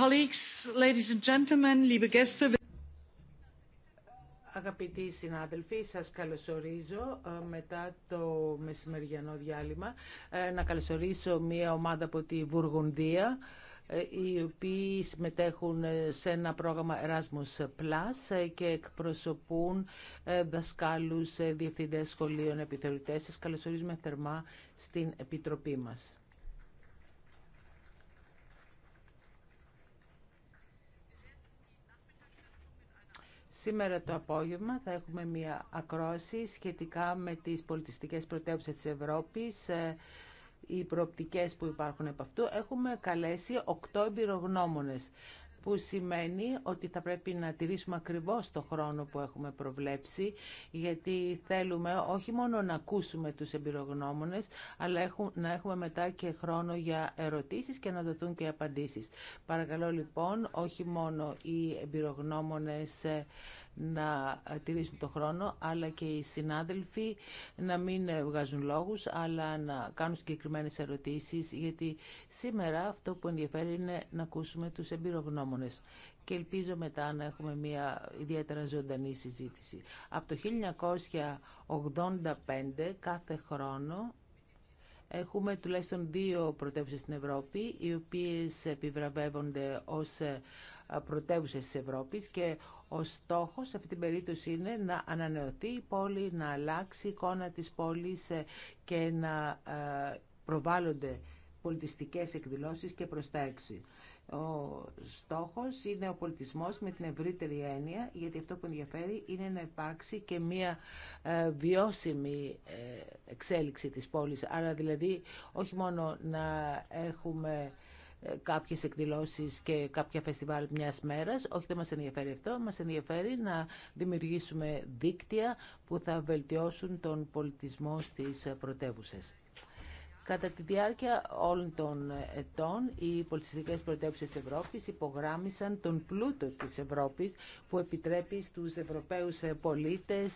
colleagues, ladies and gentlemen, Αγαπητοί συνάδελφοι, σας καλωσορίζω ε, μετά το μεσημεριανό διάλειμμα ε, να καλωσορίσω μια ομάδα από τη Βουργουνδία ε, οι οποίοι συμμετέχουν σε ένα πρόγραμμα Erasmus Plus και εκπροσωπούν δασκάλους, διευθυντές σχολείων, επιθεωρητές. Σας καλωσορίζουμε θερμά στην Επιτροπή μας. Σήμερα το απόγευμα θα έχουμε μία ακρόση σχετικά με τις πολιτιστικές πρωτεύουσες της Ευρώπης, ε, οι προοπτικές που υπάρχουν από αυτού. Έχουμε καλέσει οκτώ εμπειρογνώμονες που σημαίνει ότι θα πρέπει να τηρήσουμε ακριβώς το χρόνο που έχουμε προβλέψει, γιατί θέλουμε όχι μόνο να ακούσουμε τους εμπειρογνώμονες, αλλά να έχουμε μετά και χρόνο για ερωτήσεις και να δοθούν και απαντήσεις. Παρακαλώ λοιπόν, όχι μόνο οι εμπειρογνώμονες ε, να τηρήσουν το χρόνο, αλλά και οι συνάδελφοι να μην βγάζουν λόγους, αλλά να κάνουν συγκεκριμένες ερωτήσεις, γιατί σήμερα αυτό που ενδιαφέρει είναι να ακούσουμε τους εμπειρογνώμονες και ελπίζω μετά να έχουμε μια ιδιαίτερα ζωντανή συζήτηση. Από το 1985 κάθε χρόνο έχουμε τουλάχιστον δύο πρωτεύουσες στην Ευρώπη, οι οποίες επιβραβεύονται ως ε, πρωτεύουσε της Ευρώπης και ο στόχος σε αυτή την περίπτωση είναι να ανανεωθεί η πόλη, να αλλάξει η εικόνα της πόλης ε, και να ε, προβάλλονται πολιτιστικές εκδηλώσεις και προς τα Ο στόχος είναι ο πολιτισμός με την ευρύτερη έννοια, γιατί αυτό που ενδιαφέρει είναι να υπάρξει και μια βιώσιμη εξέλιξη της πόλης. Άρα δηλαδή όχι μόνο να έχουμε κάποιες εκδηλώσεις και κάποια φεστιβάλ μιας μέρας. Όχι, δεν μας ενδιαφέρει αυτό. Μας ενδιαφέρει να δημιουργήσουμε δίκτυα που θα βελτιώσουν τον πολιτισμό στις πρωτεύουσες. Κατά τη διάρκεια όλων των ετών, οι πολιτιστικέ πρωτεύουσες τη Ευρώπη υπογράμμισαν τον πλούτο της Ευρώπη που επιτρέπει στους Ευρωπαίους πολίτες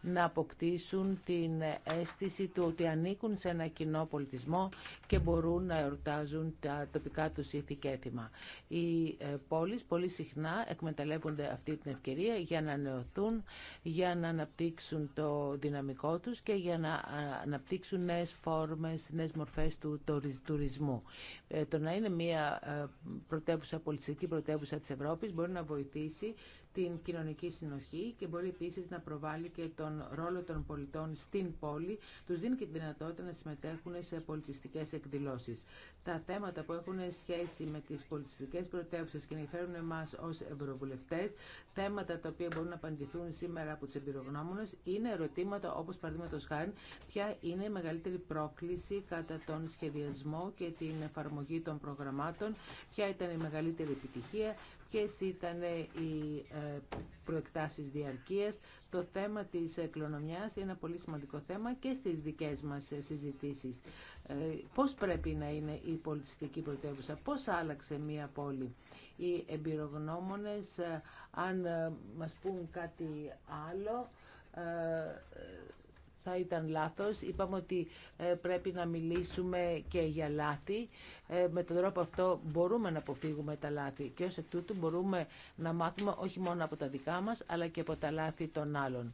να αποκτήσουν την αίσθηση του ότι ανήκουν σε ένα κοινό πολιτισμό και μπορούν να εορτάζουν τα τοπικά τους ήθη και έθιμα. Οι ε, πόλεις πολύ συχνά εκμεταλλεύονται αυτή την ευκαιρία για να νεωθούν, για να αναπτύξουν το δυναμικό τους και για να αναπτύξουν νέε φόρμες νέες μορφές του τουρισμού. Ε, το να είναι μια ε, πρωτεύουσα, πολιτιστική πρωτεύουσα της Ευρώπης μπορεί να βοηθήσει την κοινωνική συνοχή και μπορεί επίση να προβάλλει και τον ρόλο των πολιτών στην πόλη, τους δίνει και τη δυνατότητα να συμμετέχουν σε πολιτιστικές εκδηλώσεις. Τα θέματα που έχουν σχέση με τις πολιτιστικές πρωτεύουσε και ενδιαφέρουν εμά ως ευρωβουλευτές, θέματα τα οποία μπορούν να απαντηθούν σήμερα από τους εμπειρογνώμονες, είναι ερωτήματα όπως παραδείγματος χάρη, ποια είναι η μεγαλύτερη πρόκληση κατά τον σχεδιασμό και την εφαρμογή των προγραμμάτων, ποια ήταν η μεγαλύτερη επιτυχία, ποιε ήταν οι ε, προεκτάσεις διαρκείας. Το θέμα της κληρονομιάς είναι ένα πολύ σημαντικό θέμα και στις δικές μας συζητήσεις. Ε, πώς πρέπει να είναι η πολιτιστική πρωτεύουσα, πώς άλλαξε μία πόλη. Οι εμπειρογνώμονες, ε, αν μας πούν κάτι άλλο, θα ήταν λάθος. Είπαμε ότι ε, πρέπει να μιλήσουμε και για λάθη. Ε, με τον τρόπο αυτό μπορούμε να αποφύγουμε τα λάθη και ως εκ τούτου μπορούμε να μάθουμε όχι μόνο από τα δικά μας αλλά και από τα λάθη των άλλων.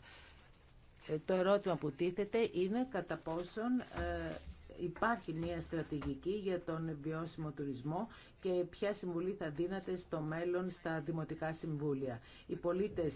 Ε, το ερώτημα που τίθεται είναι κατά πόσον υπάρχει μια στρατηγική για τον βιώσιμο τουρισμό και ποια συμβουλή θα δίνατε στο μέλλον στα δημοτικά συμβούλια. Οι πολίτες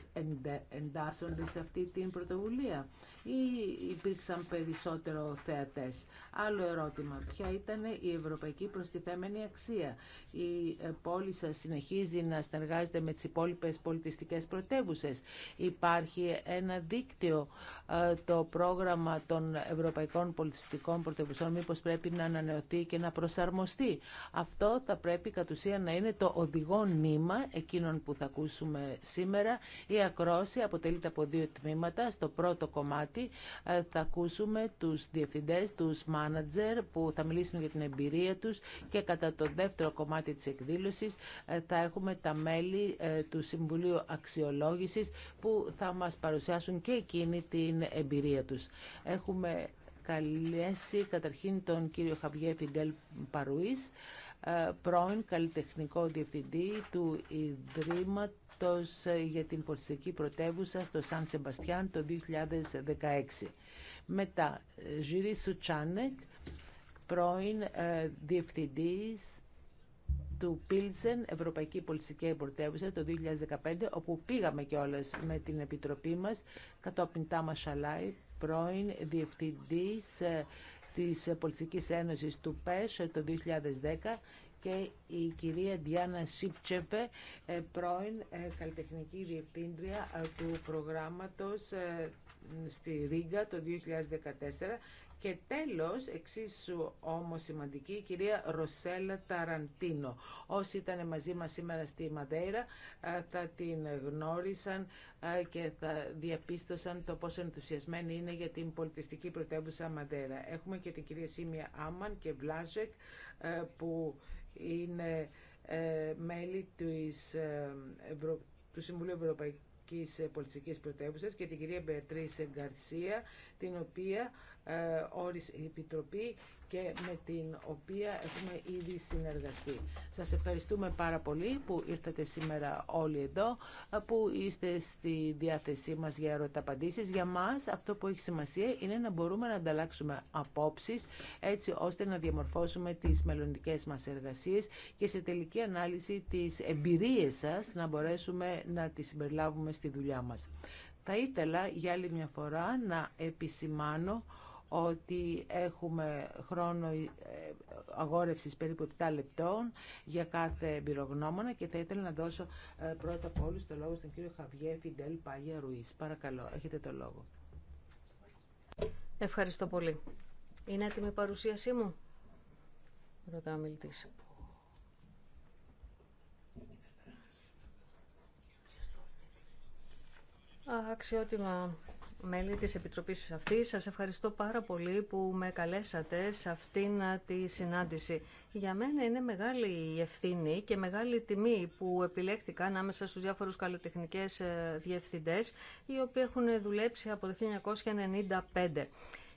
εντάσσονται σε αυτή την πρωτοβουλία ή υπήρξαν περισσότερο θεατές. Άλλο ερώτημα, ποια ήταν η ευρωπαϊκή προστιθέμενη αξία. Η ε, πόλη σας συνεχίζει να συνεργάζεται με τις υπόλοιπε πολιτιστικές πρωτεύουσες. Υπάρχει ένα δίκτυο, ε, το πρόγραμμα των ευρωπαϊκών πολιτιστικών πρωτεύουσων, μήπως πρέπει να ανανεωθεί και να προσαρμοστεί. Αυτό θα πρέπει πρέπει κατ' ουσία να είναι το οδηγό νήμα εκείνων που θα ακούσουμε σήμερα. Η ακρόση αποτελείται από δύο τμήματα. Στο πρώτο κομμάτι ε, θα ακούσουμε τους διευθυντές, τους μάνατζερ που θα μιλήσουν για την εμπειρία τους και κατά το δεύτερο κομμάτι της εκδήλωσης ε, θα έχουμε τα μέλη ε, του Συμβουλίου Αξιολόγησης που θα μας παρουσιάσουν και εκείνη την εμπειρία τους. Έχουμε καλέσει καταρχήν τον κύριο Χαβιέ Φιντέλ Παρουής, ε, πρώην καλλιτεχνικό διευθυντή του Ιδρύματος ε, για την Πολιτιστική Πρωτεύουσα στο Σαν Σεμπαστιάν το 2016. Μετά, ε, Ζήρι Σουτσάνεκ, πρώην διευθυντής του Πίλσεν, Ευρωπαϊκή Πολιτιστική Πρωτεύουσα, το 2015, όπου πήγαμε κιόλα με την Επιτροπή μας, κατόπιν Τάμα Σαλάι, πρώην Διευθυντής της Πολιτικής Ένωσης του ΠΕΣ το 2010 και η κυρία Διάννα Σίπτσεπε, ε, πρώην ε, καλλιτεχνική διευθύντρια ε, του προγράμματος στη Ρίγα το 2014 και τέλος, εξίσου όμως σημαντική, η κυρία Ροσέλα Ταραντίνο. Όσοι ήταν μαζί μας σήμερα στη Μαδέιρα ε, θα την γνώρισαν ε, και θα διαπίστωσαν το πόσο ενθουσιασμένη είναι για την πολιτιστική πρωτεύουσα Μαδέιρα. Έχουμε και την κυρία Σίμια Άμαν και Βλάζεκ ε, που είναι μέλη του Συμβουλίου Ευρωπαϊκής Πολιτιστικής Πρωτεύουσας και την κυρία Μπεατρίς Γκαρσία, την οποία ε, Όρη η Επιτροπή και με την οποία έχουμε ήδη συνεργαστεί. Σας ευχαριστούμε πάρα πολύ που ήρθατε σήμερα όλοι εδώ, ε, που είστε στη διάθεσή μας για ερωταπαντήσεις. Για μας αυτό που έχει σημασία είναι να μπορούμε να ανταλλάξουμε απόψεις, έτσι ώστε να διαμορφώσουμε τις μελλοντικέ μας εργασίες και σε τελική ανάλυση τις εμπειρίες σας να μπορέσουμε να τις συμπεριλάβουμε στη δουλειά μας. Θα ήθελα για άλλη μια φορά να επισημάνω ότι έχουμε χρόνο ε, αγόρευσης περίπου 7 λεπτών για κάθε εμπειρογνώμονα και θα ήθελα να δώσω ε, πρώτα απ' όλους το λόγο στον κύριο Χαβιέ Φιντέλ Πάγια Ρουής. Παρακαλώ, έχετε το λόγο. Ευχαριστώ πολύ. Είναι έτοιμη η παρουσίασή μου, ρωτάμε ο μιλητής. Αξιότιμα μέλη της Επιτροπής αυτής. Σας ευχαριστώ πάρα πολύ που με καλέσατε σε αυτήν τη συνάντηση. Για μένα είναι μεγάλη ευθύνη και μεγάλη τιμή που επιλέχθηκα ανάμεσα στους διάφορους καλλιτεχνικές ε, διευθυντές, οι οποίοι έχουν δουλέψει από το 1995.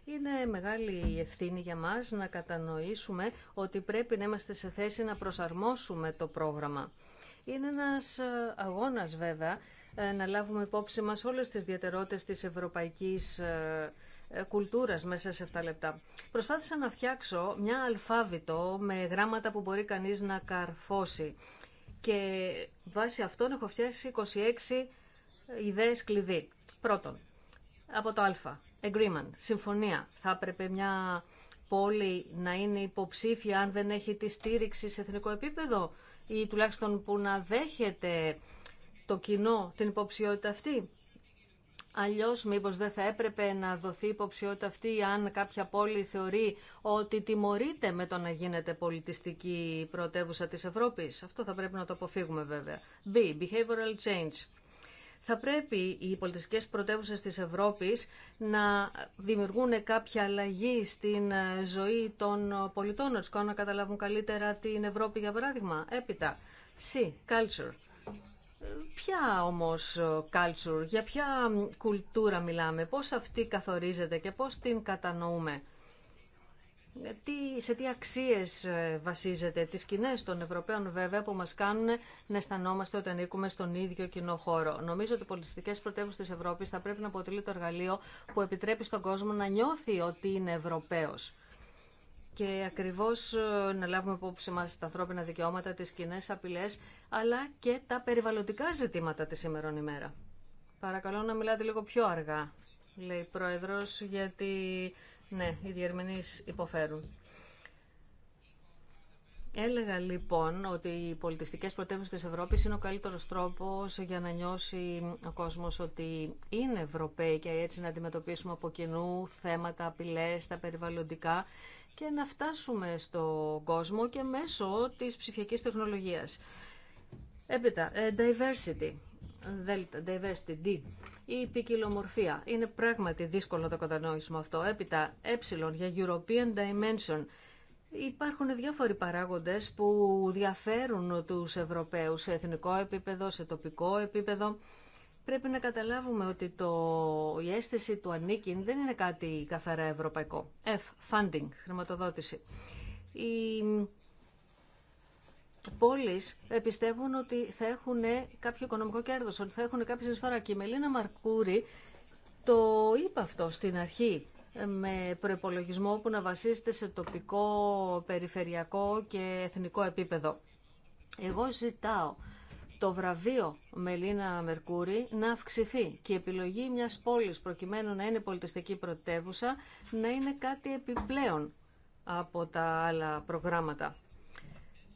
Είναι μεγάλη η ευθύνη για μας να κατανοήσουμε ότι πρέπει να είμαστε σε θέση να προσαρμόσουμε το πρόγραμμα. Είναι ένας ε, αγώνας βέβαια ε, να λάβουμε υπόψη μας όλες τις διατερότητες της ευρωπαϊκής ε, ε, κουλτούρας μέσα σε 7 λεπτά. Προσπάθησα να φτιάξω μια αλφάβητο με γράμματα που μπορεί κανείς να καρφώσει. Και βάσει αυτών έχω φτιάξει 26 ιδέες κλειδί. Πρώτον, από το α, agreement, συμφωνία. Θα έπρεπε μια πόλη να είναι υποψήφια αν δεν έχει τη στήριξη σε εθνικό επίπεδο ή τουλάχιστον που να δέχεται το κοινό την υποψιότητα αυτή. Αλλιώς μήπως δεν θα έπρεπε να δοθεί υποψιότητα αυτή αν κάποια πόλη θεωρεί ότι τιμωρείται με το να γίνεται πολιτιστική πρωτεύουσα της Ευρώπης. Αυτό θα πρέπει να το αποφύγουμε βέβαια. B. Behavioral change. Θα πρέπει οι πολιτιστικές πρωτεύουσες της Ευρώπης να δημιουργούν κάποια αλλαγή στην ζωή των πολιτών, να να καταλάβουν καλύτερα την Ευρώπη για παράδειγμα. Έπειτα, C. Culture. Ποια όμως ε, culture, για ποια κουλτούρα μιλάμε, πώς αυτή καθορίζεται και πώς την κατανοούμε. Ε, τι, σε τι αξίες ε, βασίζεται τις κοινέ των Ευρωπαίων βέβαια που μας κάνουν να αισθανόμαστε όταν ανήκουμε στον ίδιο κοινό χώρο. Νομίζω ότι οι πολιτιστικές πρωτεύουσες της Ευρώπης θα πρέπει να αποτελεί το εργαλείο που επιτρέπει στον κόσμο να νιώθει ότι είναι Ευρωπαίος και ακριβώς ε, να λάβουμε υπόψη μας τα ανθρώπινα δικαιώματα, τις κοινέ απειλές, αλλά και τα περιβαλλοντικά ζητήματα της σήμερον ημέρα. Παρακαλώ να μιλάτε λίγο πιο αργά, λέει η Πρόεδρος, γιατί ναι, οι διερμηνείς υποφέρουν. Έλεγα λοιπόν ότι οι πολιτιστικές πρωτεύουσες της Ευρώπης είναι ο καλύτερος τρόπος για να νιώσει ο κόσμος ότι είναι Ευρωπαίοι και έτσι να αντιμετωπίσουμε από κοινού θέματα, απειλές, τα περιβαλλοντικά και να φτάσουμε στον κόσμο και μέσω της ψηφιακής τεχνολογίας. Έπειτα, ε, diversity. Delta, diversity, D. Η ποικιλομορφία. Είναι πράγματι δύσκολο να το κατανοήσουμε αυτό. Έπειτα, ε για European Dimension. Υπάρχουν διάφοροι παράγοντες που διαφέρουν τους Ευρωπαίους σε εθνικό επίπεδο, σε τοπικό επίπεδο πρέπει να καταλάβουμε ότι το, η αίσθηση του ανήκειν δεν είναι κάτι καθαρά ευρωπαϊκό. F, funding, χρηματοδότηση. Οι πόλεις πιστεύουν ότι θα έχουν κάποιο οικονομικό κέρδος, ότι θα έχουν κάποια συνεισφορά. Και η Μελίνα Μαρκούρη το είπε αυτό στην αρχή με προπολογισμό που να βασίζεται σε τοπικό, περιφερειακό και εθνικό επίπεδο. Εγώ ζητάω το βραβείο Μελίνα Μερκούρη να αυξηθεί και η επιλογή μιας πόλης προκειμένου να είναι πολιτιστική πρωτεύουσα να είναι κάτι επιπλέον από τα άλλα προγράμματα.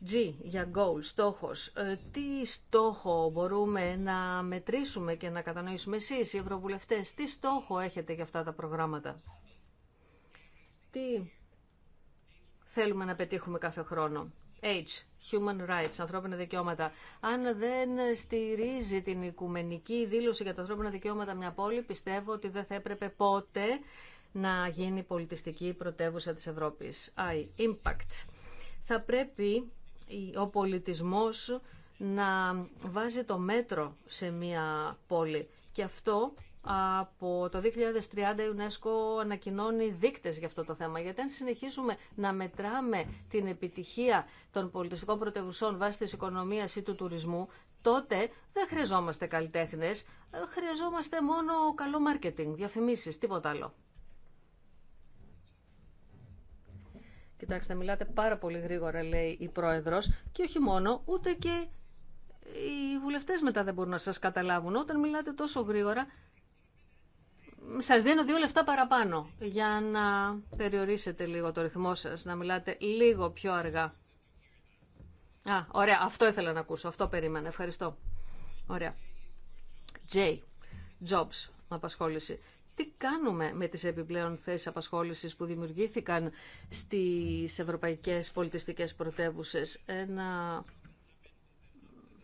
G για goal, στόχος. Ε, τι στόχο μπορούμε να μετρήσουμε και να κατανοήσουμε εσείς οι ευρωβουλευτές, τι στόχο έχετε για αυτά τα προγράμματα. Τι θέλουμε να πετύχουμε κάθε χρόνο. H, Human Rights, ανθρώπινα δικαιώματα. Αν δεν στηρίζει την οικουμενική δήλωση για τα ανθρώπινα δικαιώματα μια πόλη, πιστεύω ότι δεν θα έπρεπε πότε να γίνει πολιτιστική πρωτεύουσα της Ευρώπης. I, impact. Θα πρέπει ο πολιτισμός να βάζει το μέτρο σε μια πόλη. Και αυτό από το 2030 η UNESCO ανακοινώνει δείκτες για αυτό το θέμα. Γιατί αν συνεχίσουμε να μετράμε την επιτυχία των πολιτιστικών πρωτευουσών βάσει της οικονομίας ή του τουρισμού, τότε δεν χρειαζόμαστε καλλιτέχνες, χρειαζόμαστε μόνο καλό μάρκετινγκ, διαφημίσεις, τίποτα άλλο. Κοιτάξτε, μιλάτε πάρα πολύ γρήγορα, λέει η Πρόεδρος, και όχι μόνο, ούτε και οι βουλευτές μετά δεν μπορούν να σας καταλάβουν. Όταν μιλάτε τόσο γρήγορα, σας δίνω δύο λεφτά παραπάνω για να περιορίσετε λίγο το ρυθμό σας, να μιλάτε λίγο πιο αργά. Α, ωραία, αυτό ήθελα να ακούσω, αυτό περίμενα, ευχαριστώ. Ωραία. J, jobs, απασχόληση. Τι κάνουμε με τις επιπλέον θέσεις απασχόλησης που δημιουργήθηκαν στις ευρωπαϊκές πολιτιστικές πρωτεύουσες. Ένα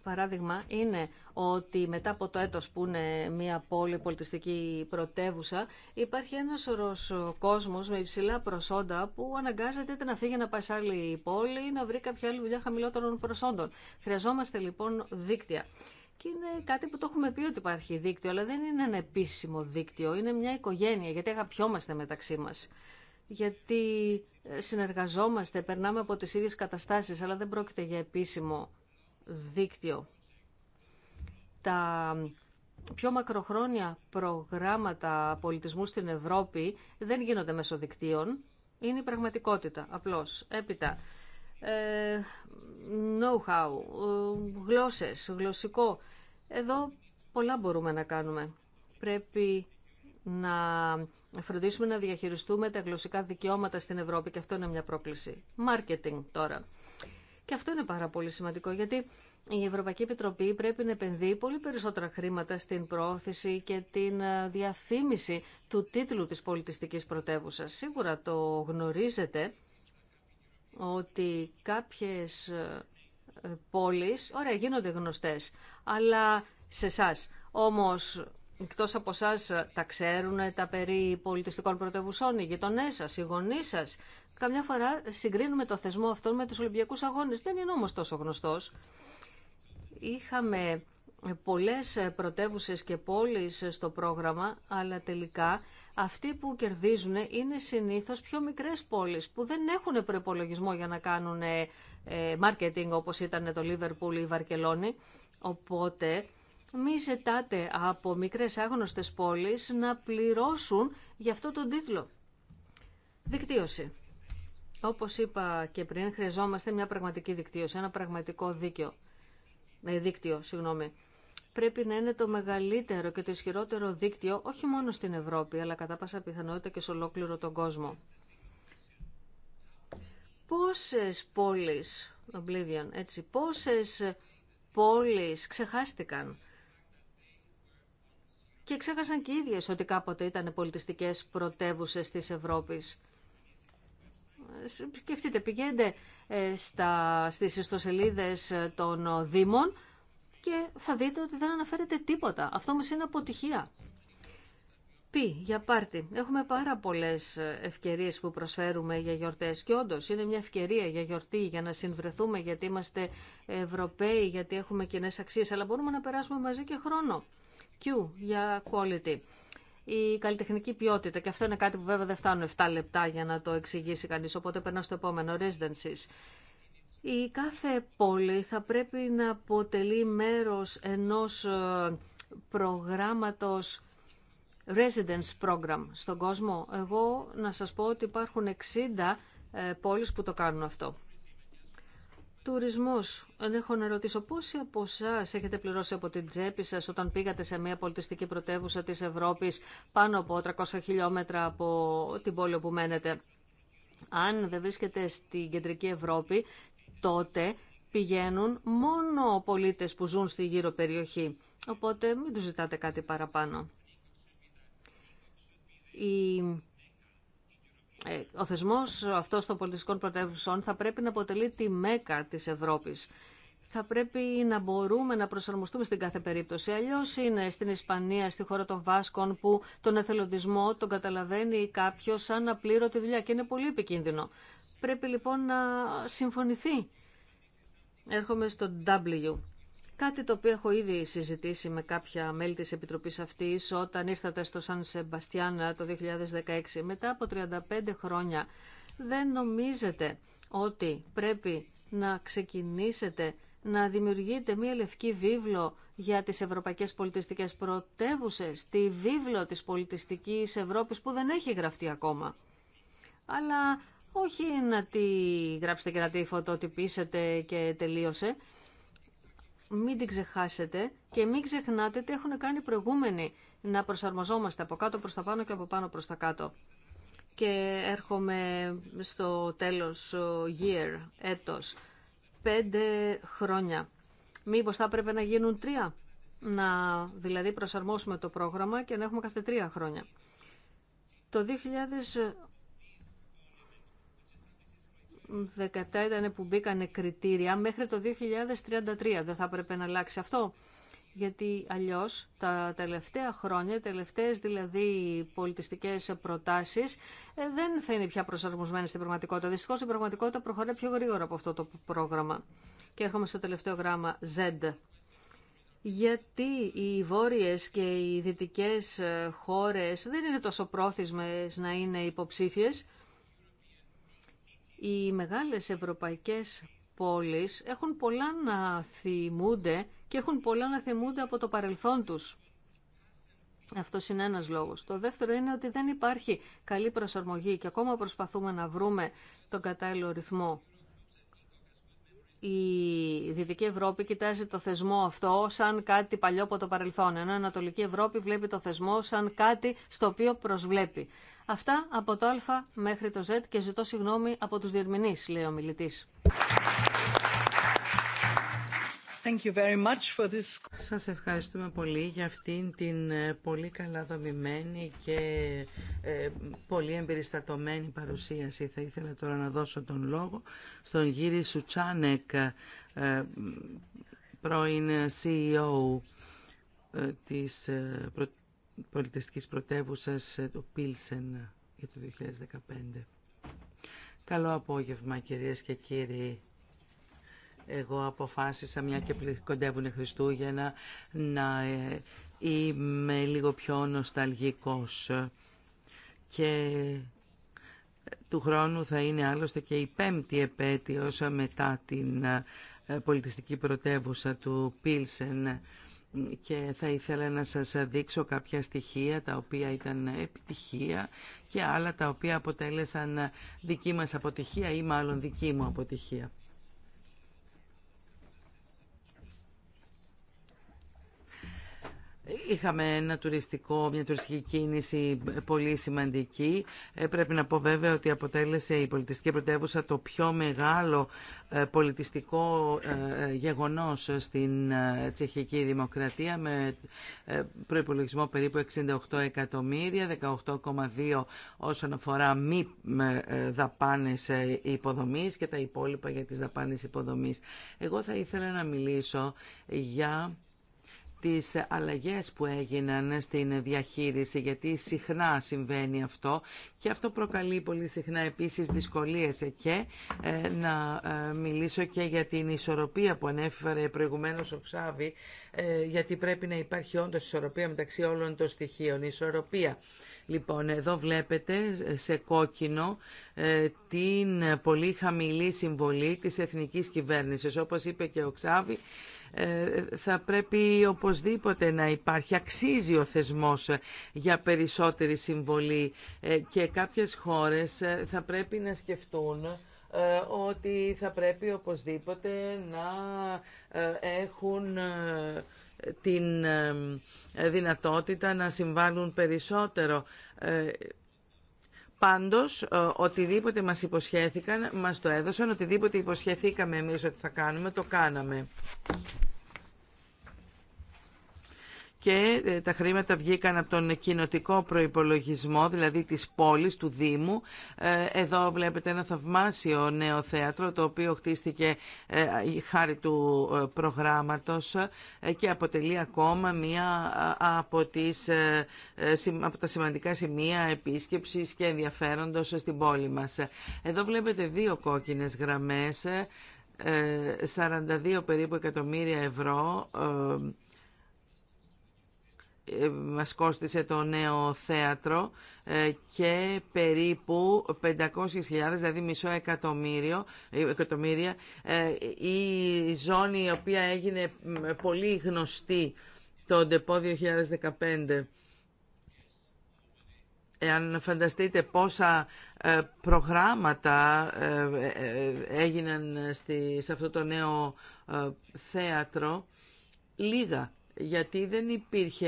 παράδειγμα είναι ότι μετά από το έτος που είναι μια πόλη πολιτιστική πρωτεύουσα υπάρχει ένας όρος κόσμος με υψηλά προσόντα που αναγκάζεται είτε να φύγει να πάει σε άλλη πόλη ή να βρει κάποια άλλη δουλειά χαμηλότερων προσόντων. Χρειαζόμαστε λοιπόν δίκτυα. Και είναι κάτι που το έχουμε πει ότι υπάρχει δίκτυο, αλλά δεν είναι ένα επίσημο δίκτυο, είναι μια οικογένεια, γιατί αγαπιόμαστε μεταξύ μας γιατί ε, συνεργαζόμαστε, περνάμε από τις ίδιες καταστάσεις, αλλά δεν πρόκειται για επίσημο δίκτυο. Τα πιο μακροχρόνια προγράμματα πολιτισμού στην Ευρώπη δεν γίνονται μέσω δικτύων. Είναι η πραγματικότητα, απλώς. Έπειτα, ε, know-how, γλώσσες, γλωσσικό. Εδώ πολλά μπορούμε να κάνουμε. Πρέπει να φροντίσουμε να διαχειριστούμε τα γλωσσικά δικαιώματα στην Ευρώπη και αυτό είναι μια πρόκληση. Μάρκετινγκ τώρα. Και αυτό είναι πάρα πολύ σημαντικό γιατί η Ευρωπαϊκή Επιτροπή πρέπει να επενδύει πολύ περισσότερα χρήματα στην πρόθεση και την ε, διαφήμιση του τίτλου της πολιτιστικής πρωτεύουσα. Σίγουρα το γνωρίζετε ότι κάποιες ε, πόλεις, ωραία, γίνονται γνωστές, αλλά σε εσά. Όμως, εκτός από εσά ε, τα ξέρουν τα περί πολιτιστικών πρωτεύουσών, οι γειτονές σας, οι γονείς σας. Καμιά φορά συγκρίνουμε το θεσμό αυτόν με τους Ολυμπιακούς Αγώνες. Δεν είναι όμως τόσο γνωστός. Είχαμε πολλές πρωτεύουσε και πόλεις στο πρόγραμμα, αλλά τελικά αυτοί που κερδίζουν είναι συνήθως πιο μικρές πόλεις που δεν έχουν προπολογισμό για να κάνουν ε, marketing όπως ήταν το Λίβερπουλ ή η Βαρκελόνη. Οπότε μη ζητάτε από μικρές άγνωστες πόλεις να πληρώσουν για αυτό τον τίτλο. Δικτύωση. Όπως είπα και πριν, χρειαζόμαστε μια πραγματική δικτύωση, ένα πραγματικό δίκαιο, ε, δίκτυο. Συγγνώμη. Πρέπει να είναι το μεγαλύτερο και το ισχυρότερο δίκτυο, όχι μόνο στην Ευρώπη, αλλά κατά πάσα πιθανότητα και σε ολόκληρο τον κόσμο. Πόσες πόλεις, Oblivion, έτσι, πόσες πόλεις ξεχάστηκαν και ξέχασαν και οι ίδιες ότι κάποτε ήταν πολιτιστικές πρωτεύουσες της Ευρώπης σκεφτείτε, πηγαίνετε ε, στα, στις ιστοσελίδες των Δήμων και θα δείτε ότι δεν αναφέρεται τίποτα. Αυτό μας είναι αποτυχία. Πι, για πάρτι. Έχουμε πάρα πολλές ευκαιρίες που προσφέρουμε για γιορτές και όντω είναι μια ευκαιρία για γιορτή, για να συμβρεθούμε, γιατί είμαστε Ευρωπαίοι, γιατί έχουμε κοινέ αξίες, αλλά μπορούμε να περάσουμε μαζί και χρόνο. Q, για quality η καλλιτεχνική ποιότητα. Και αυτό είναι κάτι που βέβαια δεν φτάνουν 7 λεπτά για να το εξηγήσει κανείς, οπότε περνάω στο επόμενο, residencies. Η κάθε πόλη θα πρέπει να αποτελεί μέρος ενός ε, προγράμματος residence program στον κόσμο. Εγώ να σας πω ότι υπάρχουν 60 ε, πόλεις που το κάνουν αυτό. Τουρισμός. Έχω να ρωτήσω πόσοι από εσά έχετε πληρώσει από την τσέπη σα όταν πήγατε σε μια πολιτιστική πρωτεύουσα της Ευρώπης πάνω από 300 χιλιόμετρα από την πόλη όπου μένετε. Αν δεν βρίσκεται στην κεντρική Ευρώπη, τότε πηγαίνουν μόνο πολίτες που ζουν στη γύρω περιοχή. Οπότε μην τους ζητάτε κάτι παραπάνω. Ε, ο θεσμός αυτός των πολιτιστικών πρωτεύουσων θα πρέπει να αποτελεί τη μέκα της Ευρώπης. Θα πρέπει να μπορούμε να προσαρμοστούμε στην κάθε περίπτωση. Αλλιώς είναι στην Ισπανία, στη χώρα των Βάσκων, που τον εθελοντισμό τον καταλαβαίνει κάποιο σαν τη δουλειά και είναι πολύ επικίνδυνο. Πρέπει λοιπόν να συμφωνηθεί. Έρχομαι στο W. Κάτι το οποίο έχω ήδη συζητήσει με κάποια μέλη της Επιτροπής αυτής όταν ήρθατε στο Σαν Σεμπαστιάν το 2016. Μετά από 35 χρόνια δεν νομίζετε ότι πρέπει να ξεκινήσετε να δημιουργείτε μία λευκή βίβλο για τις ευρωπαϊκές πολιτιστικές πρωτεύουσε, τη βίβλο της πολιτιστικής Ευρώπης που δεν έχει γραφτεί ακόμα. Αλλά όχι να τη γράψετε και να τη φωτοτυπήσετε και τελείωσε μην την ξεχάσετε και μην ξεχνάτε τι έχουν κάνει προηγούμενοι να προσαρμοζόμαστε από κάτω προς τα πάνω και από πάνω προς τα κάτω. Και έρχομαι στο τέλος year, έτος, πέντε χρόνια. Μήπως θα έπρεπε να γίνουν τρία, να δηλαδή προσαρμόσουμε το πρόγραμμα και να έχουμε κάθε τρία χρόνια. Το 2017 ήταν που μπήκανε κριτήρια μέχρι το 2033. Δεν θα έπρεπε να αλλάξει αυτό. Γιατί αλλιώς τα τελευταία χρόνια, τελευταίες δηλαδή πολιτιστικές προτάσεις ε, δεν θα είναι πια προσαρμοσμένες στην πραγματικότητα. Δυστυχώς η πραγματικότητα προχωράει πιο γρήγορα από αυτό το πρόγραμμα. Και έρχομαι στο τελευταίο γράμμα Z. Γιατί οι βόρειες και οι δυτικές ε, χώρες δεν είναι τόσο πρόθυσμες να είναι υποψήφιες οι μεγάλες ευρωπαϊκές πόλεις έχουν πολλά να θυμούνται και έχουν πολλά να θυμούνται από το παρελθόν τους. Αυτό είναι ένας λόγος. Το δεύτερο είναι ότι δεν υπάρχει καλή προσαρμογή και ακόμα προσπαθούμε να βρούμε τον κατάλληλο ρυθμό. Η Δυτική Ευρώπη κοιτάζει το θεσμό αυτό σαν κάτι παλιό από το παρελθόν, ενώ η Ανατολική Ευρώπη βλέπει το θεσμό σαν κάτι στο οποίο προσβλέπει. Αυτά από το Α μέχρι το Ζ και ζητώ συγγνώμη από τους διερμηνείς, λέει ο μιλητής. Thank you very much Σας ευχαριστούμε πολύ για αυτήν την ε, πολύ καλά δομημένη και ε, πολύ εμπεριστατωμένη παρουσίαση. Θα ήθελα τώρα να δώσω τον λόγο στον Γύρι Σουτσάνεκ, ε, πρώην CEO της πολιτιστικής πρωτεύουσας ε, του Πίλσεν για το 2015. Καλό απόγευμα κυρίες και κύριοι. Εγώ αποφάσισα, μια και κοντεύουν Χριστούγεννα, να ε, είμαι λίγο πιο νοσταλγικός. Και ε, του χρόνου θα είναι άλλωστε και η πέμπτη επέτειος μετά την πολιτιστική πρωτεύουσα του Πίλσεν και θα ήθελα να σας δείξω κάποια στοιχεία τα οποία ήταν επιτυχία και άλλα τα οποία αποτέλεσαν δική μας αποτυχία ή μάλλον δική μου αποτυχία. Είχαμε ένα τουριστικό, μια τουριστική κίνηση πολύ σημαντική. Ε, πρέπει να πω βέβαια ότι αποτέλεσε η πολιτιστική πρωτεύουσα το πιο μεγάλο ε, πολιτιστικό ε, γεγονός στην τσεχική δημοκρατία με προϋπολογισμό περίπου 68 εκατομμύρια, 18,2 όσον αφορά μη δαπάνες υποδομής και τα υπόλοιπα για τις δαπάνες υποδομής. Εγώ θα ήθελα να μιλήσω για τις αλλαγές που έγιναν στην διαχείριση, γιατί συχνά συμβαίνει αυτό και αυτό προκαλεί πολύ συχνά επίσης δυσκολίες. Και ε, να ε, μιλήσω και για την ισορροπία που ανέφερε προηγουμένως ο Ξάβη, ε, γιατί πρέπει να υπάρχει όντως ισορροπία μεταξύ όλων των στοιχείων. Ισορροπία. Λοιπόν, εδώ βλέπετε σε κόκκινο την πολύ χαμηλή συμβολή της εθνικής κυβέρνησης. Όπως είπε και ο Ξάβη, ε, θα πρέπει οπωσδήποτε να υπάρχει. Αξίζει ο θεσμός για περισσότερη συμβολή ε, και κάποιες χώρες ε, θα πρέπει να σκεφτούν ότι θα πρέπει οπωσδήποτε να έχουν την δυνατότητα να συμβάλλουν περισσότερο Πάντως, ε, οτιδήποτε μας υποσχέθηκαν, μας το έδωσαν. Οτιδήποτε υποσχεθήκαμε εμείς ότι θα κάνουμε, το κάναμε και ε, τα χρήματα βγήκαν από τον κοινοτικό προϋπολογισμό, δηλαδή της πόλης, του Δήμου. Ε, εδώ βλέπετε ένα θαυμάσιο νέο θέατρο, το οποίο χτίστηκε ε, χάρη του προγράμματος και αποτελεί ακόμα μία από, τις, από τα σημαντικά σημεία επίσκεψης και ενδιαφέροντος στην πόλη μας. Εδώ βλέπετε δύο κόκκινες γραμμές, 42 περίπου εκατομμύρια ευρώ, μας κόστησε το νέο θέατρο ε, και περίπου 500.000, δηλαδή μισό εκατομμύριο, ε, εκατομμύρια, ε, η ζώνη η οποία έγινε πολύ γνωστή το ΝΤΕΠΟ 2015. Εάν φανταστείτε πόσα προγράμματα έγιναν σε αυτό το νέο θέατρο, λίγα γιατί δεν υπήρχε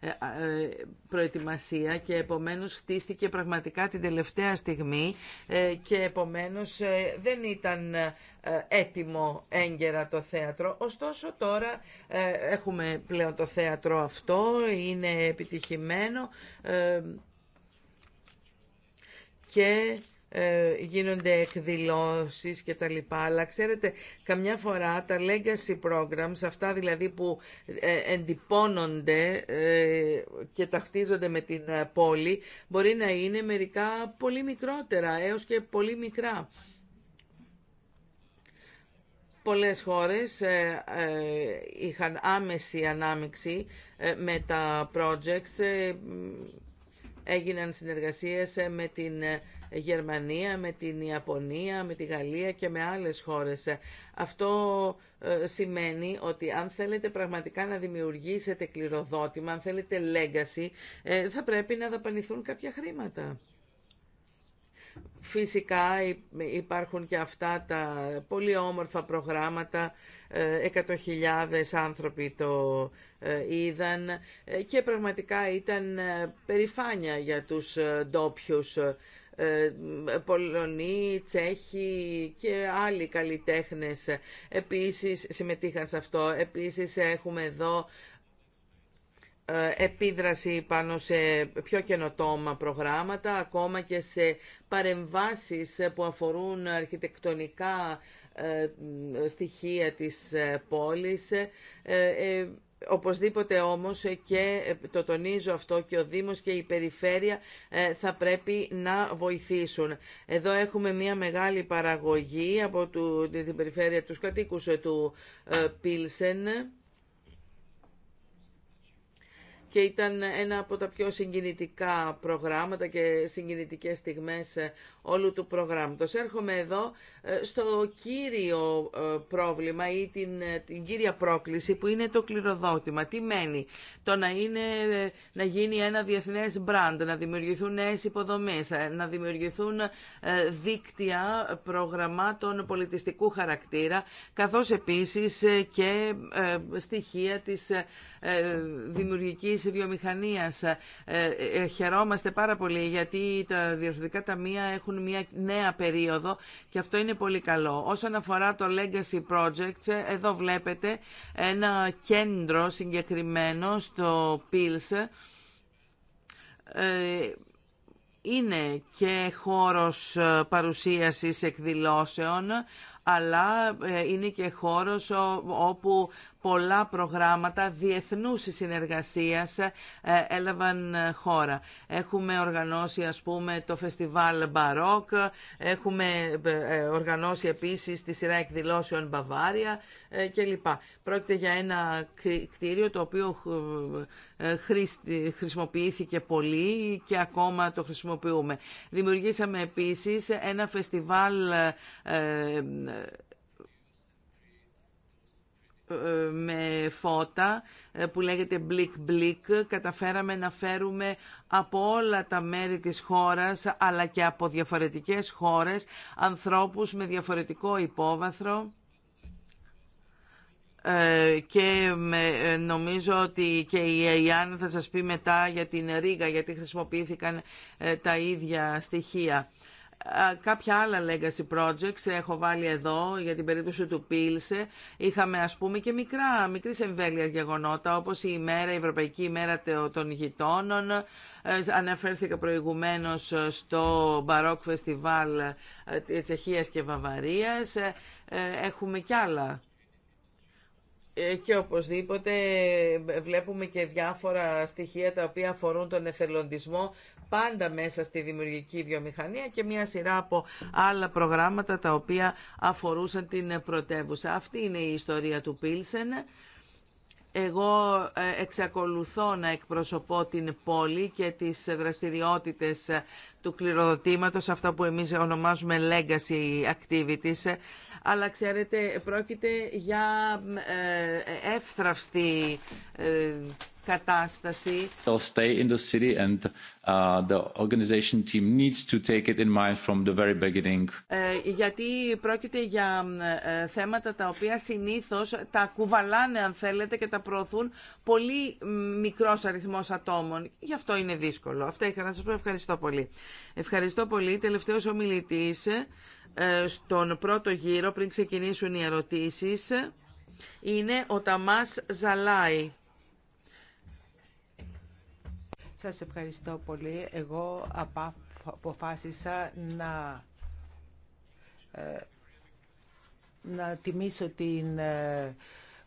ε, ε, προετοιμασία και επομένως χτίστηκε πραγματικά την τελευταία στιγμή ε, και επομένως δεν ήταν έτοιμο έγκαιρα το θέατρο. Ωστόσο τώρα έχουμε πλέον το θέατρο αυτό, είναι επιτυχημένο και ε, γίνονται εκδηλώσεις και τα λοιπά, αλλά ξέρετε καμιά φορά τα legacy programs, αυτά δηλαδή που ε, εντυπώνονται ε, και χτίζονται με την πόλη, μπορεί να είναι μερικά πολύ μικρότερα, έως και πολύ μικρά. Πολλές χώρες είχαν άμεση ανάμειξη με τα projects, έγιναν συνεργασίες με την Γερμανία, με την Ιαπωνία, με τη Γαλλία και με άλλες χώρες. Αυτό ε, σημαίνει ότι αν θέλετε πραγματικά να δημιουργήσετε κληροδότημα, αν θέλετε legacy, ε, θα πρέπει να δαπανηθούν κάποια χρήματα. Φυσικά υπάρχουν και αυτά τα πολύ όμορφα προγράμματα, ε, εκατοχιλιάδες άνθρωποι το είδαν και πραγματικά ήταν περηφάνεια για τους ντόπιου ε, Πολωνοί, Τσέχοι και άλλοι καλλιτέχνες επίσης συμμετείχαν σε αυτό. Επίσης έχουμε εδώ ε, επίδραση πάνω σε πιο καινοτόμα προγράμματα, ακόμα και σε παρεμβάσεις που αφορούν αρχιτεκτονικά ε, στοιχεία της πόλης Οπωσδήποτε όμως και ε, το τονίζω αυτό και ο Δήμος και η Περιφέρεια ε, θα πρέπει να βοηθήσουν. Εδώ έχουμε μια μεγάλη παραγωγή από την Περιφέρεια τους κατοίκους ε, του Πίλσεν και ήταν ένα από τα πιο συγκινητικά προγράμματα και συγκινητικές στιγμές ε, όλου του προγράμματος. Έρχομαι εδώ ε, στο κύριο ε, πρόβλημα ή την, την κύρια πρόκληση που είναι το κληροδότημα. Τι μένει το να, είναι, να γίνει ένα διεθνές μπραντ, να δημιουργηθούν νέε υποδομές, να δημιουργηθούν δίκτυα προγραμμάτων πολιτιστικού χαρακτήρα, καθώς επίσης και στοιχεία της δημιουργικής της βιομηχανίας. Ε, ε, ε, χαιρόμαστε πάρα πολύ γιατί τα τα μία έχουν ταμεία έχουν μια νέα περίοδο και αυτό είναι πολύ καλό. Όσον αφορά το Legacy Projects, εδώ βλέπετε ένα κέντρο συγκεκριμένο στο PILS, είναι και χώρος παρουσίασης εκδηλώσεων, αλλά είναι και χώρος όπου πολλά προγράμματα διεθνούς συνεργασίας ε, έλαβαν ε, χώρα. Έχουμε οργανώσει ας πούμε το φεστιβάλ Μπαρόκ, έχουμε ε, οργανώσει επίσης τη σειρά εκδηλώσεων Μπαβάρια κλπ. Πρόκειται για ένα κτίριο το οποίο χρησιμοποιήθηκε πολύ και ακόμα το χρησιμοποιούμε. Δημιουργήσαμε επίσης ένα φεστιβάλ με φώτα ε, που λέγεται Blick μπλικ καταφέραμε να φέρουμε από όλα τα μέρη της χώρας αλλά και από διαφορετικές χώρες ανθρώπους με διαφορετικό υπόβαθρο ε, και ε, νομίζω ότι και η Ιάννα θα σας πει μετά για την Ρίγα γιατί χρησιμοποιήθηκαν τα ίδια στοιχεία κάποια άλλα legacy projects έχω βάλει εδώ για την περίπτωση του Πίλσε. Είχαμε ας πούμε και μικρά, μικρής εμβέλειας γεγονότα όπως η ημέρα, η Ευρωπαϊκή ημέρα των γειτόνων. Ε, αναφέρθηκα προηγουμένως στο Baroque Festival ε, Τσεχίας και Βαβαρίας. Ε, έχουμε κι άλλα ε, και οπωσδήποτε ε, βλέπουμε και διάφορα στοιχεία τα οποία αφορούν τον εθελοντισμό πάντα μέσα στη δημιουργική βιομηχανία και μια σειρά από άλλα προγράμματα τα οποία αφορούσαν την πρωτεύουσα. Αυτή είναι η ιστορία του Πίλσεν. Εγώ ε, εξακολουθώ να εκπροσωπώ την πόλη και τις δραστηριότητες ε, του κληροδοτήματος, αυτά που εμείς ονομάζουμε legacy activities, ε, αλλά ξέρετε πρόκειται για εύθραυστη κατάσταση. stay in the city and uh, the organization team needs to take it in mind from the very beginning. Ε, γιατί πρόκειται για ε, θέματα τα οποία συνήθως τα κουβαλάνε αν θέλετε και τα προωθούν πολύ μικρός αριθμός ατόμων. Γι' αυτό είναι δύσκολο. Αυτά είχα να σας πω. Ευχαριστώ πολύ. Ευχαριστώ πολύ. Τελευταίος ομιλητής ε, στον πρώτο γύρο πριν ξεκινήσουν οι ερωτήσεις είναι ο Ταμάς Ζαλάη σας ευχαριστώ πολύ. Εγώ αποφάσισα να, ε, να τιμήσω την ε,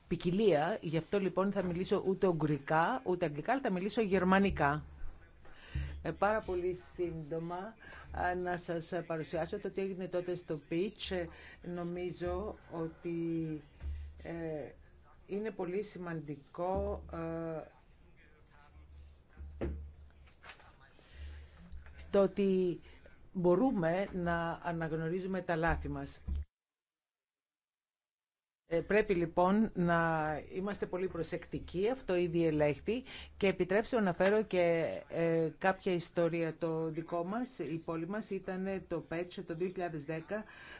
ποικιλία. Γι' αυτό λοιπόν θα μιλήσω ούτε ογκρικά, ούτε αγγλικά, αλλά θα μιλήσω γερμανικά. Ε, πάρα πολύ σύντομα να σας παρουσιάσω το τι έγινε τότε στο pitch. Νομίζω ότι είναι πολύ σημαντικό το ότι μπορούμε να αναγνωρίζουμε τα λάθη μας. Ε, πρέπει λοιπόν να είμαστε πολύ προσεκτικοί, αυτό ήδη ελέγχθη και επιτρέψτε να φέρω και ε, κάποια ιστορία. Το δικό μας, η πόλη μας ήταν το Πέτσο το 2010,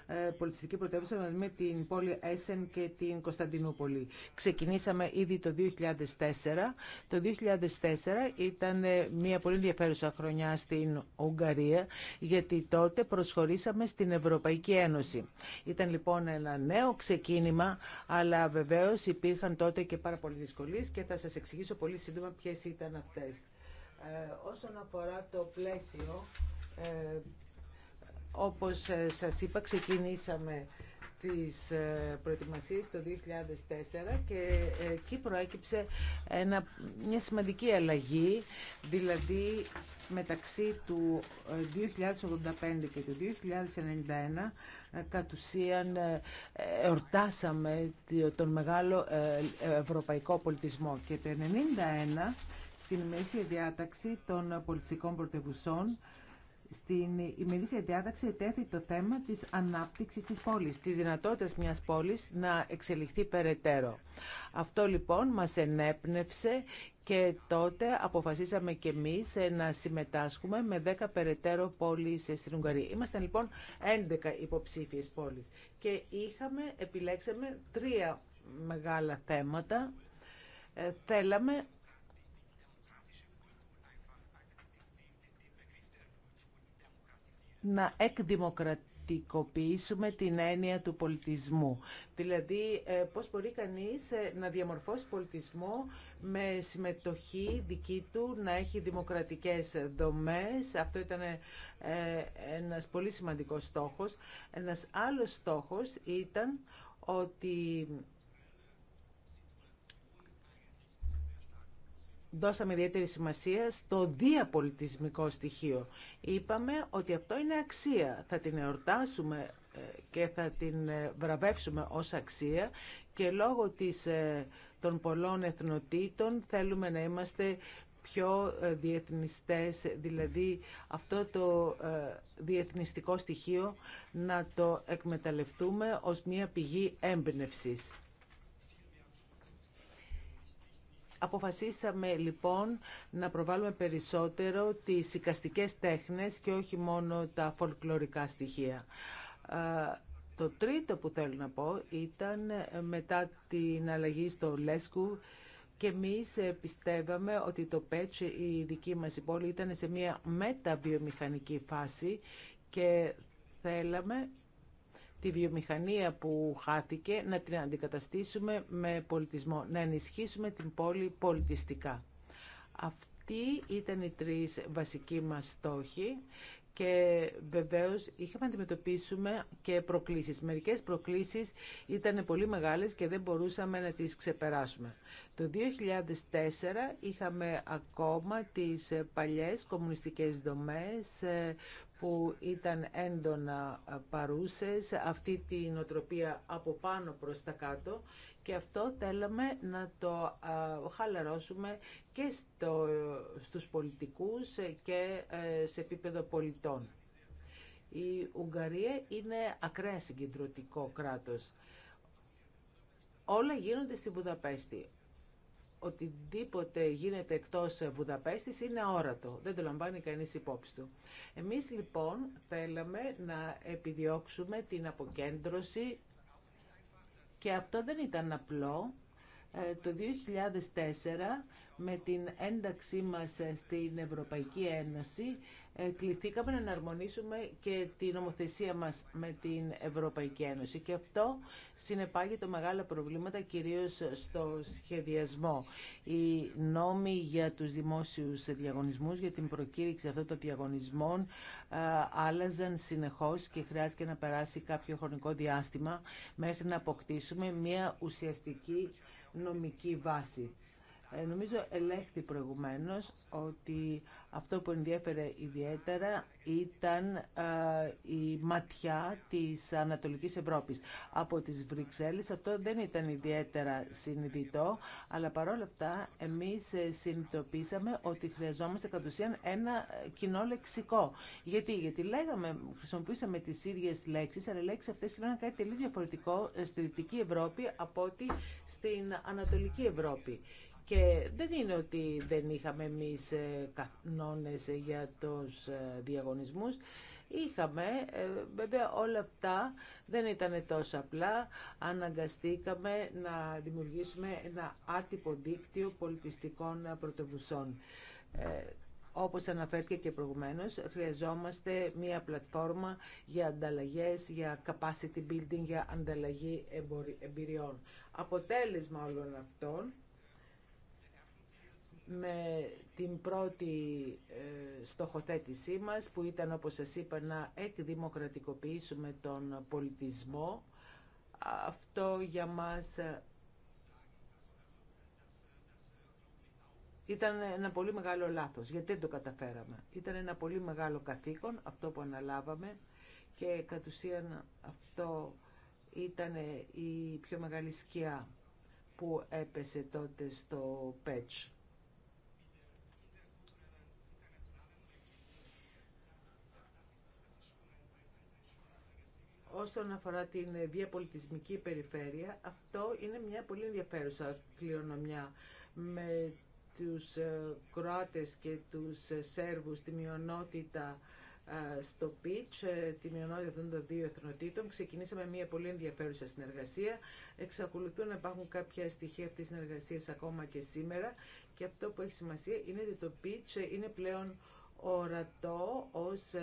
ε, πολιτιστική πρωτεύουσα με την πόλη Έσεν και την Κωνσταντινούπολη. Ξεκινήσαμε ήδη το 2004. Το 2004 ήταν ε, μια πολύ ενδιαφέρουσα χρονιά στην Ουγγαρία, γιατί τότε προσχωρήσαμε στην Ευρωπαϊκή Ένωση. Ήταν λοιπόν ένα νέο ξεκίνημα αλλά βεβαίως υπήρχαν τότε και πάρα πολλές δυσκολίες και θα σας εξηγήσω πολύ σύντομα ποιες ήταν αυτές. Ε, όσον αφορά το πλαίσιο, ε, όπως ε, σας είπα, ξεκινήσαμε τις ε, προετοιμασίες το 2004 και ε, εκεί προέκυψε μια σημαντική αλλαγή, δηλαδή μεταξύ του 2085 και του 2091 κατ' ουσίαν ε, εορτάσαμε τον μεγάλο ε, ευρωπαϊκό πολιτισμό. Και το 1991 στην Μέση διάταξη των πολιτιστικών πρωτευουσών στην ημερήσια διάταξη τέθη το θέμα της ανάπτυξης της πόλης, της δυνατότητας μιας πόλης να εξελιχθεί περαιτέρω. Αυτό λοιπόν μας ενέπνευσε και τότε αποφασίσαμε και εμείς ε, να συμμετάσχουμε με 10 περαιτέρω πόλεις ε, στην Ουγγαρία. Ήμασταν λοιπόν 11 υποψήφιες πόλεις και είχαμε, επιλέξαμε τρία μεγάλα θέματα. Ε, θέλαμε να εκδημοκρατικοποιήσουμε την έννοια του πολιτισμού. Δηλαδή, ε, πώς μπορεί κανείς ε, να διαμορφώσει πολιτισμό με συμμετοχή δική του, να έχει δημοκρατικές δομές. Αυτό ήταν ε, ένας πολύ σημαντικός στόχος. Ένας άλλος στόχος ήταν ότι δώσαμε ιδιαίτερη σημασία στο διαπολιτισμικό στοιχείο. Είπαμε ότι αυτό είναι αξία. Θα την εορτάσουμε ε, και θα την ε, βραβεύσουμε ως αξία και λόγω της, ε, των πολλών εθνοτήτων θέλουμε να είμαστε πιο διεθνιστές, δηλαδή αυτό το διεθνιστικό στοιχείο να το εκμεταλλευτούμε ως μια πηγή έμπνευσης. Αποφασίσαμε λοιπόν να προβάλλουμε περισσότερο τις οικαστικές τέχνες και όχι μόνο τα φολκλωρικά στοιχεία. Το τρίτο που θέλω να πω ήταν ε, μετά την αλλαγή στο Λέσκου και εμείς ε, πιστεύαμε ότι το ΠΕΤΣ, η δική μας ήταν σε μια μεταβιομηχανική φάση και θέλαμε τη βιομηχανία που χάθηκε να την αντικαταστήσουμε με πολιτισμό, να ενισχύσουμε την πόλη πολιτιστικά. Αυτοί ήταν οι τρεις βασικοί μας στόχοι και βεβαίως είχαμε να αντιμετωπίσουμε και προκλήσεις. Μερικές προκλήσεις ήταν πολύ μεγάλες και δεν μπορούσαμε να τις ξεπεράσουμε. Το 2004 είχαμε ακόμα τις παλιές κομμουνιστικές δομές που ήταν έντονα παρούσες, αυτή την οτροπία από πάνω προς τα κάτω και αυτό θέλαμε να το χαλαρώσουμε και στο, στους πολιτικούς και ε, σε επίπεδο πολιτών. Η Ουγγαρία είναι ακραία συγκεντρωτικό κράτος. Όλα γίνονται στη Βουδαπέστη οτιδήποτε γίνεται εκτός Βουδαπέστης είναι αόρατο. Δεν το λαμβάνει κανείς υπόψη του. Εμείς λοιπόν θέλαμε να επιδιώξουμε την αποκέντρωση και αυτό δεν ήταν απλό. Ε, το 2004 με την ένταξή μας στην Ευρωπαϊκή Ένωση ε, κληθήκαμε να εναρμονίσουμε και την νομοθεσία μας με την Ευρωπαϊκή Ένωση. Και αυτό συνεπάγει συνεπάγεται μεγάλα προβλήματα, κυρίως στο σχεδιασμό. Οι νόμοι για τους δημόσιους διαγωνισμούς, για την προκήρυξη αυτών των διαγωνισμών, ε, άλλαζαν συνεχώς και χρειάστηκε να περάσει κάποιο χρονικό διάστημα μέχρι να αποκτήσουμε μια ουσιαστική νομική βάση. Ε, νομίζω ελέγχθη προηγουμένως ότι αυτό που ενδιέφερε ιδιαίτερα ήταν η ματιά της Ανατολικής Ευρώπης. Από τις Βρυξέλλες αυτό δεν ήταν ιδιαίτερα συνειδητό, αλλά παρόλα αυτά εμείς ε, συνειδητοποίησαμε ότι χρειαζόμαστε κατ' ουσίαν ένα κοινό λεξικό. Γιατί, Γιατί λέγαμε, χρησιμοποιήσαμε τις ίδιες λέξεις, αλλά οι λέξεις αυτές σημαίνουν κάτι τελείως διαφορετικό ε, στη Δυτική Ευρώπη από ότι στην Ανατολική Ευρώπη. Και δεν είναι ότι δεν είχαμε εμείς ε, κανόνες για τους ε, διαγωνισμούς. Είχαμε, ε, βέβαια όλα αυτά δεν ήταν τόσο απλά. Αναγκαστήκαμε να δημιουργήσουμε ένα άτυπο δίκτυο πολιτιστικών πρωτοβουσών. Όπως αναφέρθηκε και προηγουμένως, χρειαζόμαστε μία πλατφόρμα για ανταλλαγές, για capacity building, για ανταλλαγή εμπειριών. Αποτέλεσμα όλων αυτών με την πρώτη ε, στοχοθέτησή μας που ήταν όπως σας είπα να εκδημοκρατικοποιήσουμε τον πολιτισμό. Αυτό για μας ε, ήταν ένα πολύ μεγάλο λάθος γιατί δεν το καταφέραμε. Ήταν ένα πολύ μεγάλο καθήκον αυτό που αναλάβαμε και κατ' ουσίαν αυτό ήταν η πιο μεγάλη σκιά που έπεσε τότε στο ΠΕΤΣ. όσον αφορά την διαπολιτισμική ε, περιφέρεια, αυτό είναι μια πολύ ενδιαφέρουσα κληρονομιά με τους ε, Κροάτες και τους ε, Σέρβους, τη μειονότητα στο πιτς, τη μειονότητα αυτών των δύο εθνοτήτων. Ξεκινήσαμε μια πολύ ενδιαφέρουσα συνεργασία. Εξακολουθούν να υπάρχουν κάποια στοιχεία αυτής της συνεργασίας ακόμα και σήμερα. Και αυτό που έχει σημασία είναι ότι το πιτς είναι πλέον ορατό ως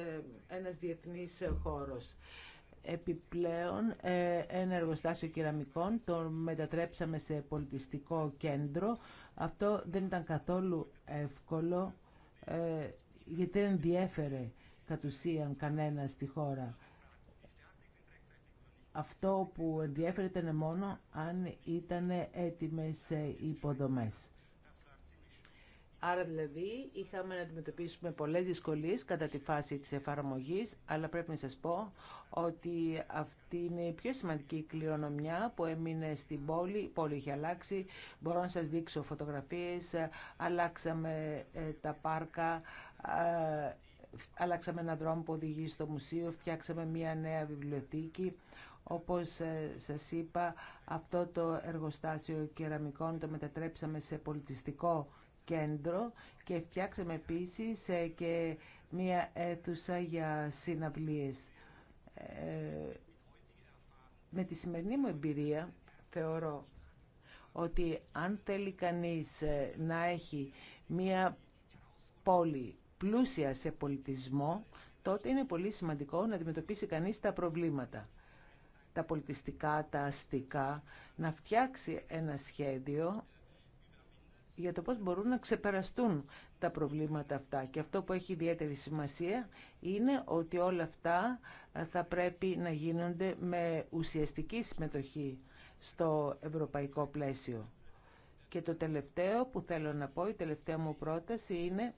ένας διεθνής χώρος. Επιπλέον, ε, ένα εργοστάσιο κεραμικών το μετατρέψαμε σε πολιτιστικό κέντρο. Αυτό δεν ήταν καθόλου εύκολο, ε, γιατί δεν ενδιέφερε κατ' ουσίαν κανένα στη χώρα. Αυτό που ενδιέφερε ήταν μόνο αν ήταν έτοιμες ε, οι υποδομές. Άρα δηλαδή είχαμε να αντιμετωπίσουμε πολλές δυσκολίες κατά τη φάση της εφαρμογής, αλλά πρέπει να σας πω ότι αυτή είναι η πιο σημαντική κληρονομιά που έμεινε στην πόλη. Η πόλη έχει αλλάξει, μπορώ να σας δείξω φωτογραφίες, αλλάξαμε ε, τα πάρκα, ε, αλλάξαμε έναν δρόμο που οδηγεί στο μουσείο, φτιάξαμε μια νέα βιβλιοθήκη. Όπως ε, σας είπα, αυτό το εργοστάσιο κεραμικών το μετατρέψαμε σε πολιτιστικό κέντρο και φτιάξαμε επίσης ε, και μία αίθουσα για συναυλίες. Ε, με τη σημερινή μου εμπειρία θεωρώ ότι αν θέλει κανείς ε, να έχει μία πόλη πλούσια σε πολιτισμό, τότε είναι πολύ σημαντικό να αντιμετωπίσει κανείς τα προβλήματα. Τα πολιτιστικά, τα αστικά, να φτιάξει ένα σχέδιο για το πώς μπορούν να ξεπεραστούν τα προβλήματα αυτά. Και αυτό που έχει ιδιαίτερη σημασία είναι ότι όλα αυτά ε, θα πρέπει να γίνονται με ουσιαστική συμμετοχή στο ευρωπαϊκό πλαίσιο. Και το τελευταίο που θέλω να πω, η τελευταία μου πρόταση είναι,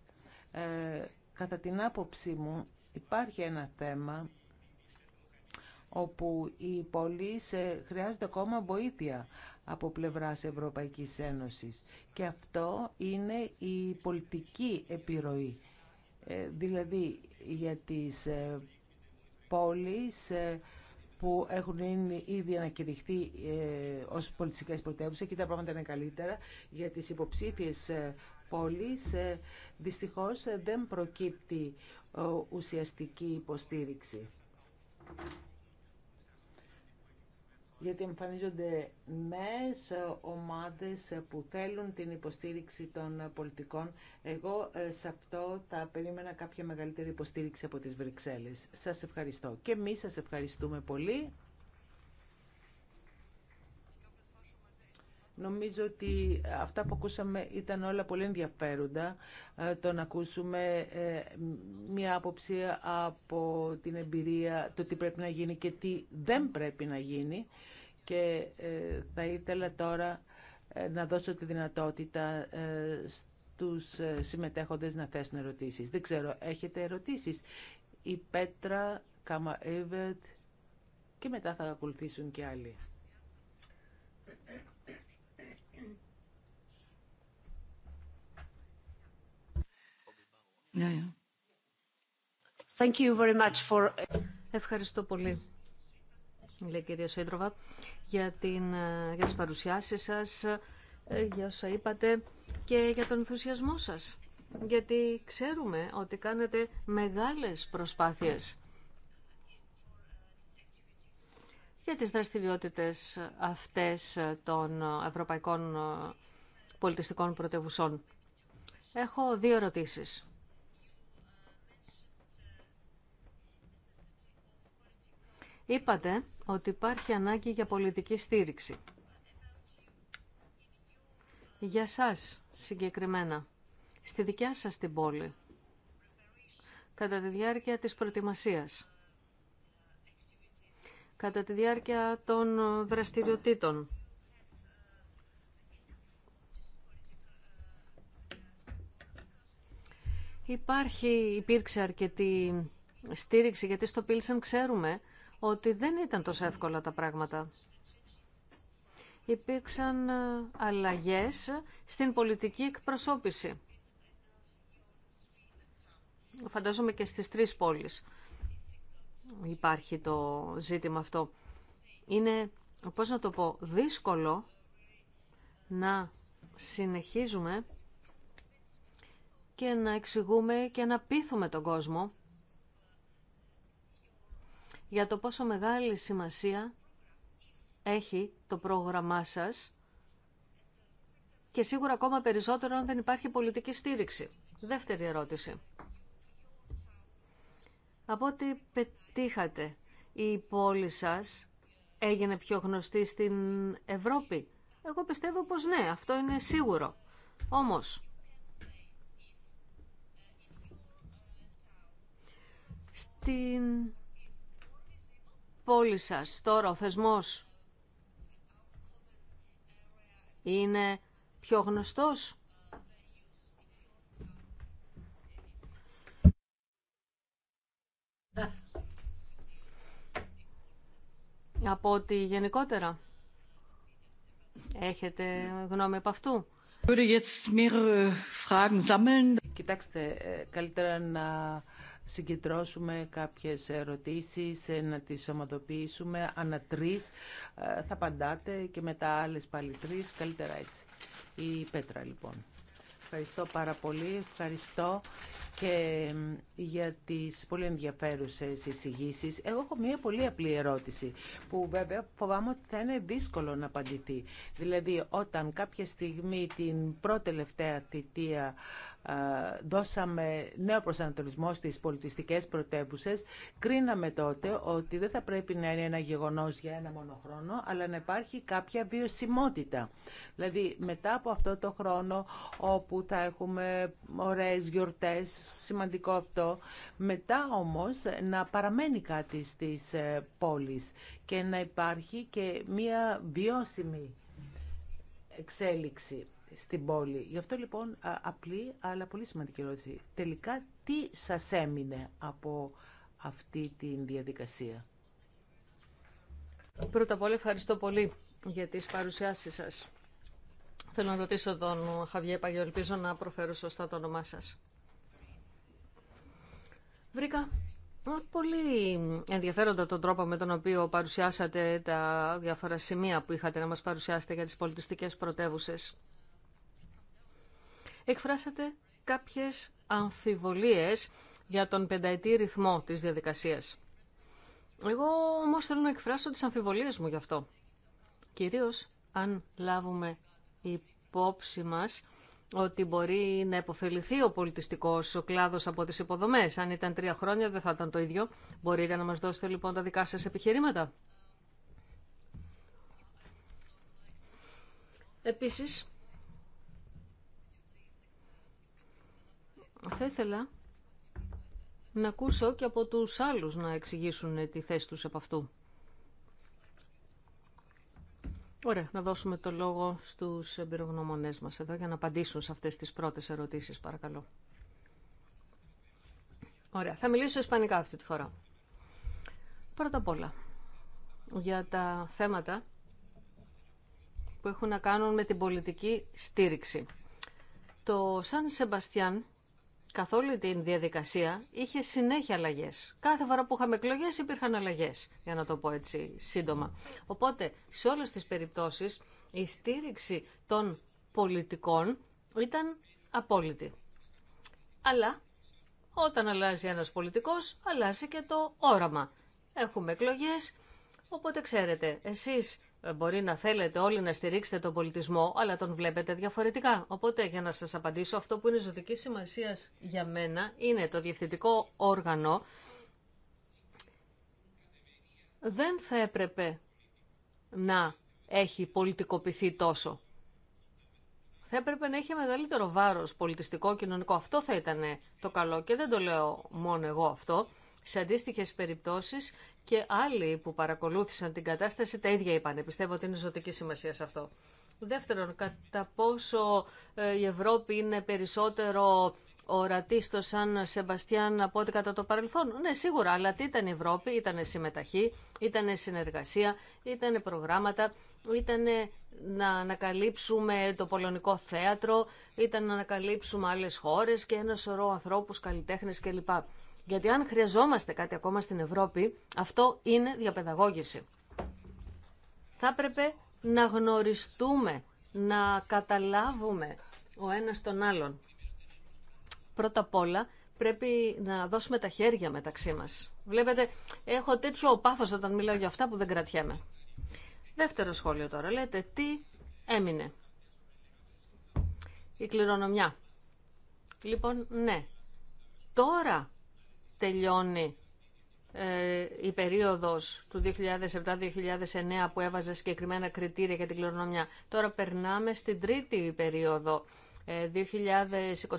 ε, κατά την άποψή μου, υπάρχει ένα θέμα όπου οι πόλεις ε, χρειάζονται ακόμα βοήθεια από πλευράς Ευρωπαϊκής Ένωσης. Και αυτό είναι η πολιτική επιρροή. Ε, δηλαδή για τις ε, πόλεις που έχουν ήδη ανακηρυχθεί ως πολιτιστικές πρωτεύουσες και τα πράγματα είναι καλύτερα για τις υποψήφιες πόλεις δυστυχώς δεν προκύπτει ουσιαστική υποστήριξη γιατί εμφανίζονται νέες ομάδες που θέλουν την υποστήριξη των πολιτικών. Εγώ ε, σε αυτό θα περίμενα κάποια μεγαλύτερη υποστήριξη από τις Βρυξέλλες. Σας ευχαριστώ. Και εμείς σας ευχαριστούμε πολύ. Νομίζω ότι αυτά που ακούσαμε ήταν όλα πολύ ενδιαφέροντα. Ε, το να ακούσουμε ε, μια άποψη από την εμπειρία, το τι πρέπει να γίνει και τι δεν πρέπει να γίνει και ε, θα ήθελα τώρα ε, να δώσω τη δυνατότητα ε, στους συμμετέχοντες να θέσουν ερωτήσεις. Δεν ξέρω, έχετε ερωτήσεις. Η Πέτρα, Κάμα Εύερτ και μετά θα ακολουθήσουν και άλλοι. Thank for... Ευχαριστώ πολύ, λέει κυρία Σέντροβα για, την, ε, για τις παρουσιάσεις σας, ε, για όσα είπατε και για τον ενθουσιασμό σας. Γιατί ξέρουμε ότι κάνετε μεγάλες προσπάθειες για τις δραστηριότητες αυτές των ευρωπαϊκών ε, πολιτιστικών πρωτεύουσών. Έχω δύο ερωτήσεις. Είπατε ότι υπάρχει ανάγκη για πολιτική στήριξη. Για σας συγκεκριμένα, στη δικιά σας την πόλη, κατά τη διάρκεια της προετοιμασίας, κατά τη διάρκεια των δραστηριοτήτων, Υπάρχει, υπήρξε αρκετή στήριξη, γιατί στο Πίλσεν ξέρουμε ότι δεν ήταν τόσο εύκολα τα πράγματα. Υπήρξαν ε, αλλαγές στην πολιτική εκπροσώπηση. Φαντάζομαι και στις τρεις πόλεις υπάρχει το ζήτημα αυτό. Είναι, πώς να το πω, δύσκολο να συνεχίζουμε και να εξηγούμε και να πείθουμε τον κόσμο για το πόσο μεγάλη σημασία έχει το πρόγραμμά σας και σίγουρα ακόμα περισσότερο αν δεν υπάρχει πολιτική στήριξη. Δεύτερη ερώτηση. Από ό,τι πετύχατε, η πόλη σας έγινε πιο γνωστή στην Ευρώπη. Εγώ πιστεύω πως ναι, αυτό είναι σίγουρο. Όμως, στην πόλη σας. Τώρα ο θεσμός είναι πιο γνωστός. Από ότι γενικότερα έχετε γνώμη από αυτού. Κοιτάξτε, ε, καλύτερα να συγκεντρώσουμε κάποιες ερωτήσεις, ε, να τις ομαδοποιήσουμε ανά τρεις. Ε, θα απαντάτε και μετά άλλες πάλι τρεις, καλύτερα έτσι. Η Πέτρα λοιπόν. Ευχαριστώ πάρα πολύ, ευχαριστώ και για τις πολύ ενδιαφέρουσες εισηγήσει. Εγώ έχω μία πολύ απλή ερώτηση που βέβαια φοβάμαι ότι θα είναι δύσκολο να απαντηθεί. Δηλαδή όταν κάποια στιγμή την προτελευταία θητεία δώσαμε νέο προσανατολισμό στις πολιτιστικές πρωτεύουσες, κρίναμε τότε ότι δεν θα πρέπει να είναι ένα γεγονός για ένα μόνο χρόνο, αλλά να υπάρχει κάποια βιωσιμότητα. Δηλαδή, μετά από αυτό το χρόνο όπου θα έχουμε ωραίες γιορτές, σημαντικό αυτό, μετά όμως να παραμένει κάτι στις ε, πόλεις και να υπάρχει και μία βιώσιμη εξέλιξη στην πόλη. Γι' αυτό λοιπόν απλή αλλά πολύ σημαντική ερώτηση. Τελικά τι σας έμεινε από αυτή τη διαδικασία. Πρώτα απ' όλα ευχαριστώ πολύ για τις παρουσιάσεις σας. Θέλω να ρωτήσω τον Χαβιέ και να προφέρω σωστά το όνομά σας. Βρήκα πολύ ενδιαφέροντα τον τρόπο με τον οποίο παρουσιάσατε τα διάφορα σημεία που είχατε να μας παρουσιάσετε για τις πολιτιστικές πρωτεύουσες εκφράσατε κάποιες αμφιβολίες για τον πενταετή ρυθμό της διαδικασίας. Εγώ όμως θέλω να εκφράσω τις αμφιβολίες μου γι' αυτό. Κυρίως αν λάβουμε υπόψη μας ότι μπορεί να υποφεληθεί ο πολιτιστικός ο κλάδος από τις υποδομές. Αν ήταν τρία χρόνια δεν θα ήταν το ίδιο. Μπορείτε να μας δώσετε λοιπόν τα δικά σας επιχειρήματα. Επίσης, Θα ήθελα να ακούσω και από τους άλλους να εξηγήσουν τη θέση τους από αυτού. Ωραία, να δώσουμε το λόγο στους εμπειρογνωμονές μας εδώ για να απαντήσουν σε αυτές τις πρώτες ερωτήσεις, παρακαλώ. Ωραία, θα μιλήσω ισπανικά αυτή τη φορά. Πρώτα απ' όλα, για τα θέματα που έχουν να κάνουν με την πολιτική στήριξη. Το Σαν Σεμπαστιάν καθ' όλη την διαδικασία είχε συνέχεια αλλαγέ. Κάθε φορά που είχαμε εκλογέ υπήρχαν αλλαγέ, για να το πω έτσι σύντομα. Οπότε, σε όλε τι περιπτώσει, η στήριξη των πολιτικών ήταν απόλυτη. Αλλά όταν αλλάζει ένας πολιτικός, αλλάζει και το όραμα. Έχουμε εκλογές, οπότε ξέρετε, εσείς ε, μπορεί να θέλετε όλοι να στηρίξετε τον πολιτισμό, αλλά τον βλέπετε διαφορετικά. Οπότε, για να σας απαντήσω, αυτό που είναι ζωτική σημασία για μένα είναι το διευθυντικό όργανο δεν θα έπρεπε να έχει πολιτικοποιηθεί τόσο. Θα έπρεπε να έχει μεγαλύτερο βάρος πολιτιστικό, κοινωνικό. Αυτό θα ήταν το καλό και δεν το λέω μόνο εγώ αυτό. Σε αντίστοιχες περιπτώσεις και άλλοι που παρακολούθησαν την κατάσταση τα ίδια είπαν. Πιστεύω ότι είναι ζωτική σημασία σε αυτό. Δεύτερον, κατά πόσο ε, η Ευρώπη είναι περισσότερο ορατή στο Σαν Σεμπαστιάν από ό,τι κατά το παρελθόν. Ναι, σίγουρα, αλλά τι ήταν η Ευρώπη, ήταν συμμεταχή, ήταν συνεργασία, ήταν προγράμματα, ήταν να ανακαλύψουμε το πολωνικό θέατρο, ήταν να ανακαλύψουμε άλλες χώρες και ένα σωρό ανθρώπους, καλλιτέχνες κλπ. Γιατί αν χρειαζόμαστε κάτι ακόμα στην Ευρώπη, αυτό είναι διαπαιδαγώγηση. Θα έπρεπε να γνωριστούμε, να καταλάβουμε ο ένας τον άλλον. Πρώτα απ' όλα πρέπει να δώσουμε τα χέρια μεταξύ μας. Βλέπετε, έχω τέτοιο πάθος όταν μιλάω για αυτά που δεν κρατιέμαι. Δεύτερο σχόλιο τώρα. Λέτε, τι έμεινε. Η κληρονομιά. Λοιπόν, ναι. Τώρα τελειώνει ε, η περίοδος του 2007-2009 που έβαζε συγκεκριμένα κριτήρια για την κληρονομιά. Τώρα περνάμε στην τρίτη περίοδο, 2021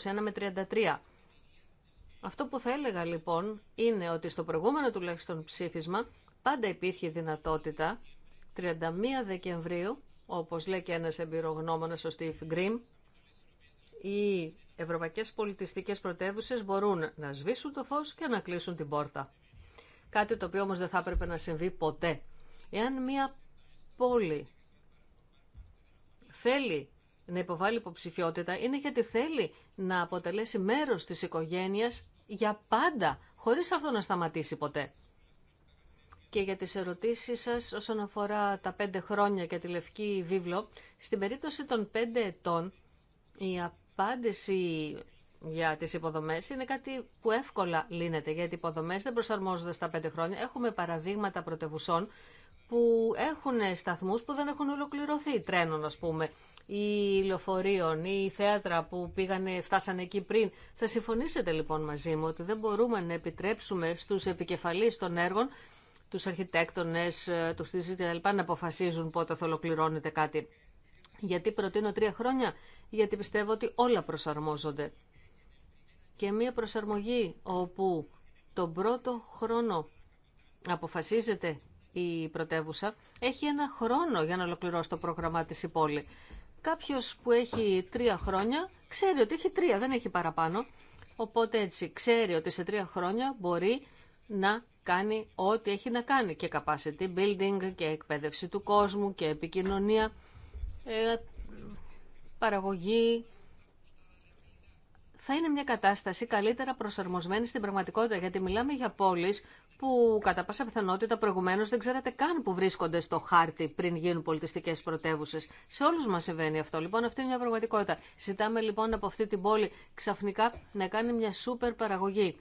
ε, με 33. Αυτό που θα έλεγα λοιπόν είναι ότι στο προηγούμενο τουλάχιστον ψήφισμα πάντα υπήρχε δυνατότητα 31 Δεκεμβρίου, όπως λέει και ένας εμπειρογνώμονας ο Steve Green, η ευρωπαϊκές πολιτιστικές πρωτεύουσε μπορούν να σβήσουν το φως και να κλείσουν την πόρτα. Κάτι το οποίο όμω δεν θα έπρεπε να συμβεί ποτέ. Εάν μια πόλη θέλει να υποβάλει υποψηφιότητα, είναι γιατί θέλει να αποτελέσει μέρος της οικογένειας για πάντα, χωρίς αυτό να σταματήσει ποτέ. Και για τις ερωτήσεις σας όσον αφορά τα πέντε χρόνια και τη Λευκή Βίβλο, στην περίπτωση των πέντε ετών η απάντηση για τις υποδομές είναι κάτι που εύκολα λύνεται, γιατί οι υποδομές δεν προσαρμόζονται στα πέντε χρόνια. Έχουμε παραδείγματα πρωτευουσών που έχουν σταθμούς που δεν έχουν ολοκληρωθεί τρένων, ας πούμε, ή λεωφορείων ή θέατρα που πήγανε, φτάσανε εκεί πριν. Θα συμφωνήσετε λοιπόν μαζί μου ότι δεν μπορούμε να επιτρέψουμε στους επικεφαλείς των έργων, τους αρχιτέκτονες, τους κλπ, να αποφασίζουν πότε θα ολοκληρώνεται κάτι. Γιατί προτείνω τρία χρόνια, γιατί πιστεύω ότι όλα προσαρμόζονται. Και μία προσαρμογή όπου τον πρώτο χρόνο αποφασίζεται η πρωτεύουσα, έχει ένα χρόνο για να ολοκληρώσει το πρόγραμμά της η πόλη. Κάποιος που έχει τρία χρόνια ξέρει ότι έχει τρία, δεν έχει παραπάνω. Οπότε έτσι ξέρει ότι σε τρία χρόνια μπορεί να κάνει ό,τι έχει να κάνει και capacity building και εκπαίδευση του κόσμου και επικοινωνία. Ε, παραγωγή θα είναι μια κατάσταση καλύτερα προσαρμοσμένη στην πραγματικότητα, γιατί μιλάμε για πόλεις που κατά πάσα πιθανότητα προηγουμένω δεν ξέρατε καν που βρίσκονται στο χάρτη πριν γίνουν πολιτιστικέ πρωτεύουσε. Σε όλου μα συμβαίνει αυτό. Λοιπόν, αυτή είναι μια πραγματικότητα. Ζητάμε λοιπόν από αυτή την πόλη ξαφνικά να κάνει μια σούπερ παραγωγή.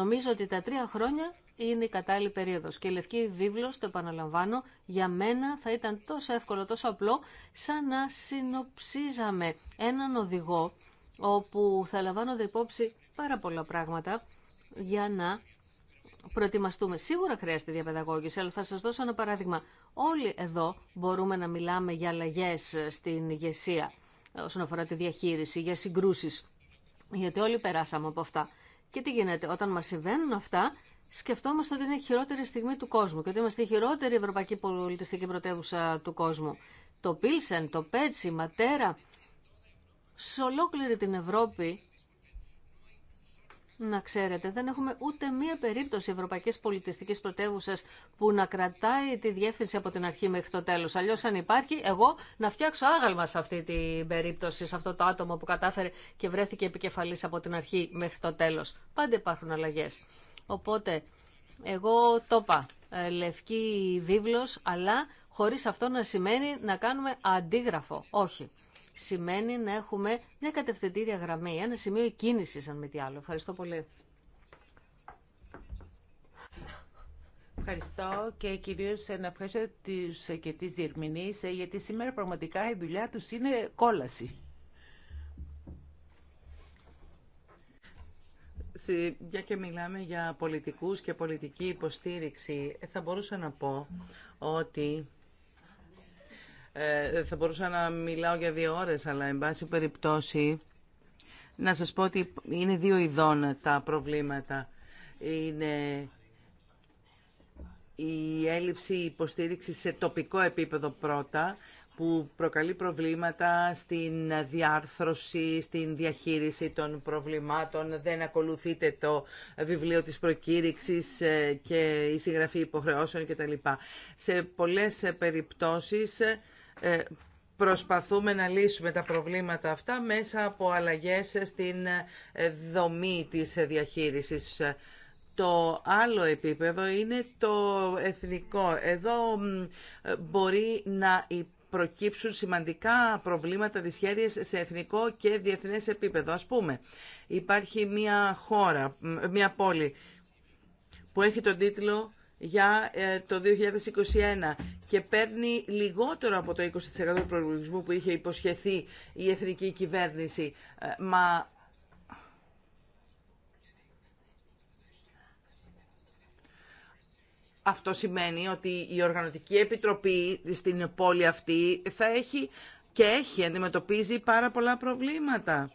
Νομίζω ότι τα τρία χρόνια είναι η κατάλληλη περίοδο και η Λευκή Βίβλος, το επαναλαμβάνω, για μένα θα ήταν τόσο εύκολο, τόσο απλό, σαν να συνοψίζαμε έναν οδηγό όπου θα λαμβάνονται υπόψη πάρα πολλά πράγματα για να προετοιμαστούμε. Σίγουρα χρειάζεται διαπαιδαγώγηση, αλλά θα σας δώσω ένα παράδειγμα. Όλοι εδώ μπορούμε να μιλάμε για αλλαγέ στην ηγεσία όσον αφορά τη διαχείριση, για συγκρούσεις, γιατί όλοι περάσαμε από αυτά. Και τι γίνεται, όταν μας συμβαίνουν αυτά, σκεφτόμαστε ότι είναι η χειρότερη στιγμή του κόσμου και ότι είμαστε η χειρότερη ευρωπαϊκή πολιτιστική πρωτεύουσα του κόσμου. Το Πίλσεν, το Πέτσι, η Ματέρα, σε ολόκληρη την Ευρώπη να ξέρετε, δεν έχουμε ούτε μία περίπτωση ευρωπαϊκή πολιτιστική πρωτεύουσα που να κρατάει τη διεύθυνση από την αρχή μέχρι το τέλο. Αλλιώ, αν υπάρχει, εγώ να φτιάξω άγαλμα σε αυτή την περίπτωση, σε αυτό το άτομο που κατάφερε και βρέθηκε επικεφαλή από την αρχή μέχρι το τέλο. Πάντα υπάρχουν αλλαγέ. Οπότε, εγώ το είπα. Ε, λευκή βίβλος, αλλά χωρίς αυτό να σημαίνει να κάνουμε αντίγραφο. Όχι σημαίνει να έχουμε μια κατευθυντήρια γραμμή, ένα σημείο κίνησης αν με τι άλλο. Ευχαριστώ πολύ. Ευχαριστώ και κυρίω να ευχαριστώ του και τι διερμηνεί, ε, γιατί σήμερα πραγματικά η δουλειά του είναι κόλαση. Για και μιλάμε για πολιτικούς και πολιτική υποστήριξη, ε, θα μπορούσα να πω ότι ε, θα μπορούσα να μιλάω για δύο ώρες, αλλά εν πάση περιπτώσει να σας πω ότι είναι δύο ειδών τα προβλήματα. Είναι η έλλειψη υποστήριξη σε τοπικό επίπεδο πρώτα, που προκαλεί προβλήματα στην διάρθρωση, στην διαχείριση των προβλημάτων. Δεν ακολουθείτε το βιβλίο της προκήρυξης ε, και η συγγραφή υποχρεώσεων κτλ. Σε πολλές περιπτώσεις ε, προσπαθούμε να λύσουμε τα προβλήματα αυτά μέσα από αλλαγές στην ε, δομή της διαχείρισης. Το άλλο επίπεδο είναι το εθνικό. Εδώ ε, μπορεί να προκύψουν σημαντικά προβλήματα δυσχέρειες σε εθνικό και διεθνές επίπεδο. Ας πούμε, υπάρχει μια χώρα, μια πόλη που έχει τον τίτλο για ε, το 2021 και παίρνει λιγότερο από το 20% του προϋπολογισμού που είχε υποσχεθεί η εθνική κυβέρνηση. Ε, μα αυτό σημαίνει ότι η Οργανωτική Επιτροπή στην πόλη αυτή θα έχει και έχει αντιμετωπίζει πάρα πολλά προβλήματα.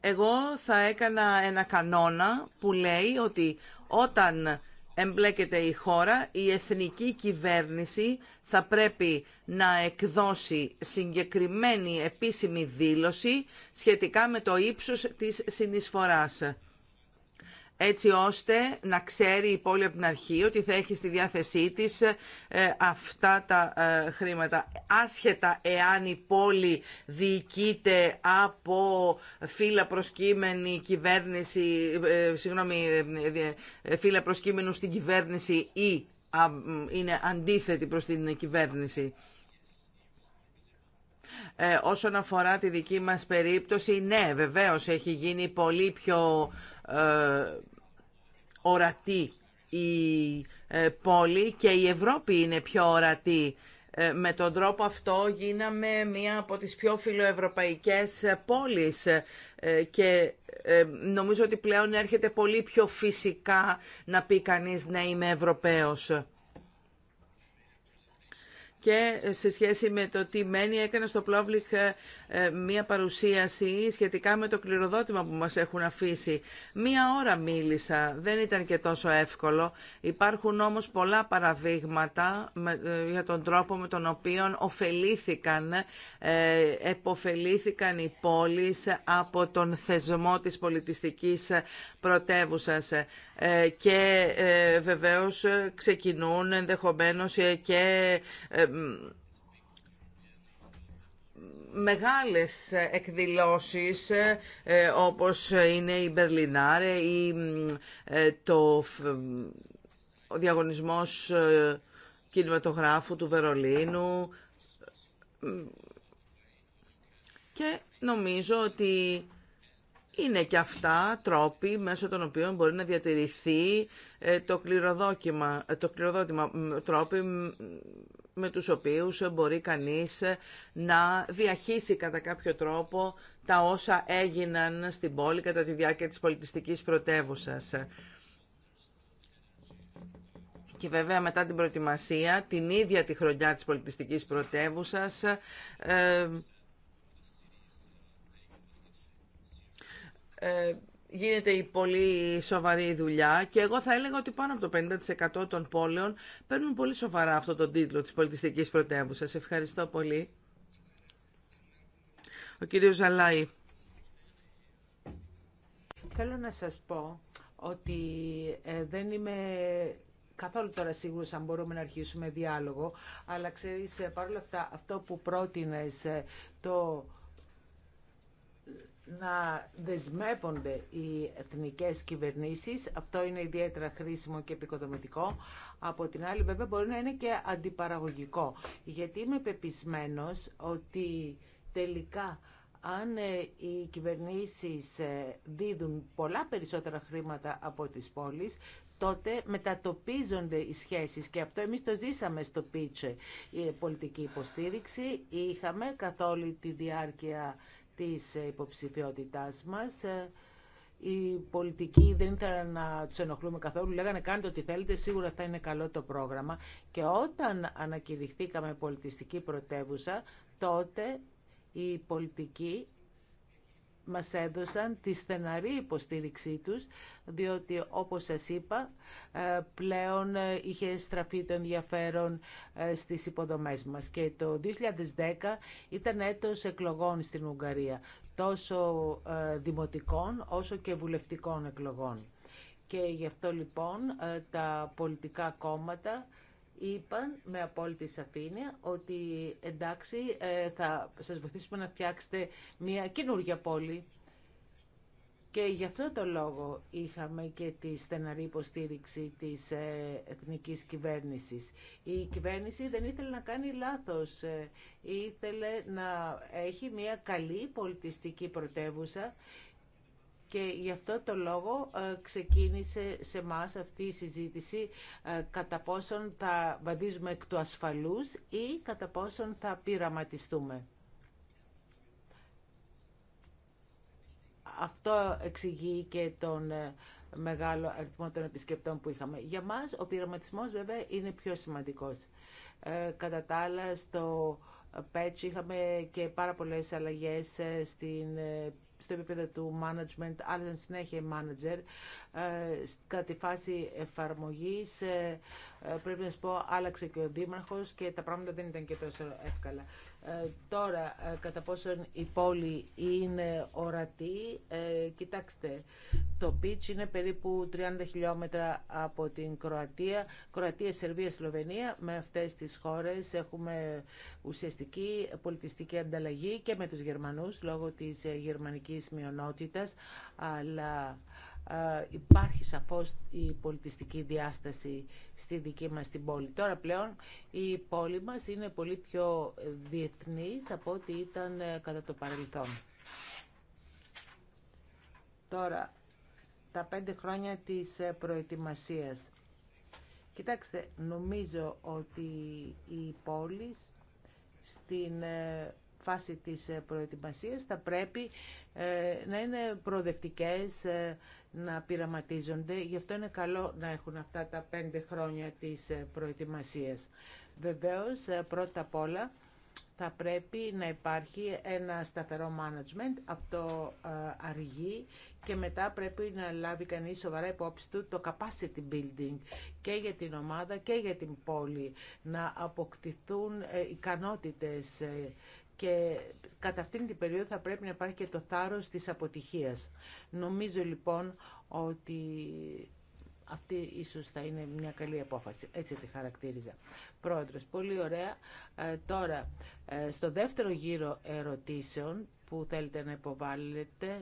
Εγώ θα έκανα ένα κανόνα που λέει ότι όταν εμπλέκεται η χώρα, η εθνική κυβέρνηση θα πρέπει να εκδώσει συγκεκριμένη επίσημη δήλωση σχετικά με το ύψος της συνεισφοράς έτσι ώστε να ξέρει η πόλη από την αρχή ότι θα έχει στη διάθεσή της ε, αυτά τα ε, χρήματα. Άσχετα εάν η πόλη διοικείται από φύλλα προσκύμενη κυβέρνηση, ε, συγγνώμη, φύλλα προσκύμενου στην κυβέρνηση ή είναι αντίθετη προς την κυβέρνηση. Ε, όσον αφορά τη δική μας περίπτωση, ναι, βεβαίως έχει γίνει πολύ πιο ορατή η ε, πόλη και η Ευρώπη είναι πιο ορατή. Ε, με τον τρόπο αυτό γίναμε μία από τις πιο φιλοευρωπαϊκές πόλεις ε, και νομίζω ότι πλέον έρχεται πολύ πιο φυσικά να πει κανείς να είμαι Ευρωπαίος και σε σχέση με το τι μένει έκανε στο Πλόβλιχ ε, ε, μία παρουσίαση σχετικά με το κληροδότημα που μας έχουν αφήσει. Μία ώρα μίλησα, δεν ήταν και τόσο εύκολο. Υπάρχουν όμως πολλά παραδείγματα ε, για τον τρόπο με τον οποίο ωφελήθηκαν, εποφελήθηκαν οι πόλεις από τον θεσμό της πολιτιστικής πρωτεύουσας. Ε, και ε, βεβαίως ξεκινούν ενδεχομένως ε, και μεγάλες εκδηλώσεις όπως είναι η Μπερλινάρε ή το ο διαγωνισμός κινηματογράφου του Βερολίνου και νομίζω ότι είναι και αυτά τρόποι μέσω των οποίων μπορεί να διατηρηθεί ε, το, κληροδόκημα, ε, το κληροδότημα, τρόποι με τους οποίους μπορεί κανείς ε, να διαχύσει κατά κάποιο τρόπο τα όσα έγιναν στην πόλη κατά τη διάρκεια της πολιτιστικής πρωτεύουσας. Και βέβαια μετά την προετοιμασία, την ίδια τη χρονιά της πολιτιστικής πρωτεύουσας, Ε, γίνεται η πολύ σοβαρή δουλειά και εγώ θα έλεγα ότι πάνω από το 50% των πόλεων παίρνουν πολύ σοβαρά αυτό τον τίτλο της πολιτιστικής Σε Ευχαριστώ πολύ. Ο κύριος Ζαλάη. Θέλω να σας πω ότι ε, δεν είμαι καθόλου τώρα σίγουρος αν μπορούμε να αρχίσουμε διάλογο, αλλά ξέρεις, ε, παρόλα αυτά, αυτό που πρότεινες, το να δεσμεύονται οι εθνικές κυβερνήσεις. Αυτό είναι ιδιαίτερα χρήσιμο και επικοδομητικό. Από την άλλη βέβαια μπορεί να είναι και αντιπαραγωγικό. Γιατί είμαι πεπισμένος ότι τελικά αν ε, οι κυβερνήσεις ε, δίδουν πολλά περισσότερα χρήματα από τις πόλεις, τότε μετατοπίζονται οι σχέσεις και αυτό εμείς το ζήσαμε στο πίτσε. Η πολιτική υποστήριξη είχαμε καθ' όλη τη διάρκεια της υποψηφιότητάς μας. Ε, οι πολιτικοί δεν ήθελαν να τους ενοχλούμε καθόλου. Λέγανε κάντε ό,τι θέλετε, σίγουρα θα είναι καλό το πρόγραμμα. Και όταν ανακηρυχθήκαμε πολιτιστική πρωτεύουσα, τότε οι πολιτικοί μας έδωσαν τη στεναρή υποστήριξή τους, διότι όπως σας είπα, ε, πλέον ε, είχε στραφεί το ενδιαφέρον ε, στις υποδομές μας. Και το 2010 ήταν έτος εκλογών στην Ουγγαρία, τόσο δημοτικών όσο και βουλευτικών εκλογών. Και γι' αυτό λοιπόν τα πολιτικά κόμματα είπαν με απόλυτη σαφήνεια ότι εντάξει ε, θα σας βοηθήσουμε να φτιάξετε μια καινούργια πόλη. Και γι' αυτό το λόγο είχαμε και τη στεναρή υποστήριξη της ε, εθνικής κυβέρνησης. Η κυβέρνηση δεν ήθελε να κάνει λάθος. Ε, ήθελε να έχει μια καλή πολιτιστική πρωτεύουσα και γι' αυτό το λόγο ε, ξεκίνησε σε εμά αυτή η συζήτηση ε, κατά πόσον θα βαδίζουμε εκ του ασφαλούς ή κατά πόσον θα πειραματιστούμε. Αυτό εξηγεί και τον ε, μεγάλο αριθμό των επισκεπτών που είχαμε. Για μας ο πειραματισμός βέβαια είναι πιο σημαντικός. Κατά τα άλλα στο ΠΕΤΣ είχαμε και πάρα πολλές αλλαγές στην στο επίπεδο του management, αλλά εν συνέχεια manager. Ε, κατά τη φάση εφαρμογή ε, ε, πρέπει να σα πω, άλλαξε και ο Δήμαρχο και τα πράγματα δεν ήταν και τόσο εύκολα. Τώρα, κατά πόσον η πόλη είναι ορατή, κοιτάξτε, το Πίτς είναι περίπου 30 χιλιόμετρα από την Κροατία. Κροατία, Σερβία, Σλοβενία. Με αυτές τις χώρες έχουμε ουσιαστική πολιτιστική ανταλλαγή και με τους Γερμανούς λόγω της ε, γερμανικής μειονότητας. Αλλά ε, υπάρχει σαφώς η πολιτιστική διάσταση στη δική μας την πόλη. Τώρα πλέον η πόλη μας είναι πολύ πιο διεθνής από ό,τι ήταν ε, κατά το παρελθόν. Τώρα, τα πέντε χρόνια της ε, προετοιμασίας. Κοιτάξτε, νομίζω ότι οι πόλεις στην ε, φάση της ε, προετοιμασίας θα πρέπει να είναι προοδευτικές, να πειραματίζονται. Γι' αυτό είναι καλό να έχουν αυτά τα πέντε χρόνια της προετοιμασίας. Βεβαίως, πρώτα απ' όλα, θα πρέπει να υπάρχει ένα σταθερό management από το ε, αργή και μετά πρέπει να λάβει κανείς σοβαρά υπόψη του το capacity building και για την ομάδα και για την πόλη να αποκτηθούν ε, ικανότητες ε, και κατά αυτήν την περίοδο θα πρέπει να υπάρχει και το θάρρος της αποτυχίας. Νομίζω λοιπόν ότι αυτή ίσως θα είναι μια καλή απόφαση. Έτσι τη χαρακτήριζα. Πρόεδρος, πολύ ωραία. Ε, τώρα, ε, στο δεύτερο γύρο ερωτήσεων που θέλετε να υποβάλλετε,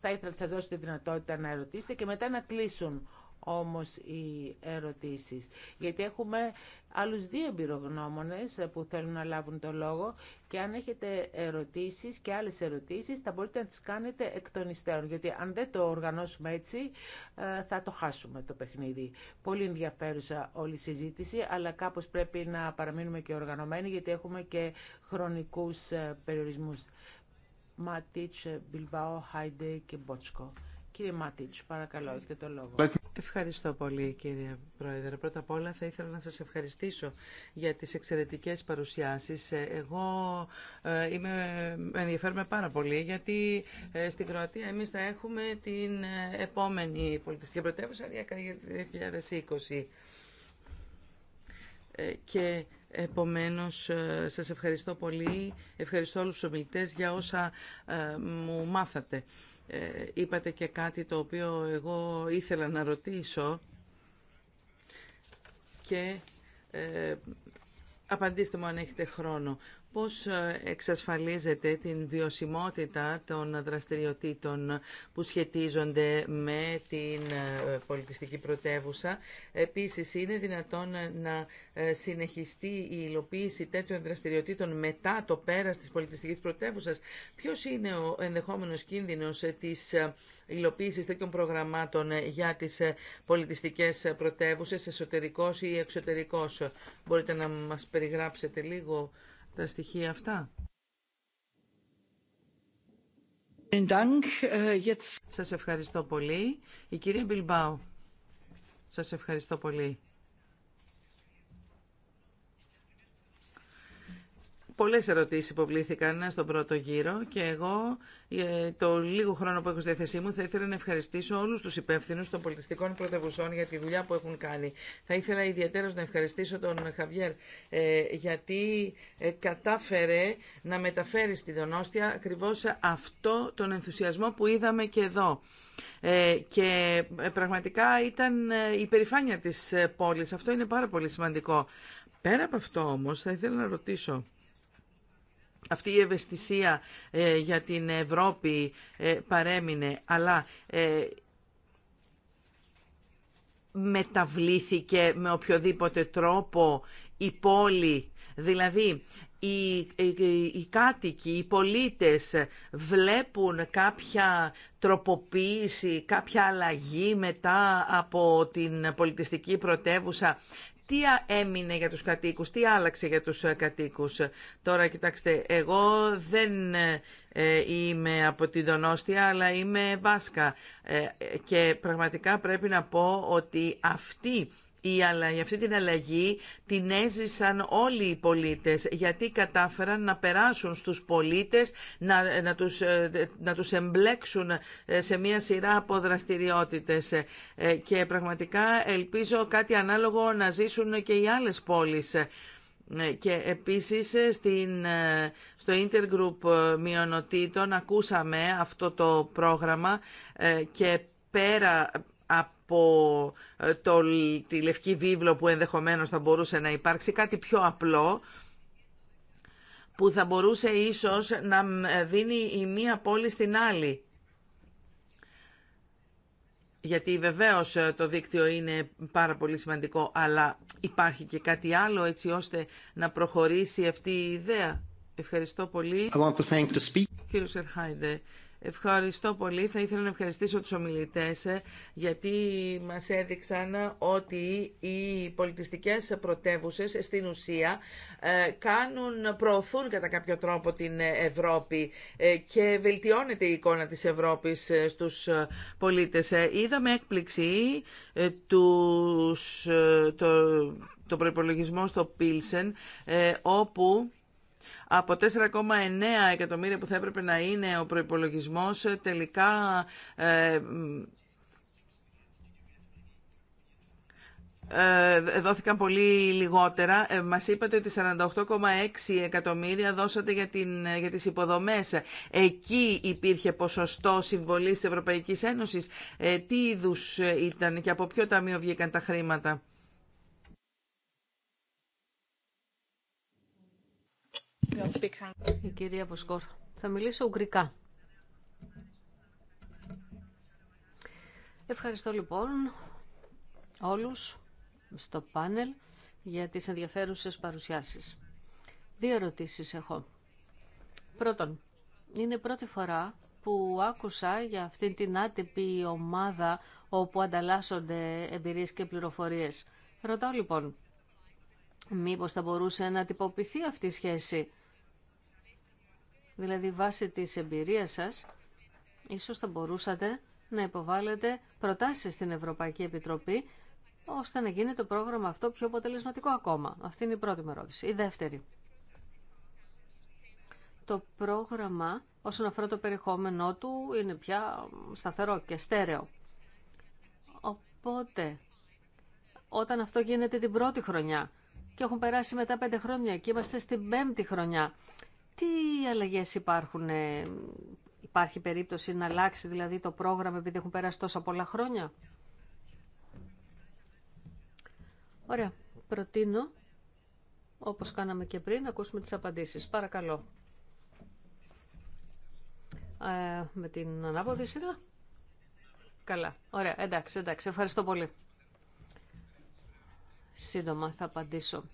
θα ήθελα να σας δώσω τη δυνατότητα να ερωτήσετε και μετά να κλείσουν όμως οι ερωτήσεις. Γιατί έχουμε άλλους δύο εμπειρογνώμονες που θέλουν να λάβουν το λόγο και αν έχετε ερωτήσεις και άλλες ερωτήσεις θα μπορείτε να τις κάνετε εκ των υστέρων. Γιατί αν δεν το οργανώσουμε έτσι ε, θα το χάσουμε το παιχνίδι. Πολύ ενδιαφέρουσα όλη η συζήτηση αλλά κάπως πρέπει να παραμείνουμε και οργανωμένοι γιατί έχουμε και χρονικούς ε, περιορισμούς. Ματίτς, Μπιλβάο, Χάιντε και Μπότσκο. Κύριε Μάτιτς, παρακαλώ, έχετε το λόγο. Ευχαριστώ πολύ κύριε Πρόεδρε. Πρώτα απ' όλα θα ήθελα να σας ευχαριστήσω για τις εξαιρετικές παρουσιάσεις. Ε, εγώ ε, είμαι, με πάρα πολύ γιατί ε, στην Κροατία εμείς θα έχουμε την ε, επόμενη πολιτιστική πρωτεύουσα για το 2020. και Επομένως, σας ευχαριστώ πολύ. Ευχαριστώ όλους τους ομιλητές για όσα μου μάθατε. Ε, είπατε και κάτι το οποίο εγώ ήθελα να ρωτήσω και ε, απαντήστε μου αν έχετε χρόνο πώς ε, εξασφαλίζεται την βιωσιμότητα των δραστηριοτήτων που σχετίζονται με την ε, πολιτιστική πρωτεύουσα. Επίσης, είναι δυνατόν να ε, συνεχιστεί η υλοποίηση τέτοιων δραστηριοτήτων μετά το πέρας της πολιτιστικής πρωτεύουσας. Ποιος είναι ο ενδεχόμενος κίνδυνος της υλοποίησης τέτοιων προγραμμάτων για τις πολιτιστικές πρωτεύουσες, εσωτερικός ή εξωτερικός. Μπορείτε να μας περιγράψετε λίγο τα στοιχεία αυτά. Ε, σας ευχαριστώ πολύ. Η κυρία Μπιλμπάου. Σας ευχαριστώ πολύ. Πολλές ερωτήσεις υποβλήθηκαν στον πρώτο γύρο και εγώ ε, το λίγο χρόνο που έχω στη διάθεσή μου θα ήθελα να ευχαριστήσω όλους τους υπεύθυνους των πολιτιστικών πρωτευουσών για τη δουλειά που έχουν κάνει. Θα ήθελα ιδιαίτερα να ευχαριστήσω τον Χαβιέρ ε, γιατί ε, κατάφερε να μεταφέρει στη Δονόστια ακριβώς αυτό τον ενθουσιασμό που είδαμε και εδώ. Και πραγματικά ήταν η περηφάνεια της πόλης. Αυτό είναι πάρα πολύ σημαντικό. Πέρα από αυτό όμως θα ήθελα να ρωτήσω αυτή η ευαισθησία ε, για την Ευρώπη ε, παρέμεινε, αλλά ε, μεταβλήθηκε με οποιοδήποτε τρόπο η πόλη. Δηλαδή, οι, οι, κάτοικοι, οι πολίτες βλέπουν κάποια τροποποίηση, κάποια αλλαγή μετά από την πολιτιστική πρωτεύουσα τι έμεινε για τους κατοίκους, τι άλλαξε για τους ε, κατοίκους. Τώρα κοιτάξτε, εγώ δεν ε, είμαι από την Δονόστια, αλλά είμαι Βάσκα. Ε, και πραγματικά πρέπει να πω ότι αυτή η αυτή την αλλαγή την έζησαν όλοι οι πολίτες γιατί κατάφεραν να περάσουν στους πολίτες, να, να, τους, ε, να τους εμπλέξουν ε, σε μια σειρά από δραστηριότητες ε, και πραγματικά ελπίζω κάτι ανάλογο να ζήσουν και οι άλλες πόλεις. Και επίσης στην, στο Intergroup Μειονοτήτων ακούσαμε αυτό το πρόγραμμα και πέρα από ε, το, τη λευκή βίβλο που ενδεχομένως θα μπορούσε να υπάρξει, κάτι πιο απλό, που θα μπορούσε ίσως να ε, δίνει η μία πόλη στην άλλη. Γιατί βεβαίως ε, το δίκτυο είναι πάρα πολύ σημαντικό, αλλά υπάρχει και κάτι άλλο έτσι ώστε να προχωρήσει αυτή η ιδέα. Ευχαριστώ πολύ. Ευχαριστώ πολύ. Θα ήθελα να ευχαριστήσω τους ομιλητές ε, γιατί μας έδειξαν ότι οι πολιτιστικές πρωτεύουσε στην ουσία ε, κάνουν, προωθούν κατά κάποιο τρόπο την Ευρώπη ε, και βελτιώνεται η εικόνα της Ευρώπης στους πολίτες. Είδαμε έκπληξη τους, το, το προπολογισμό στο Πίλσεν όπου από 4,9 εκατομμύρια που θα έπρεπε να είναι ο προϋπολογισμός τελικά ε, ε δόθηκαν πολύ λιγότερα. Ε, μας είπατε ότι 48,6 εκατομμύρια δώσατε για, την, για τις υποδομές. Εκεί υπήρχε ποσοστό συμβολής της Ευρωπαϊκής Ένωσης. Ε, τι είδους ήταν και από ποιο ταμείο βγήκαν τα χρήματα. Η κυρία Ποσκόρ. θα μιλήσω ουγγρικά. Ευχαριστώ λοιπόν όλους στο πάνελ για τις ενδιαφέρουσες παρουσιάσεις. Δύο ερωτήσεις έχω. Πρώτον, είναι πρώτη φορά που άκουσα για αυτήν την άτυπη ομάδα όπου ανταλλάσσονται εμπειρίες και πληροφορίες. Ρωτάω λοιπόν, μήπως θα μπορούσε να τυποποιηθεί αυτή η σχέση Δηλαδή βάσει της εμπειρίας σας, ίσως θα μπορούσατε να υποβάλλετε προτάσεις στην Ευρωπαϊκή Επιτροπή ώστε να γίνει το πρόγραμμα αυτό πιο αποτελεσματικό ακόμα. Αυτή είναι η πρώτη μου ερώτηση. Η δεύτερη. Το πρόγραμμα όσον αφορά το περιεχόμενό του είναι πια σταθερό και στέρεο. Οπότε, όταν αυτό γίνεται την πρώτη χρονιά και έχουν περάσει μετά πέντε χρόνια και είμαστε στην πέμπτη χρονιά, τι αλλαγές υπάρχουν, ε, υπάρχει περίπτωση να αλλάξει δηλαδή το πρόγραμμα επειδή έχουν περάσει τόσα πολλά χρόνια. Ωραία, προτείνω, όπως κάναμε και πριν, να ακούσουμε τις απαντήσεις. Παρακαλώ. Ε, με την ανάποδη σειρά. Καλά. Ωραία. Εντάξει, εντάξει. Ευχαριστώ πολύ. Σύντομα θα απαντήσω.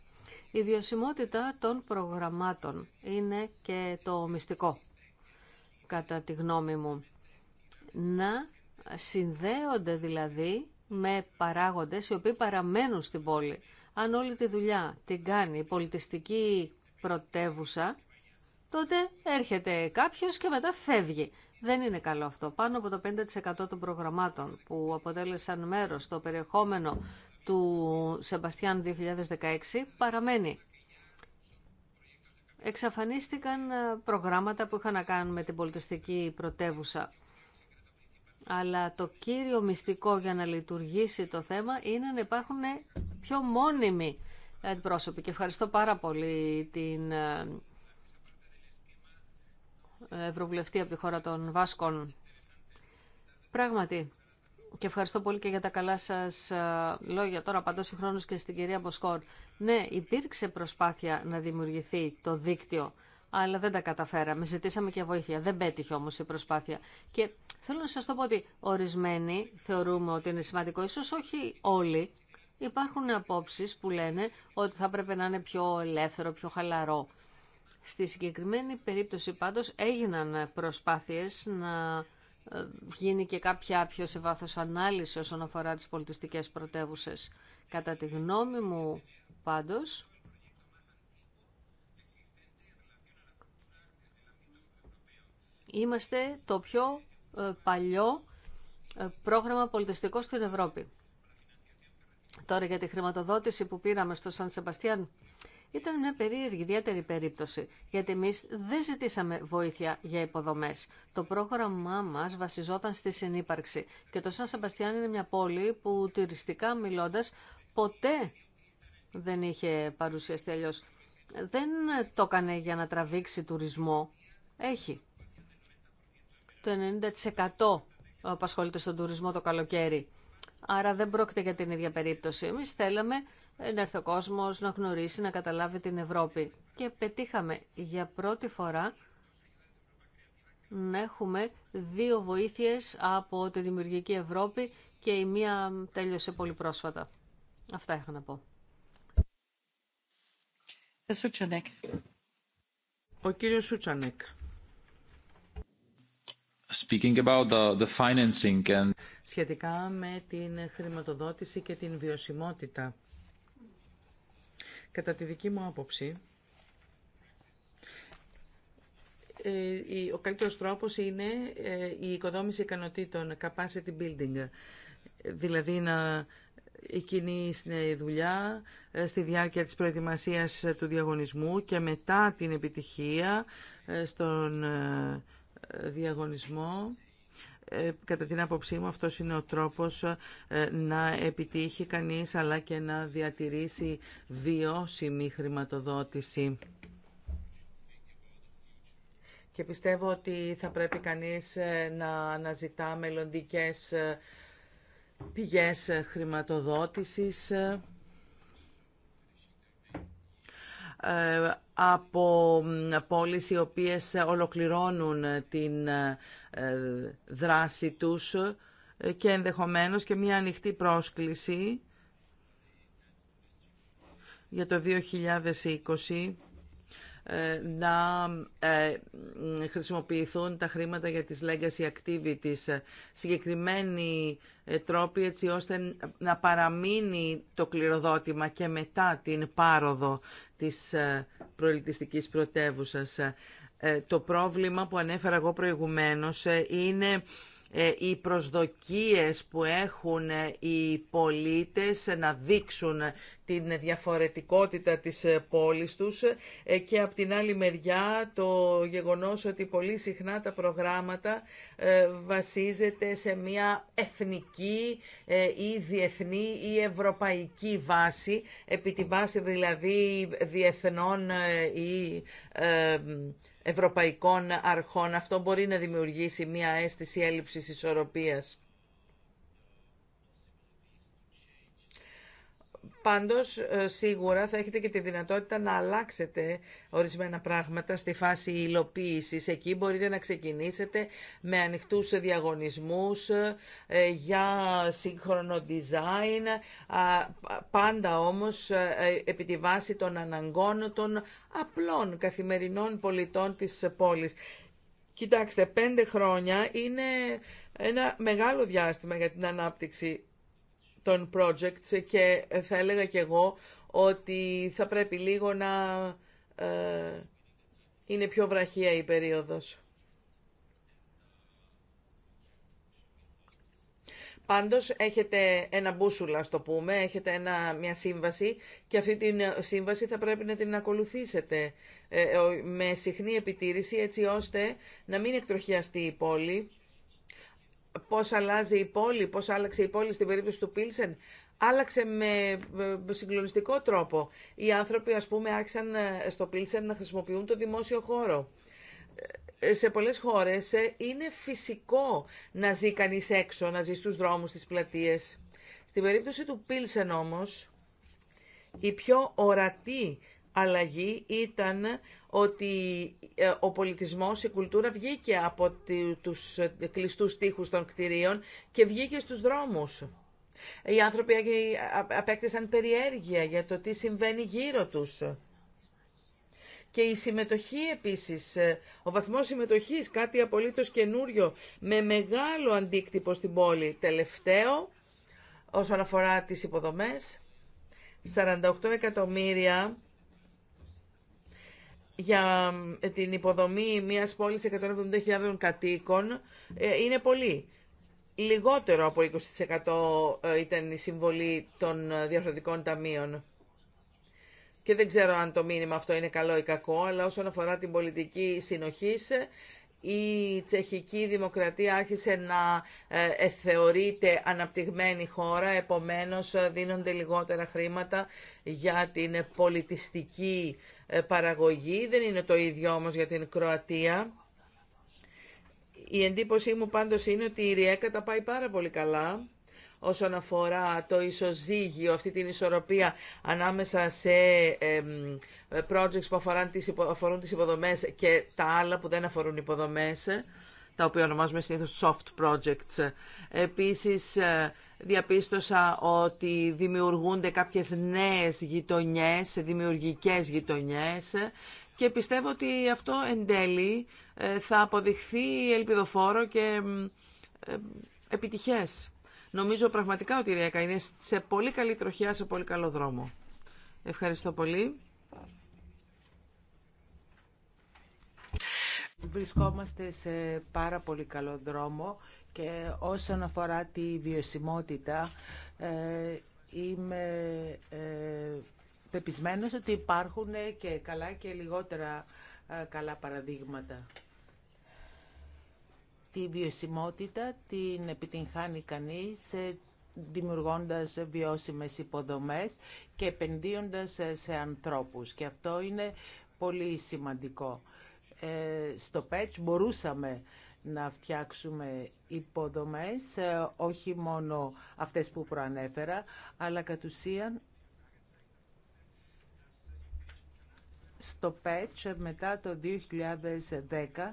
Η βιωσιμότητα των προγραμμάτων είναι και το μυστικό, κατά τη γνώμη μου. Να συνδέονται δηλαδή με παράγοντες οι οποίοι παραμένουν στην πόλη. Αν όλη τη δουλειά την κάνει η πολιτιστική πρωτεύουσα, τότε έρχεται κάποιος και μετά φεύγει. Δεν είναι καλό αυτό. Πάνω από το 5% των προγραμμάτων που αποτέλεσαν μέρος στο περιεχόμενο του Σεμπαστιάν 2016 παραμένει. Εξαφανίστηκαν ε, προγράμματα που είχαν να κάνουν με την πολιτιστική πρωτεύουσα. Αλλά το κύριο μυστικό για να λειτουργήσει το θέμα είναι να υπάρχουν πιο μόνιμοι αντιπρόσωποι. Και ευχαριστώ πάρα πολύ την ε, Ευρωβουλευτή από τη χώρα των Βάσκων. Πράγματι, και ευχαριστώ πολύ και για τα καλά σας ε, λόγια. Τώρα απαντώ συγχρόνω και στην κυρία Μποσκόρ. Ναι, υπήρξε προσπάθεια να δημιουργηθεί το δίκτυο, αλλά δεν τα καταφέραμε. Ζητήσαμε και βοήθεια. Δεν πέτυχε όμω η προσπάθεια. Και θέλω να σα το πω ότι ορισμένοι θεωρούμε ότι είναι σημαντικό, ίσω, όχι όλοι. Υπάρχουν απόψεις που λένε ότι θα πρέπει να είναι πιο ελεύθερο, πιο χαλαρό. Στη συγκεκριμένη περίπτωση πάντως έγιναν προσπάθειες να γίνει και κάποια πιο σε βάθος ανάλυση όσον αφορά τις πολιτιστικές πρωτεύουσε. Κατά τη γνώμη μου πάντως, είμαστε το πιο ε, παλιό ε, πρόγραμμα πολιτιστικό στην Ευρώπη. Τώρα για τη χρηματοδότηση που πήραμε στο Σαν Σεμπαστιάν, ήταν μια περίεργη, ιδιαίτερη περίπτωση, γιατί εμεί δεν ζητήσαμε βοήθεια για υποδομέ. Το πρόγραμμά μα βασιζόταν στη συνύπαρξη. Και το Σαν Σεμπαστιάν είναι μια πόλη που τουριστικά μιλώντα ποτέ δεν είχε παρουσιαστεί αλλιώ. Δεν το έκανε για να τραβήξει τουρισμό. Έχει. Το 90% απασχολείται στον τουρισμό το καλοκαίρι. Άρα δεν πρόκειται για την ίδια περίπτωση. Εμεί θέλαμε να έρθει ο να γνωρίσει, να καταλάβει την Ευρώπη. Και πετύχαμε για πρώτη φορά να έχουμε δύο βοήθειες από τη Δημιουργική Ευρώπη και η μία τέλειωσε πολύ πρόσφατα. Αυτά είχα να πω. Ε, ο κύριος Σούτσανεκ. Speaking about the, the financing and... Σχετικά με την χρηματοδότηση και την βιωσιμότητα. Κατά τη δική μου άποψη, ε, ο καλύτερος τρόπος είναι ε, η οικοδόμηση ικανοτήτων, capacity building, δηλαδή να η κοινή δουλειά ε, στη διάρκεια της προετοιμασίας του διαγωνισμού και μετά την επιτυχία στον διαγωνισμό ε, κατά την άποψή μου αυτός είναι ο τρόπος ε, να επιτύχει κανείς αλλά και να διατηρήσει βιώσιμη χρηματοδότηση. Και πιστεύω ότι θα πρέπει κανείς ε, να αναζητά μελλοντικές πηγές χρηματοδότησης ε, από πόλεις οι οποίες ολοκληρώνουν την ε, δράση τους ε, και ενδεχομένως και μια ανοιχτή πρόσκληση για το 2020 ε, να ε, χρησιμοποιηθούν τα χρήματα για τις legacy activities, ε, συγκεκριμένοι τρόποι έτσι ώστε να παραμείνει το κληροδότημα και μετά την πάροδο της προλητιστικής πρωτεύουσας. Το πρόβλημα που ανέφερα εγώ προηγουμένως είναι οι προσδοκίες που έχουν οι πολίτες να δείξουν την διαφορετικότητα της ε, πόλης τους ε, και από την άλλη μεριά το γεγονός ότι πολύ συχνά τα προγράμματα ε, βασίζεται σε μια εθνική ή διεθνή ή ευρωπαϊκή βάση, επί τη βάση δηλαδή διεθνών ή ευρωπαϊκών αρχών. Αυτό μπορεί να δημιουργήσει μια αίσθηση έλλειψης ισορροπίας. Πάντως, ε, σίγουρα θα έχετε και τη δυνατότητα να αλλάξετε ορισμένα πράγματα στη φάση υλοποίησης. Εκεί μπορείτε να ξεκινήσετε με ανοιχτούς διαγωνισμούς ε, για σύγχρονο design, πάντα όμως ε, επί τη βάση των αναγκών των απλών καθημερινών πολιτών της πόλης. Κοιτάξτε, πέντε χρόνια είναι ένα μεγάλο διάστημα για την ανάπτυξη των projects και θα έλεγα και εγώ ότι θα πρέπει λίγο να ε, είναι πιο βραχία η περίοδος. Πάντως έχετε ένα μπούσουλα, στο πούμε, έχετε ένα, μια σύμβαση και αυτή την σύμβαση θα πρέπει να την ακολουθήσετε ε, ε, με συχνή επιτήρηση έτσι ώστε να μην εκτροχιαστεί η πόλη πώς αλλάζει η πόλη, πώς άλλαξε η πόλη στην περίπτωση του Πίλσεν. Άλλαξε με συγκλονιστικό τρόπο. Οι άνθρωποι, ας πούμε, άρχισαν ε, στο Πίλσεν να χρησιμοποιούν το δημόσιο χώρο. Ε, σε πολλές χώρες ε, είναι φυσικό να ζει κανείς έξω, να ζει στους δρόμους, στις πλατείες. Στην περίπτωση του Πίλσεν όμως, η πιο ορατή αλλαγή ήταν ότι ε, ο πολιτισμός, η κουλτούρα βγήκε από τους κλειστούς τείχους των κτηρίων και βγήκε στους δρόμους. Οι άνθρωποι απέκτησαν περιέργεια για το τι συμβαίνει γύρω τους. Και η συμμετοχή επίσης, ε, ο βαθμός συμμετοχής, κάτι απολύτως καινούριο, με μεγάλο αντίκτυπο στην πόλη. Τελευταίο, όσον αφορά τις υποδομές, 48 εκατομμύρια για ε, την υποδομή μιας πόλης 170.000 κατοίκων ε, είναι πολύ. Λιγότερο από 20% ε, ήταν η συμβολή των διαφορετικών ταμείων. Και δεν ξέρω αν το μήνυμα αυτό είναι καλό ή κακό, αλλά όσον αφορά την πολιτική συνοχής, η τσεχική την πολιτικη συνοχή, η άρχισε να θεωρείται αναπτυγμένη χώρα, επομένως δίνονται λιγότερα χρήματα για την πολιτιστική ε, παραγωγή. Δεν είναι το ίδιο όμως για την Κροατία. Η εντύπωσή μου πάντως είναι ότι η Ριέκα τα πάει πάρα πολύ καλά όσον αφορά το ισοζύγιο, αυτή την ισορροπία ανάμεσα σε projects που αφορούν τις υποδομές και τα άλλα που δεν αφορούν υποδομές τα οποία ονομάζουμε συνήθως soft projects. Επίσης, ε, διαπίστωσα ότι δημιουργούνται κάποιες νέες γειτονιές, δημιουργικές γειτονιές και πιστεύω ότι αυτό εν τέλει ε, θα αποδειχθεί ελπιδοφόρο και ε, επιτυχές. Νομίζω πραγματικά ότι η ΡΕΚΑ είναι σε πολύ καλή τροχιά, σε πολύ καλό δρόμο. Ευχαριστώ πολύ. Βρισκόμαστε σε πάρα πολύ καλό δρόμο και όσον αφορά τη βιωσιμότητα ε, είμαι ε, πεπισμένος ότι υπάρχουν και καλά και λιγότερα ε, καλά παραδείγματα. Τη βιωσιμότητα την επιτυγχάνει κανείς δημιουργώντας βιώσιμες υποδομές και επενδύοντας σε ανθρώπους. Και αυτό είναι πολύ σημαντικό. Ε, στο ΠΕΤΣ μπορούσαμε να φτιάξουμε υποδομές, ε, όχι μόνο αυτές που προανέφερα, αλλά κατ' ουσίαν στο ΠΕΤΣ μετά το 2010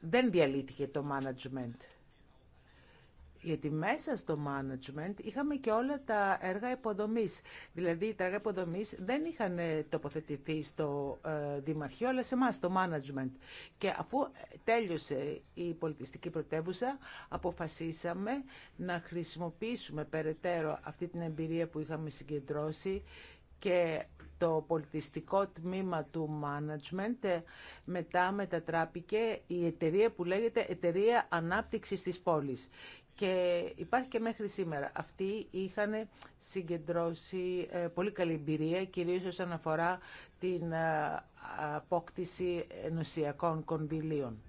δεν διαλύθηκε το management. Γιατί μέσα στο management είχαμε και όλα τα έργα υποδομής. Δηλαδή τα έργα υποδομής δεν είχαν ε, τοποθετηθεί στο ε, Δημαρχείο, αλλά σε εμά στο management. Και αφού ε, τέλειωσε η πολιτιστική πρωτεύουσα, αποφασίσαμε να χρησιμοποιήσουμε περαιτέρω αυτή την εμπειρία που είχαμε συγκεντρώσει και το πολιτιστικό τμήμα του management ε, μετά μετατράπηκε η εταιρεία που λέγεται Εταιρεία Ανάπτυξης της Πόλης. Και υπάρχει και μέχρι σήμερα. Αυτοί είχαν συγκεντρώσει ε, πολύ καλή εμπειρία, κυρίως όσον αφορά την ε, απόκτηση ενωσιακών κονδυλίων.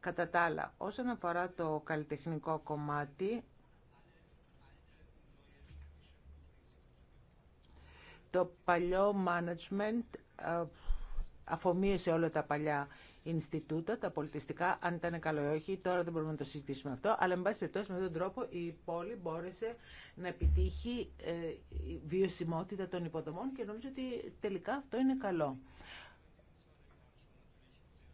Κατά τα άλλα, όσον αφορά το καλλιτεχνικό κομμάτι, το παλιό management ε, αφομοίωσε όλα τα παλιά Ινστιτούτα, τα πολιτιστικά, αν ήταν καλό ή όχι. Τώρα δεν μπορούμε να το συζητήσουμε αυτό. Αλλά, με πάση περιπτώσει, με αυτόν τον τρόπο η πόλη μπόρεσε να επιτύχει ε, βιωσιμότητα των υποδομών και νομίζω ότι τελικά αυτό είναι καλό.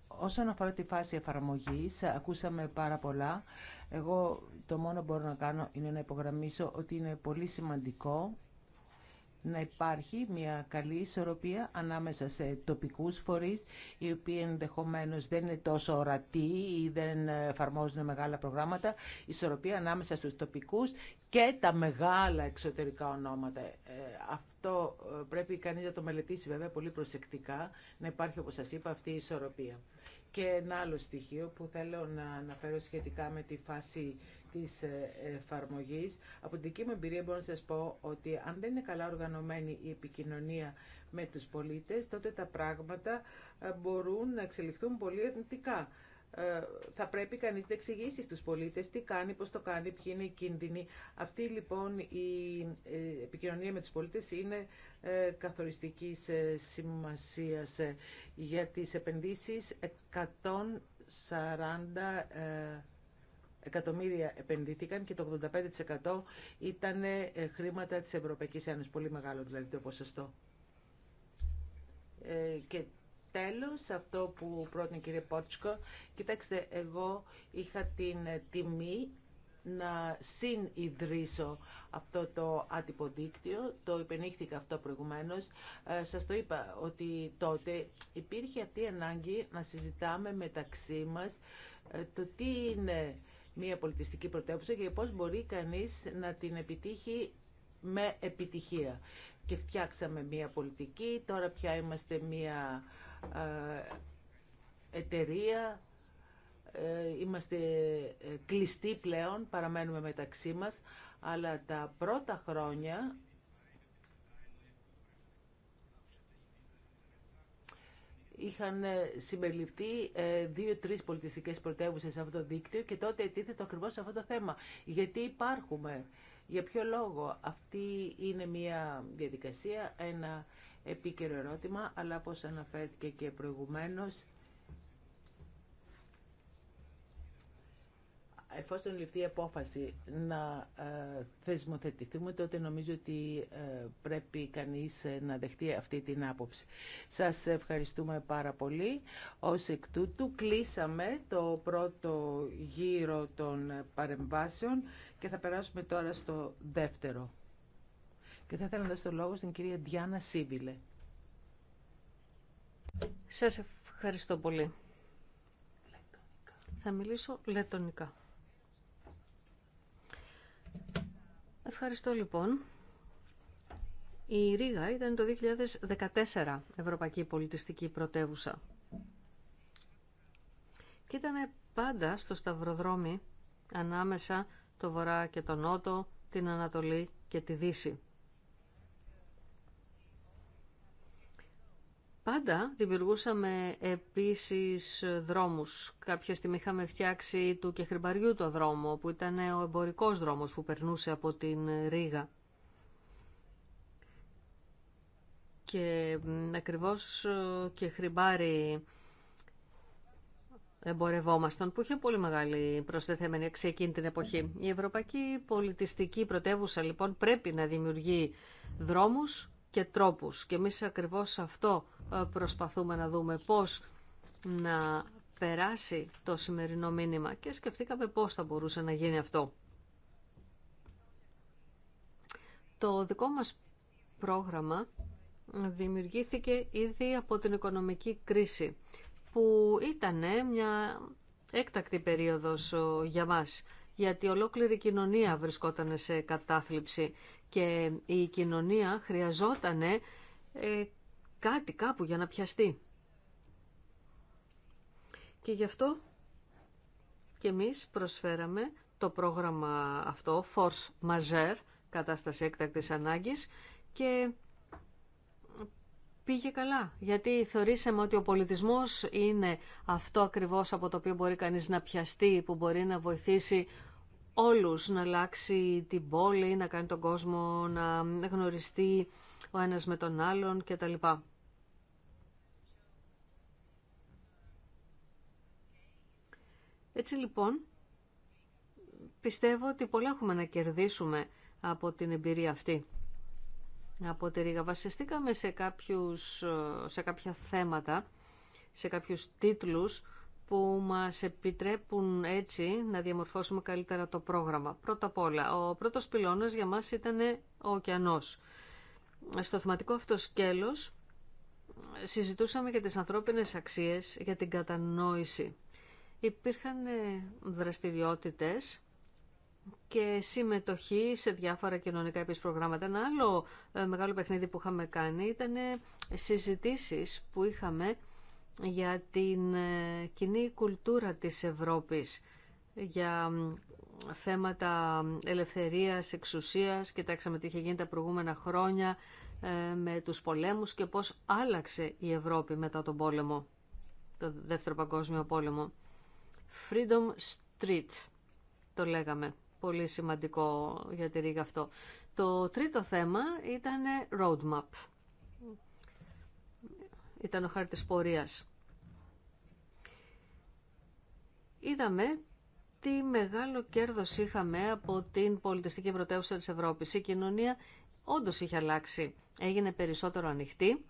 Όσον αφορά τη φάση εφαρμογή, ακούσαμε πάρα πολλά. Εγώ το μόνο που μπορώ να κάνω είναι να υπογραμμίσω ότι είναι πολύ σημαντικό να υπάρχει μια καλή ισορροπία ανάμεσα σε τοπικούς φορείς οι οποίοι ενδεχομένως δεν είναι τόσο ορατοί ή δεν εφαρμόζουν μεγάλα προγράμματα ισορροπία ανάμεσα στους τοπικούς και τα μεγάλα εξωτερικά ονόματα. Ε, αυτό ε, πρέπει κανείς να το μελετήσει βέβαια πολύ προσεκτικά να υπάρχει όπως σας είπα αυτή η ισορροπία. Και ένα άλλο στοιχείο που θέλω να αναφέρω σχετικά με τη φάση της ε, εφαρμογής. Από την δική μου εμπειρία μπορώ να σας πω ότι αν δεν είναι καλά οργανωμένη η επικοινωνία με τους πολίτες, τότε τα πράγματα ε, μπορούν να εξελιχθούν πολύ αρνητικά. Ε, θα πρέπει κανείς να εξηγήσει στους πολίτες τι κάνει, πώς το κάνει, ποιοι είναι οι κίνδυνοι. Αυτή λοιπόν η επικοινωνία με τους πολίτες είναι καθοριστική σημασία για τις επενδύσεις 140 εκατομμύρια επενδύθηκαν και το 85% ήταν ε, χρήματα της Ευρωπαϊκής Ένωσης. Πολύ μεγάλο δηλαδή το ποσοστό. Ε, και τέλος, αυτό που πρότεινε η κυρία Πότσκο. κοιτάξτε, εγώ είχα την ε, τιμή να συνειδρύσω αυτό το άτυπο δίκτυο. Το υπενήχθηκα αυτό προηγουμένως. Ε, σας το είπα ότι τότε υπήρχε αυτή η ανάγκη να συζητάμε μεταξύ μας το τι είναι μια πολιτιστική πρωτεύουσα και πώς μπορεί κανείς να την επιτύχει με επιτυχία. Και φτιάξαμε μια πολιτική, τώρα πια είμαστε μια ε, εταιρεία, ε, είμαστε ε, κλειστοί πλέον, παραμένουμε μεταξύ μας, αλλά τα πρώτα χρόνια είχαν ε, συμπεριληφθεί ε, δύο-τρεις πολιτιστικές πρωτεύουσες σε αυτό το δίκτυο και τότε ετίθεται ακριβώς σε αυτό το θέμα. Γιατί υπάρχουμε, για ποιο λόγο. Αυτή είναι μια διαδικασία, ένα επίκαιρο ερώτημα, αλλά όπως αναφέρθηκε και προηγουμένως, εφόσον ληφθεί η απόφαση να ε, θεσμοθετηθούμε, τότε νομίζω ότι ε, πρέπει κανείς ε, να δεχτεί αυτή την άποψη. Σας ευχαριστούμε πάρα πολύ. Ως εκ τούτου κλείσαμε το πρώτο γύρο των παρεμβάσεων και θα περάσουμε τώρα στο δεύτερο. Και θα ήθελα να δώσω το λόγο στην κυρία Διάνα Σίβιλε. Σας ευχαριστώ πολύ. Θα μιλήσω λετωνικά. Ευχαριστώ λοιπόν. Η Ρήγα ήταν το 2014 Ευρωπαϊκή Πολιτιστική Πρωτεύουσα. Και ήταν πάντα στο σταυροδρόμι ανάμεσα το βορρά και τον νότο, την Ανατολή και τη Δύση. Πάντα δημιουργούσαμε επίσης δρόμους. Κάποια στιγμή είχαμε φτιάξει του και χρυμπαριού το δρόμο, που ήταν ο εμπορικός δρόμος που περνούσε από την Ρήγα. Και ακριβώς και χρυμπάρι εμπορευόμασταν, που είχε πολύ μεγάλη προστεθέμενη αξία εκείνη την εποχή. Η Ευρωπαϊκή Πολιτιστική Πρωτεύουσα λοιπόν πρέπει να δημιουργεί δρόμους και τρόπους. Και εμείς ακριβώς αυτό ε, προσπαθούμε να δούμε πώς να περάσει το σημερινό μήνυμα και σκεφτήκαμε πώς θα μπορούσε να γίνει αυτό. Το δικό μας πρόγραμμα δημιουργήθηκε ήδη από την οικονομική κρίση που ήταν μια έκτακτη περίοδος ε, για μας γιατί ολόκληρη κοινωνία βρισκόταν σε κατάθλιψη και η κοινωνία χρειαζόταν ε, κάτι κάπου για να πιαστεί. Και γι' αυτό και εμείς προσφέραμε το πρόγραμμα αυτό, Force Majeure, κατάσταση έκτακτης ανάγκης και πήγε καλά. Γιατί θεωρήσαμε ότι ο πολιτισμός είναι αυτό ακριβώς από το οποίο μπορεί κανείς να πιαστεί, που μπορεί να βοηθήσει όλους να αλλάξει την πόλη, να κάνει τον κόσμο να γνωριστεί ο ένας με τον άλλον κτλ. Έτσι λοιπόν, πιστεύω ότι πολλά έχουμε να κερδίσουμε από την εμπειρία αυτή. Από τη βασιστήκαμε σε, κάποιους, ε, σε κάποια θέματα, σε κάποιους τίτλους που μας επιτρέπουν έτσι να διαμορφώσουμε καλύτερα το πρόγραμμα. Πρώτα απ' όλα, ο πρώτος πυλώνας για μας ήταν ο ωκεανός. Στο θεματικό αυτό σκέλος συζητούσαμε για τις ανθρώπινες αξίες, για την κατανόηση. Υπήρχαν ε, δραστηριότητες και συμμετοχή σε διάφορα κοινωνικά επίσης προγράμματα. Ένα άλλο ε, μεγάλο παιχνίδι που είχαμε κάνει ήταν ε, συζητήσεις που είχαμε για την ε, κοινή κουλτούρα της Ευρώπης, για θέματα ελευθερίας, εξουσίας. Κοιτάξαμε τι είχε γίνει τα προηγούμενα χρόνια ε, με τους πολέμους και πώς άλλαξε η Ευρώπη μετά τον πόλεμο, το Δεύτερο Παγκόσμιο Πόλεμο. Freedom Street, το λέγαμε. Πολύ σημαντικό για τη Ρίγα αυτό. Το τρίτο θέμα ήταν roadmap. Ήταν ο χάρτης πορείας. είδαμε τι μεγάλο κέρδος είχαμε από την πολιτιστική πρωτεύουσα της Ευρώπης. Η κοινωνία όντως είχε αλλάξει, έγινε περισσότερο ανοιχτή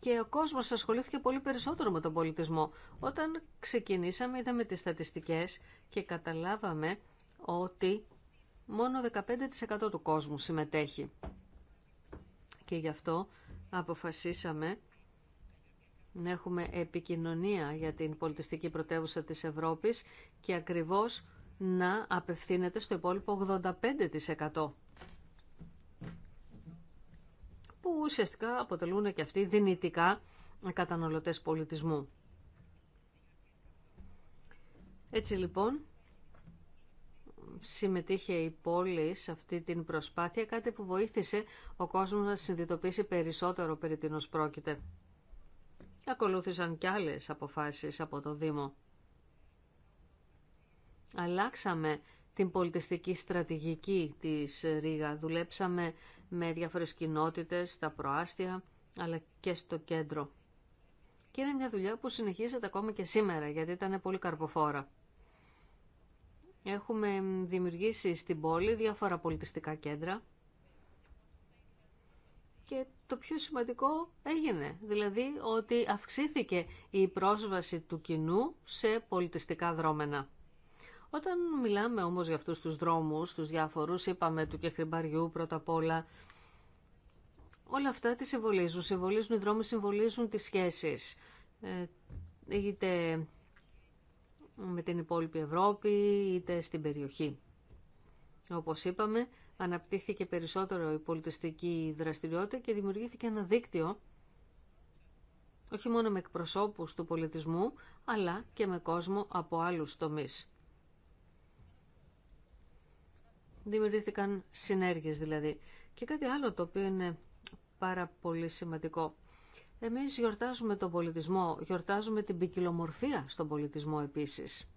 και ο κόσμος ασχολήθηκε πολύ περισσότερο με τον πολιτισμό. Όταν ξεκινήσαμε είδαμε τις στατιστικές και καταλάβαμε ότι μόνο 15% του κόσμου συμμετέχει. Και γι' αυτό αποφασίσαμε να έχουμε επικοινωνία για την πολιτιστική πρωτεύουσα της Ευρώπης και ακριβώς να απευθύνεται στο υπόλοιπο 85% που ουσιαστικά αποτελούν και αυτοί δυνητικά καταναλωτές πολιτισμού. Έτσι λοιπόν, συμμετείχε η πόλη σε αυτή την προσπάθεια, κάτι που βοήθησε ο κόσμος να συνειδητοποιήσει περισσότερο περί τίνος πρόκειται. Ακολούθησαν κι άλλες αποφάσεις από το Δήμο. Αλλάξαμε την πολιτιστική στρατηγική της Ρήγα. Δουλέψαμε με διάφορες κοινότητες στα προάστια αλλά και στο κέντρο. Και είναι μια δουλειά που συνεχίζεται ακόμα και σήμερα γιατί ήταν πολύ καρποφόρα. Έχουμε δημιουργήσει στην πόλη διάφορα πολιτιστικά κέντρα και το πιο σημαντικό έγινε, δηλαδή ότι αυξήθηκε η πρόσβαση του κοινού σε πολιτιστικά δρόμενα. Όταν μιλάμε όμως για αυτούς τους δρόμους, τους διάφορους, είπαμε του και πρώτα απ' όλα, όλα αυτά τι συμβολίζουν. Συμβολίζουν οι δρόμοι, συμβολίζουν τις σχέσεις. Ε, είτε με την υπόλοιπη Ευρώπη, είτε στην περιοχή. Όπως είπαμε, αναπτύχθηκε περισσότερο η πολιτιστική δραστηριότητα και δημιουργήθηκε ένα δίκτυο όχι μόνο με εκπροσώπους του πολιτισμού, αλλά και με κόσμο από άλλους τομείς. Δημιουργήθηκαν συνέργειες δηλαδή. Και κάτι άλλο το οποίο είναι πάρα πολύ σημαντικό. Εμείς γιορτάζουμε τον πολιτισμό, γιορτάζουμε την ποικιλομορφία στον πολιτισμό επίσης.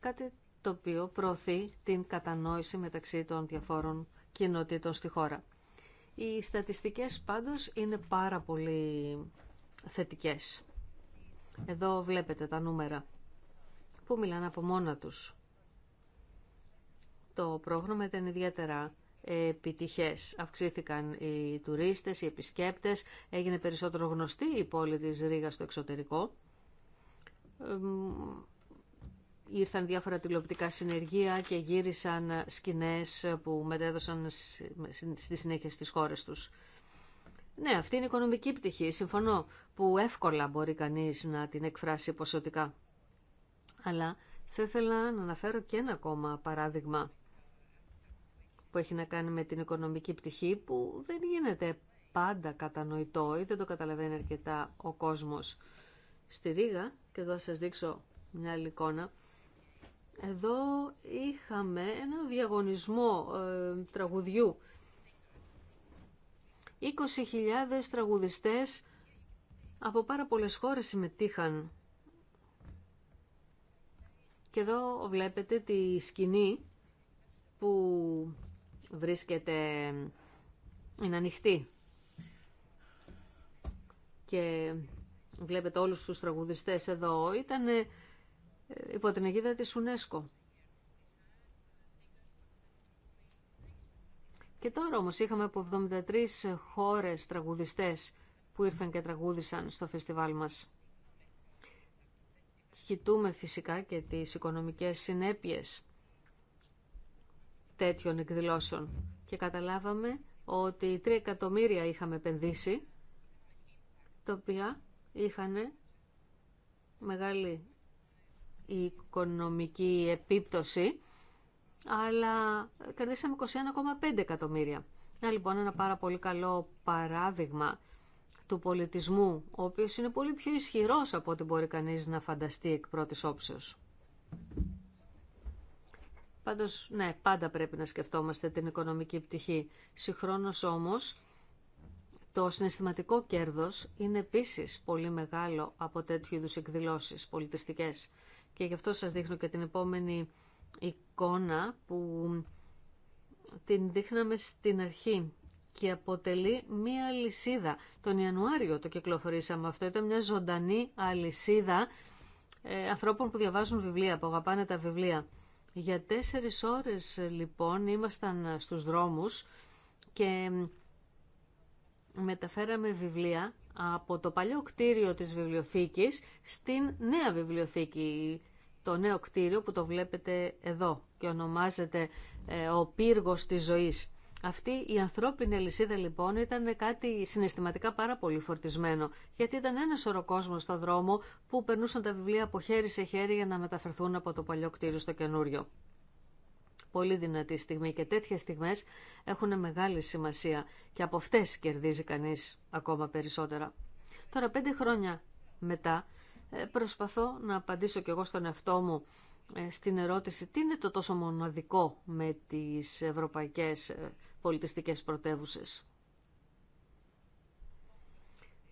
Κάτι το οποίο προωθεί την κατανόηση μεταξύ των διαφόρων κοινότητων στη χώρα. Οι στατιστικές πάντως είναι πάρα πολύ θετικές. Εδώ βλέπετε τα νούμερα που μιλάνε από μόνα τους. Το πρόγραμμα ήταν ιδιαίτερα επιτυχές. Αυξήθηκαν οι τουρίστες, οι επισκέπτες, έγινε περισσότερο γνωστή η πόλη της Ρήγας στο εξωτερικό ήρθαν διάφορα τηλεοπτικά συνεργεία και γύρισαν σκηνές που μετέδωσαν στη συνέχεια στις χώρες τους. Ναι, αυτή είναι η οικονομική πτυχή, συμφωνώ, που εύκολα μπορεί κανείς να την εκφράσει ποσοτικά. Αλλά θα ήθελα να αναφέρω και ένα ακόμα παράδειγμα που έχει να κάνει με την οικονομική πτυχή που δεν γίνεται πάντα κατανοητό ή δεν το καταλαβαίνει αρκετά ο κόσμος. Στη Ρήγα, και εδώ θα σας δείξω μια άλλη εικόνα, εδώ είχαμε ένα διαγωνισμό ε, τραγουδιού. 20.000 τραγουδιστές από πάρα πολλές χώρες συμμετείχαν. Και εδώ βλέπετε τη σκηνή που βρίσκεται, ε, είναι ανοιχτή. Και βλέπετε όλους τους τραγουδιστές εδώ. Ήτανε υπό την αιγίδα της UNESCO. Και τώρα όμως είχαμε από 73 χώρες τραγουδιστές που ήρθαν και τραγούδισαν στο φεστιβάλ μας. Κοιτούμε φυσικά και τις οικονομικές συνέπειες τέτοιων εκδηλώσεων και καταλάβαμε ότι 3 εκατομμύρια είχαμε επενδύσει, τα οποία είχαν μεγάλη η οικονομική επίπτωση, αλλά κερδίσαμε 21,5 εκατομμύρια. Να λοιπόν ένα πάρα πολύ καλό παράδειγμα του πολιτισμού, ο οποίος είναι πολύ πιο ισχυρός από ό,τι μπορεί κανείς να φανταστεί εκ πρώτης όψεως. Πάντως, ναι, πάντα πρέπει να σκεφτόμαστε την οικονομική πτυχή. Συγχρόνως όμως, το συναισθηματικό κέρδος είναι επίσης πολύ μεγάλο από τέτοιου είδους εκδηλώσεις πολιτιστικές. Και γι' αυτό σας δείχνω και την επόμενη εικόνα που την δείχναμε στην αρχή και αποτελεί μία λυσίδα. Τον Ιανουάριο το κυκλοφορήσαμε αυτό. Ήταν μια ζωντανή αλυσίδα ε, ανθρώπων που διαβάζουν βιβλία, που αγαπάνε τα βιβλία. Για τέσσερις ώρες λοιπόν ήμασταν στους δρόμους και μεταφέραμε βιβλία από το παλιό κτίριο της βιβλιοθήκης στην νέα βιβλιοθήκη, το νέο κτίριο που το βλέπετε εδώ και ονομάζεται ε, ο πύργος της ζωής. Αυτή η ανθρώπινη λυσίδα λοιπόν ήταν κάτι συναισθηματικά πάρα πολύ φορτισμένο, γιατί ήταν ένα σωρό κόσμο στο δρόμο που περνούσαν τα βιβλία από χέρι σε χέρι για να μεταφερθούν από το παλιό κτίριο στο καινούριο πολύ δυνατή στιγμή και τέτοιες στιγμές έχουν μεγάλη σημασία και από αυτές κερδίζει κανείς ακόμα περισσότερα. Τώρα πέντε χρόνια μετά ε, προσπαθώ να απαντήσω κι εγώ στον εαυτό μου ε, στην ερώτηση τι είναι το τόσο μοναδικό με τις ευρωπαϊκές ε, πολιτιστικές πρωτεύουσες.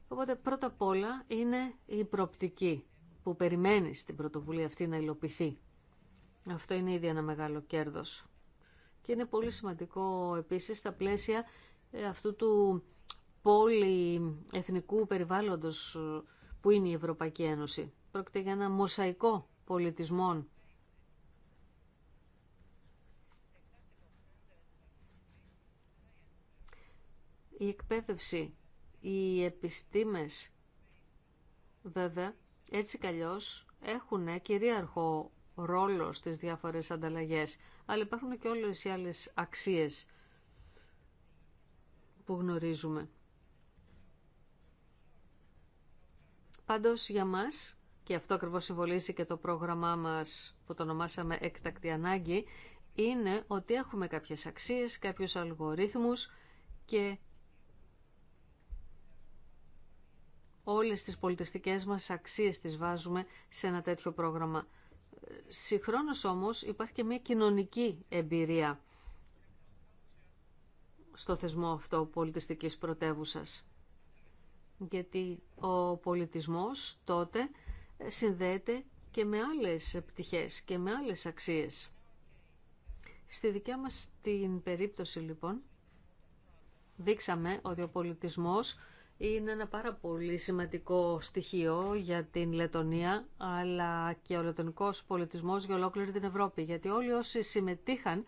Οπότε πρώτα απ' όλα είναι η προοπτική που περιμένει στην πρωτοβουλία αυτή να υλοποιηθεί. Αυτό είναι ήδη ένα μεγάλο κέρδος. Και είναι πολύ σημαντικό επίσης στα πλαίσια ε, αυτού του εθνικού περιβάλλοντος ε, που είναι η Ευρωπαϊκή Ένωση. Πρόκειται για ένα μοσαϊκό πολιτισμών. Η εκπαίδευση, οι επιστήμες βέβαια έτσι καλλιώς έχουν ε, κυρίαρχο ρόλο στις διάφορες ανταλλαγές, αλλά υπάρχουν και όλες οι άλλες αξίες που γνωρίζουμε. Πάντως για μας, και αυτό ακριβώς συμβολίζει και το πρόγραμμά μας που το ονομάσαμε έκτακτη ανάγκη, είναι ότι έχουμε κάποιες αξίες, κάποιους αλγορίθμους και όλες τις πολιτιστικές μας αξίες τις βάζουμε σε ένα τέτοιο πρόγραμμα. Συγχρόνως όμως υπάρχει και μια κοινωνική εμπειρία στο θεσμό αυτό πολιτιστικής πρωτεύουσας. Γιατί ο πολιτισμός τότε συνδέεται και με άλλες πτυχές και με άλλες αξίες. Στη δικιά μας την περίπτωση λοιπόν δείξαμε ότι ο πολιτισμός είναι ένα πάρα πολύ σημαντικό στοιχείο για την Λετωνία, αλλά και ο λετωνικός πολιτισμός για ολόκληρη την Ευρώπη. Γιατί όλοι όσοι συμμετείχαν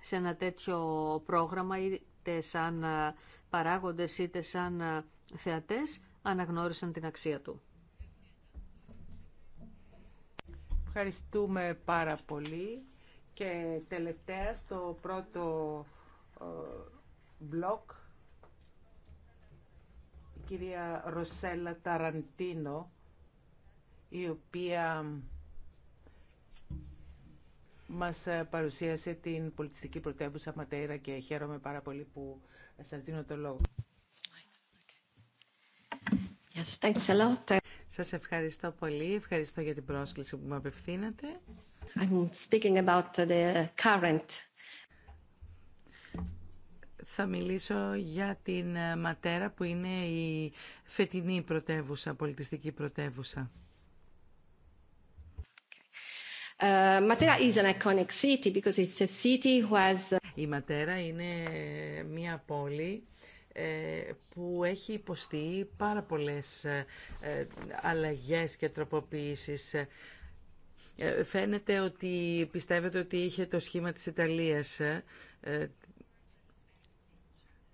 σε ένα τέτοιο πρόγραμμα, είτε σαν παράγοντες είτε σαν θεατές, αναγνώρισαν την αξία του. Ευχαριστούμε πάρα πολύ. Και τελευταία στο πρώτο ε, μπλοκ κυρία Ροσέλα Ταραντίνο, η οποία μας παρουσίασε την πολιτιστική πρωτεύουσα ματέρα και χαίρομαι πάρα πολύ που σας δίνω το λόγο. Yes, Σας ευχαριστώ πολύ. Ευχαριστώ για την πρόσκληση που μου απευθύνατε. I'm speaking about the current θα μιλήσω για την ε, Ματέρα που είναι η φετινή πρωτεύουσα, πολιτιστική πρωτεύουσα. Η Ματέρα είναι μια πόλη ε, που έχει υποστεί πάρα πολλές ε, αλλαγές και τροποποιήσεις. Φαίνεται ότι πιστεύετε ότι είχε το σχήμα της Ιταλίας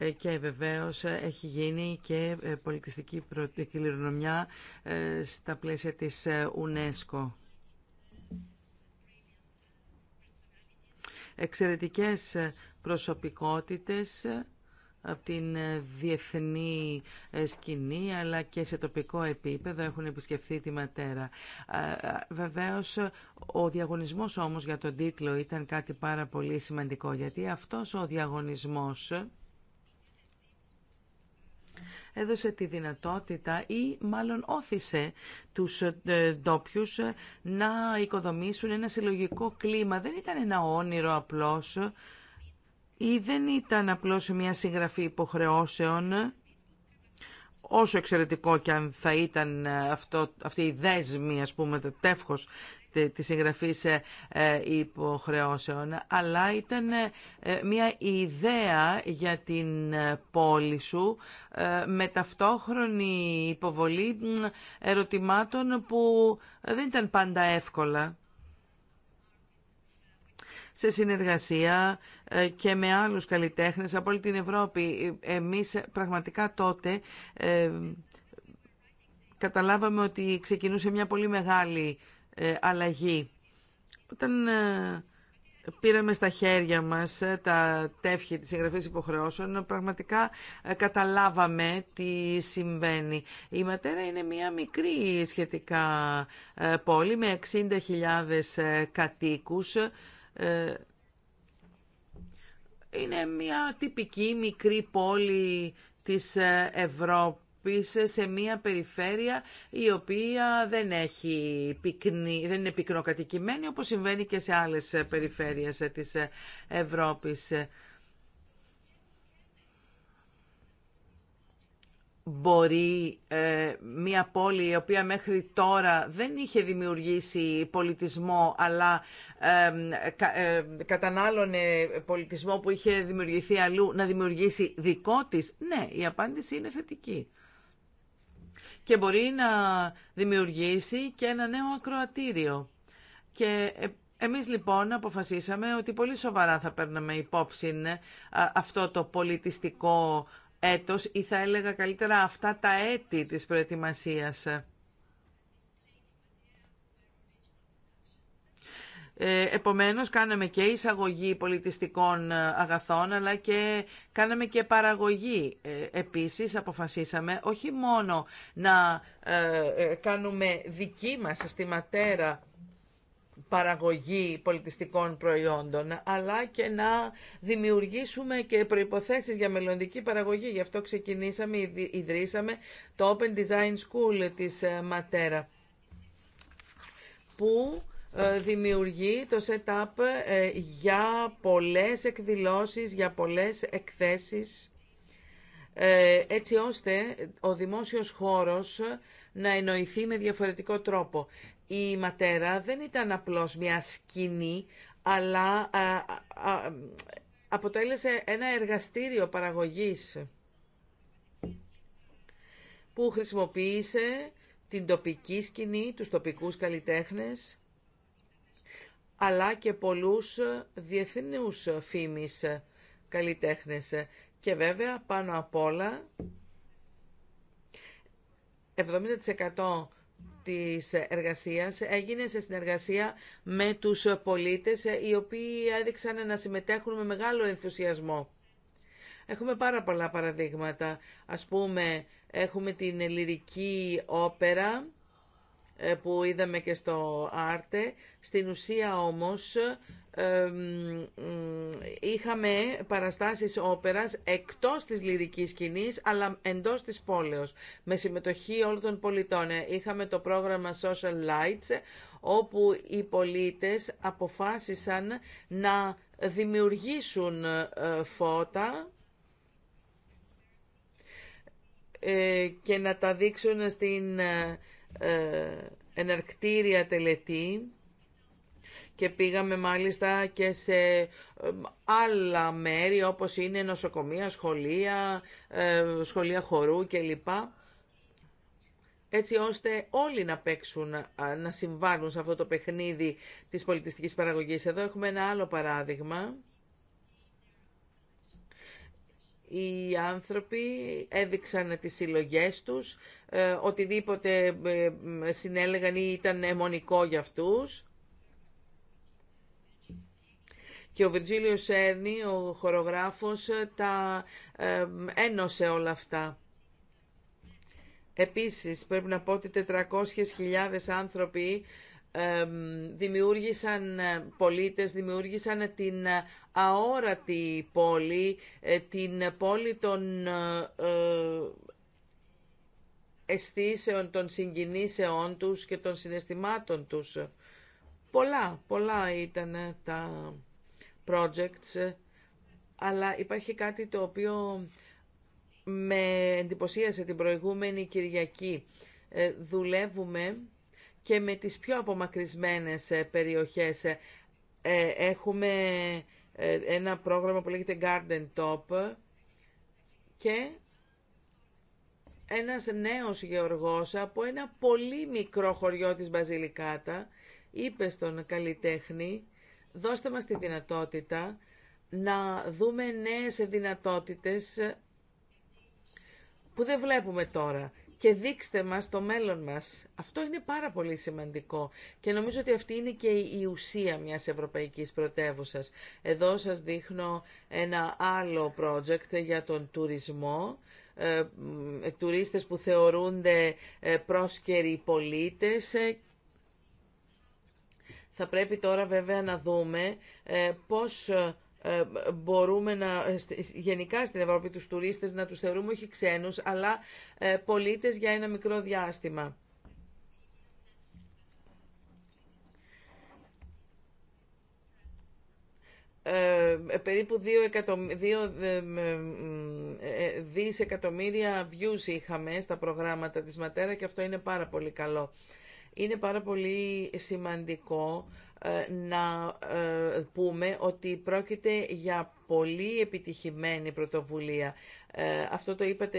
ε, και βεβαίως ε, έχει γίνει και ε, πολιτιστική κληρονομιά στα πλαίσια της UNESCO. Εξαιρετικές προσωπικότητες από την διεθνή σκηνή αλλά και σε τοπικό επίπεδο έχουν επισκεφθεί τη ματέρα. Βεβαίως ο διαγωνισμός όμως για τον τίτλο ήταν κάτι πάρα πολύ σημαντικό γιατί αυτός ο διαγωνισμός έδωσε τη δυνατότητα ή μάλλον όθησε τους ε, ντόπιου ε, να οικοδομήσουν ένα συλλογικό κλίμα. Δεν ήταν ένα όνειρο απλώς ή δεν ήταν απλώς μια συγγραφή υποχρεώσεων όσο εξαιρετικό και αν θα ήταν ε, αυτό, αυτή η δέσμη, ας πούμε, το τεύχος συγγραφή συγγραφής ε, ε, υποχρεώσεων, αλλά ήταν ε, μια ιδέα για την πόλη σου με ταυτόχρονη υποβολή ερωτημάτων που δεν ήταν πάντα εύκολα σε συνεργασία και με άλλους καλλιτέχνες από όλη την Ευρώπη. Εμείς πραγματικά τότε καταλάβαμε ότι ξεκινούσε μια πολύ μεγάλη ε, αλλαγή. Όταν ε, πήραμε στα χέρια μας ε, τα τεύχη της εγγραφής υποχρεώσεων, πραγματικά καταλάβαμε τι συμβαίνει. Η Ματέρα είναι μια μικρή σχετικά πόλη με 60.000 κατοίκους. Είναι μια τυπική μικρή πόλη της Ευρώπης σε μια περιφέρεια η οποία δεν, έχει πυκνή, δεν είναι πυκνοκατοικημένη όπως συμβαίνει και σε άλλες περιφέρειες της Ευρώπης. Μπορεί ε, μια πόλη η οποία μέχρι τώρα δεν είχε δημιουργήσει πολιτισμό αλλά ε, κατανάλωνε πολιτισμό που είχε δημιουργηθεί αλλού να δημιουργήσει δικό της. Ναι, η απάντηση είναι θετική και μπορεί να δημιουργήσει και ένα νέο ακροατήριο. Και ε, εμείς λοιπόν αποφασίσαμε ότι πολύ σοβαρά θα παίρναμε υπόψη ε, αυτό το πολιτιστικό έτος ή θα έλεγα καλύτερα αυτά τα έτη της προετοιμασίας. Ε, επομένως κάναμε και εισαγωγή πολιτιστικών ε, αγαθών αλλά και κάναμε και παραγωγή. Ε, επίσης αποφασίσαμε όχι μόνο να κάνουμε δική μας στη ματέρα παραγωγή πολιτιστικών προϊόντων, αλλά και να δημιουργήσουμε και προϋποθέσεις για μελλοντική παραγωγή. Γι' αυτό ξεκινήσαμε, ιδρύσαμε το Open Design School της Ματέρα, που ε, δημιουργεί το setup ε, για πολλές εκδηλώσεις, για πολλές εκθέσεις, ε, έτσι ώστε ο δημόσιος χώρος να εννοηθεί με διαφορετικό τρόπο. Η ματέρα δεν ήταν απλώς μια σκηνή, αλλά αποτέλεσε ένα εργαστήριο παραγωγής που χρησιμοποίησε την τοπική σκηνή, τους τοπικούς καλλιτέχνες, αλλά και πολλούς ε, διεθνούς ε, φήμης ε, καλλιτέχνες. Και βέβαια πάνω απ' όλα 70% της εργασίας έγινε σε συνεργασία με τους πολίτες οι οποίοι έδειξαν να συμμετέχουν με μεγάλο ενθουσιασμό. Έχουμε πάρα πολλά παραδείγματα. Ας πούμε, έχουμε την λυρική όπερα ε, που είδαμε και στο Άρτε. Στην ουσία όμως είχαμε παραστάσεις όπερας εκτός της λυρικής σκηνής αλλά εντός της πόλεως με συμμετοχή όλων των πολιτών. Ε, είχαμε το πρόγραμμα Social Lights όπου οι πολίτες αποφάσισαν να δημιουργήσουν ε, φώτα και να τα δείξουν στην ε, εναρκτήρια τελετή και πήγαμε μάλιστα και σε ε, άλλα μέρη όπως είναι νοσοκομεία, σχολεία, ε, σχολεία χορού κλπ. Έτσι ώστε όλοι να παίξουν, να συμβάλλουν σε αυτό το παιχνίδι της πολιτιστικής παραγωγής. Εδώ έχουμε ένα άλλο παράδειγμα οι άνθρωποι έδειξαν τις συλλογέ τους, ε, οτιδήποτε ε, συνέλεγαν ή ήταν αιμονικό για αυτούς. Και ο Βιτζίλιο Σέρνη, ο χορογράφος, ε, τα ένωσε όλα αυτά. Επίσης, πρέπει να πω ότι 400.000 άνθρωποι δημιούργησαν ε, πολίτες, δημιούργησαν την ε, αόρατη πόλη, ε, την πόλη των αισθήσεων, των συγκινήσεών τους και των συναισθημάτων τους. Πολλά, πολλά ήταν τα projects, αλλά υπάρχει κάτι το οποίο με εντυπωσίασε την προηγούμενη Κυριακή. Δουλεύουμε και με τις πιο απομακρυσμένες ε, περιοχές. Ε, ε, έχουμε ένα πρόγραμμα που λέγεται Garden Top και ένας νέος γεωργός από ένα πολύ μικρό χωριό της Μπαζιλικάτα είπε στον καλλιτέχνη δώστε μας τη δυνατότητα να δούμε νέες δυνατότητες που δεν βλέπουμε τώρα και δείξτε μας το μέλλον μας. Αυτό είναι πάρα πολύ σημαντικό και νομίζω ότι αυτή είναι και η ουσία μιας ευρωπαϊκής πρωτεύουσας. Εδώ σας δείχνω ένα άλλο project για τον τουρισμό ε, τουρίστες που θεωρούνται ε, πρόσκαιροι πολίτες. Ε, θα πρέπει τώρα βέβαια να δούμε πώς ε, μπορούμε να, γενικά στην Ευρώπη τους τουρίστες να τους θεωρούμε όχι ξένους, αλλά ε, πολίτες για ένα μικρό διάστημα. Ε, ε περίπου 2 εκατομ... δισεκατομμύρια views είχαμε στα προγράμματα της Ματέρα και αυτό είναι πάρα πολύ καλό. Είναι πάρα πολύ σημαντικό ε, να ε, πούμε ότι πρόκειται για πολύ επιτυχημένη πρωτοβουλία. Ε, αυτό το είπατε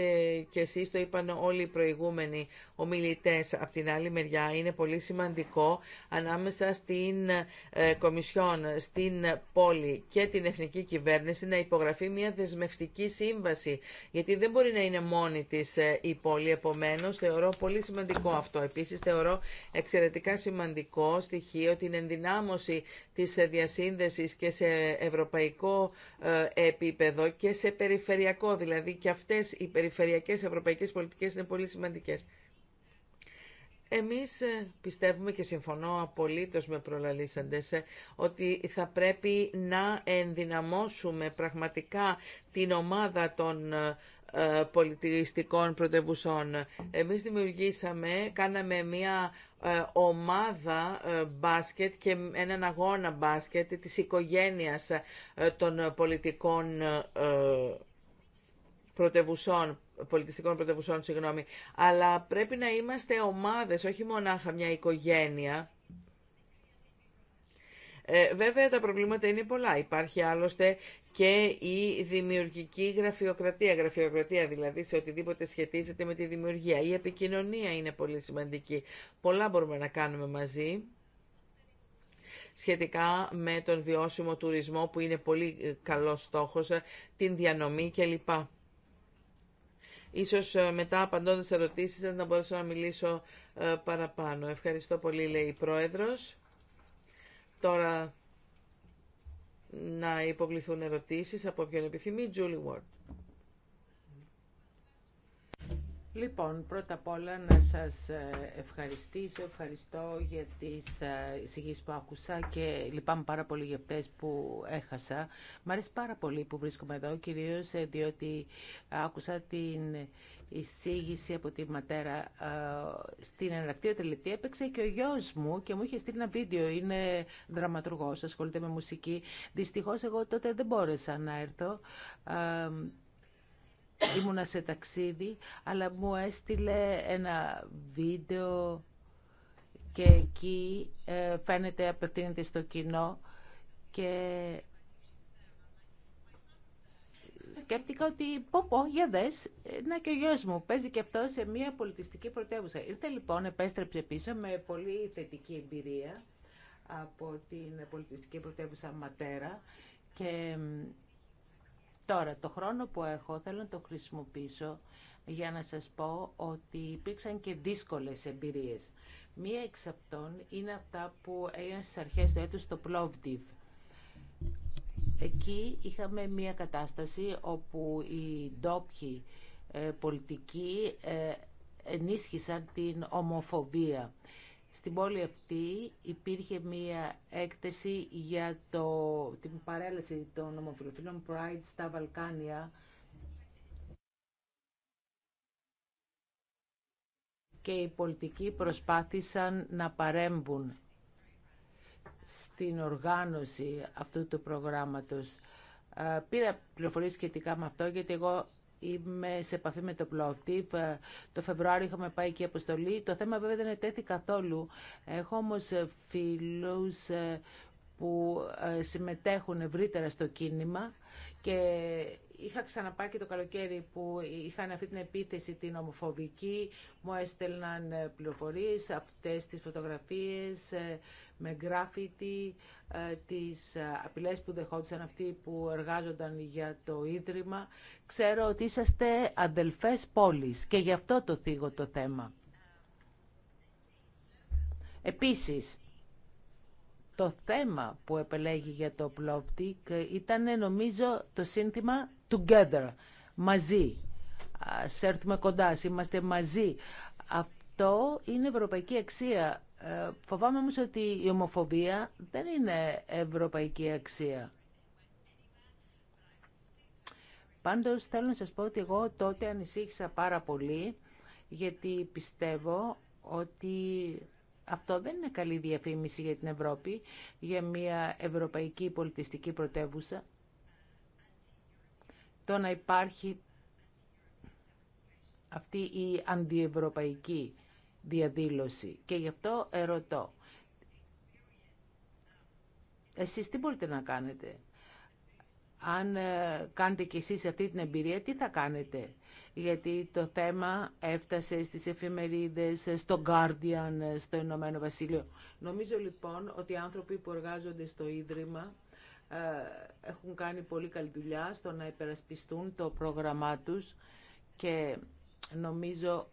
και εσείς, το είπαν όλοι οι προηγούμενοι ομιλητές. από την άλλη μεριά είναι πολύ σημαντικό ανάμεσα στην ε, Κομισιόν, στην πόλη και την Εθνική Κυβέρνηση να υπογραφεί μια δεσμευτική σύμβαση, γιατί δεν μπορεί να είναι μόνη της ε, η πόλη. επομένω. θεωρώ πολύ σημαντικό αυτό. Επίσης, θεωρώ εξαιρετικά σημαντικό στοιχείο την ενδυνάμωση της ε, διασύνδεσης και σε ευρωπαϊκό ε, επίπεδο και σε περιφερειακό, δηλαδή και αυτές οι περιφερειακές ευρωπαϊκές πολιτικές είναι πολύ σημαντικές. Εμείς ε, πιστεύουμε και συμφωνώ απολύτως με προλαλήσαντες ε, ότι θα πρέπει να ενδυναμώσουμε πραγματικά την ομάδα των πολιτιστικών πρωτευουσών. Εμείς δημιουργήσαμε, κάναμε μια ε, ομάδα ε, μπάσκετ και έναν αγώνα μπάσκετ της οικογένειας ε, των πολιτικών πρωτευουσών πολιτιστικών πρωτευουσών, συγγνώμη, αλλά πρέπει να είμαστε ομάδες, όχι μονάχα μια οικογένεια. Ε, βέβαια τα προβλήματα είναι πολλά. Υπάρχει άλλωστε και η δημιουργική γραφειοκρατία. Γραφειοκρατία δηλαδή σε οτιδήποτε σχετίζεται με τη δημιουργία. Η επικοινωνία είναι πολύ σημαντική. Πολλά μπορούμε να κάνουμε μαζί σχετικά με τον βιώσιμο τουρισμό που είναι πολύ ε, καλός στόχος, ε, την διανομή κλπ. Ίσως ε, μετά απαντώντας σε ερωτήσεις σας να μπορέσω να μιλήσω παραπάνω. Ευχαριστώ πολύ λέει η Πρόεδρος. Τώρα να υποβληθούν ερωτήσεις από ποιον επιθυμεί. Julie Ward. Λοιπόν, πρώτα απ' όλα να σας ε, ευχαριστήσω. Ευχαριστώ για τις ε, εισηγήσεις που άκουσα και λυπάμαι πάρα πολύ για αυτές που έχασα. Μ' αρέσει πάρα πολύ που βρίσκομαι εδώ, κυρίως ε, διότι άκουσα την εισήγηση από τη ματέρα στην εναρκτία τελετή έπαιξε και ο γιος μου και μου είχε στείλει ένα βίντεο. Είναι δραματουργός, ασχολείται με μουσική. Δυστυχώς εγώ τότε δεν μπόρεσα να έρθω. Ήμουνα σε ταξίδι, αλλά μου έστειλε ένα βίντεο και εκεί ε, φαίνεται απευθύνεται στο κοινό και σκέφτηκα ότι πω πω, για δες, να και ο γιο μου παίζει και αυτό σε μια πολιτιστική πρωτεύουσα. Ήρθε λοιπόν, επέστρεψε πίσω με πολύ θετική εμπειρία από την πολιτιστική πρωτεύουσα Ματέρα και τώρα το χρόνο που έχω θέλω να το χρησιμοποιήσω για να σας πω ότι υπήρξαν και δύσκολες εμπειρίες. Μία εξ αυτών είναι αυτά που έγιναν στις αρχές του έτους στο Πλόβτιβ Εκεί είχαμε μια κατάσταση όπου οι ντόπιοι ε, πολιτικοί ε, ενίσχυσαν την ομοφοβία. Στην πόλη αυτή υπήρχε μία έκθεση για το, την παρέλαση των ομοφιλοφίλων Pride στα Βαλκάνια και οι πολιτικοί προσπάθησαν να παρέμβουν στην οργάνωση αυτού του προγράμματος. Ε, πήρα πληροφορίες σχετικά με αυτό, γιατί εγώ είμαι σε επαφή με το Plovdiv. Ε, το Φεβρουάριο είχαμε πάει και αποστολή. Το θέμα βέβαια δεν ετέθη καθόλου. Έχω όμως φίλους ε, που συμμετέχουν ευρύτερα στο κίνημα και είχα ξαναπάει και το καλοκαίρι που είχαν αυτή την επίθεση την ομοφοβική, μου έστελναν πληροφορίες, αυτές τις φωτογραφίες, με γκράφιτι, ε, τις ε, απειλές που δεχόντουσαν αυτοί που εργάζονταν για το Ίδρυμα. Ξέρω ότι είσαστε αδελφές πόλης και γι' αυτό το θίγω το θέμα. Επίσης, το θέμα που επελέγει για το Πλόπτικ ήταν νομίζω το σύνθημα «Together», «Μαζί». Ας έρθουμε κοντά, είμαστε μαζί. Αυτό είναι ευρωπαϊκή αξία ε, φοβάμαι όμως ότι η ομοφοβία δεν είναι ευρωπαϊκή αξία. Πάντως θέλω να σας πω ότι εγώ τότε ανησύχησα πάρα πολύ γιατί πιστεύω ότι αυτό δεν είναι καλή διαφήμιση για την Ευρώπη, για μια ευρωπαϊκή πολιτιστική πρωτεύουσα. Το να υπάρχει αυτή η αντιευρωπαϊκή διαδήλωση. Και γι' αυτό ερωτώ, εσείς τι μπορείτε να κάνετε. Αν ε, κάνετε κι εσείς αυτή την εμπειρία, τι θα κάνετε. Γιατί το θέμα έφτασε στις εφημερίδες, στο Guardian, στο Ηνωμένο Βασίλειο. Νομίζω λοιπόν ότι οι άνθρωποι που εργάζονται στο Ίδρυμα ε, έχουν κάνει πολύ καλή δουλειά στο να υπερασπιστούν το πρόγραμμά τους και νομίζω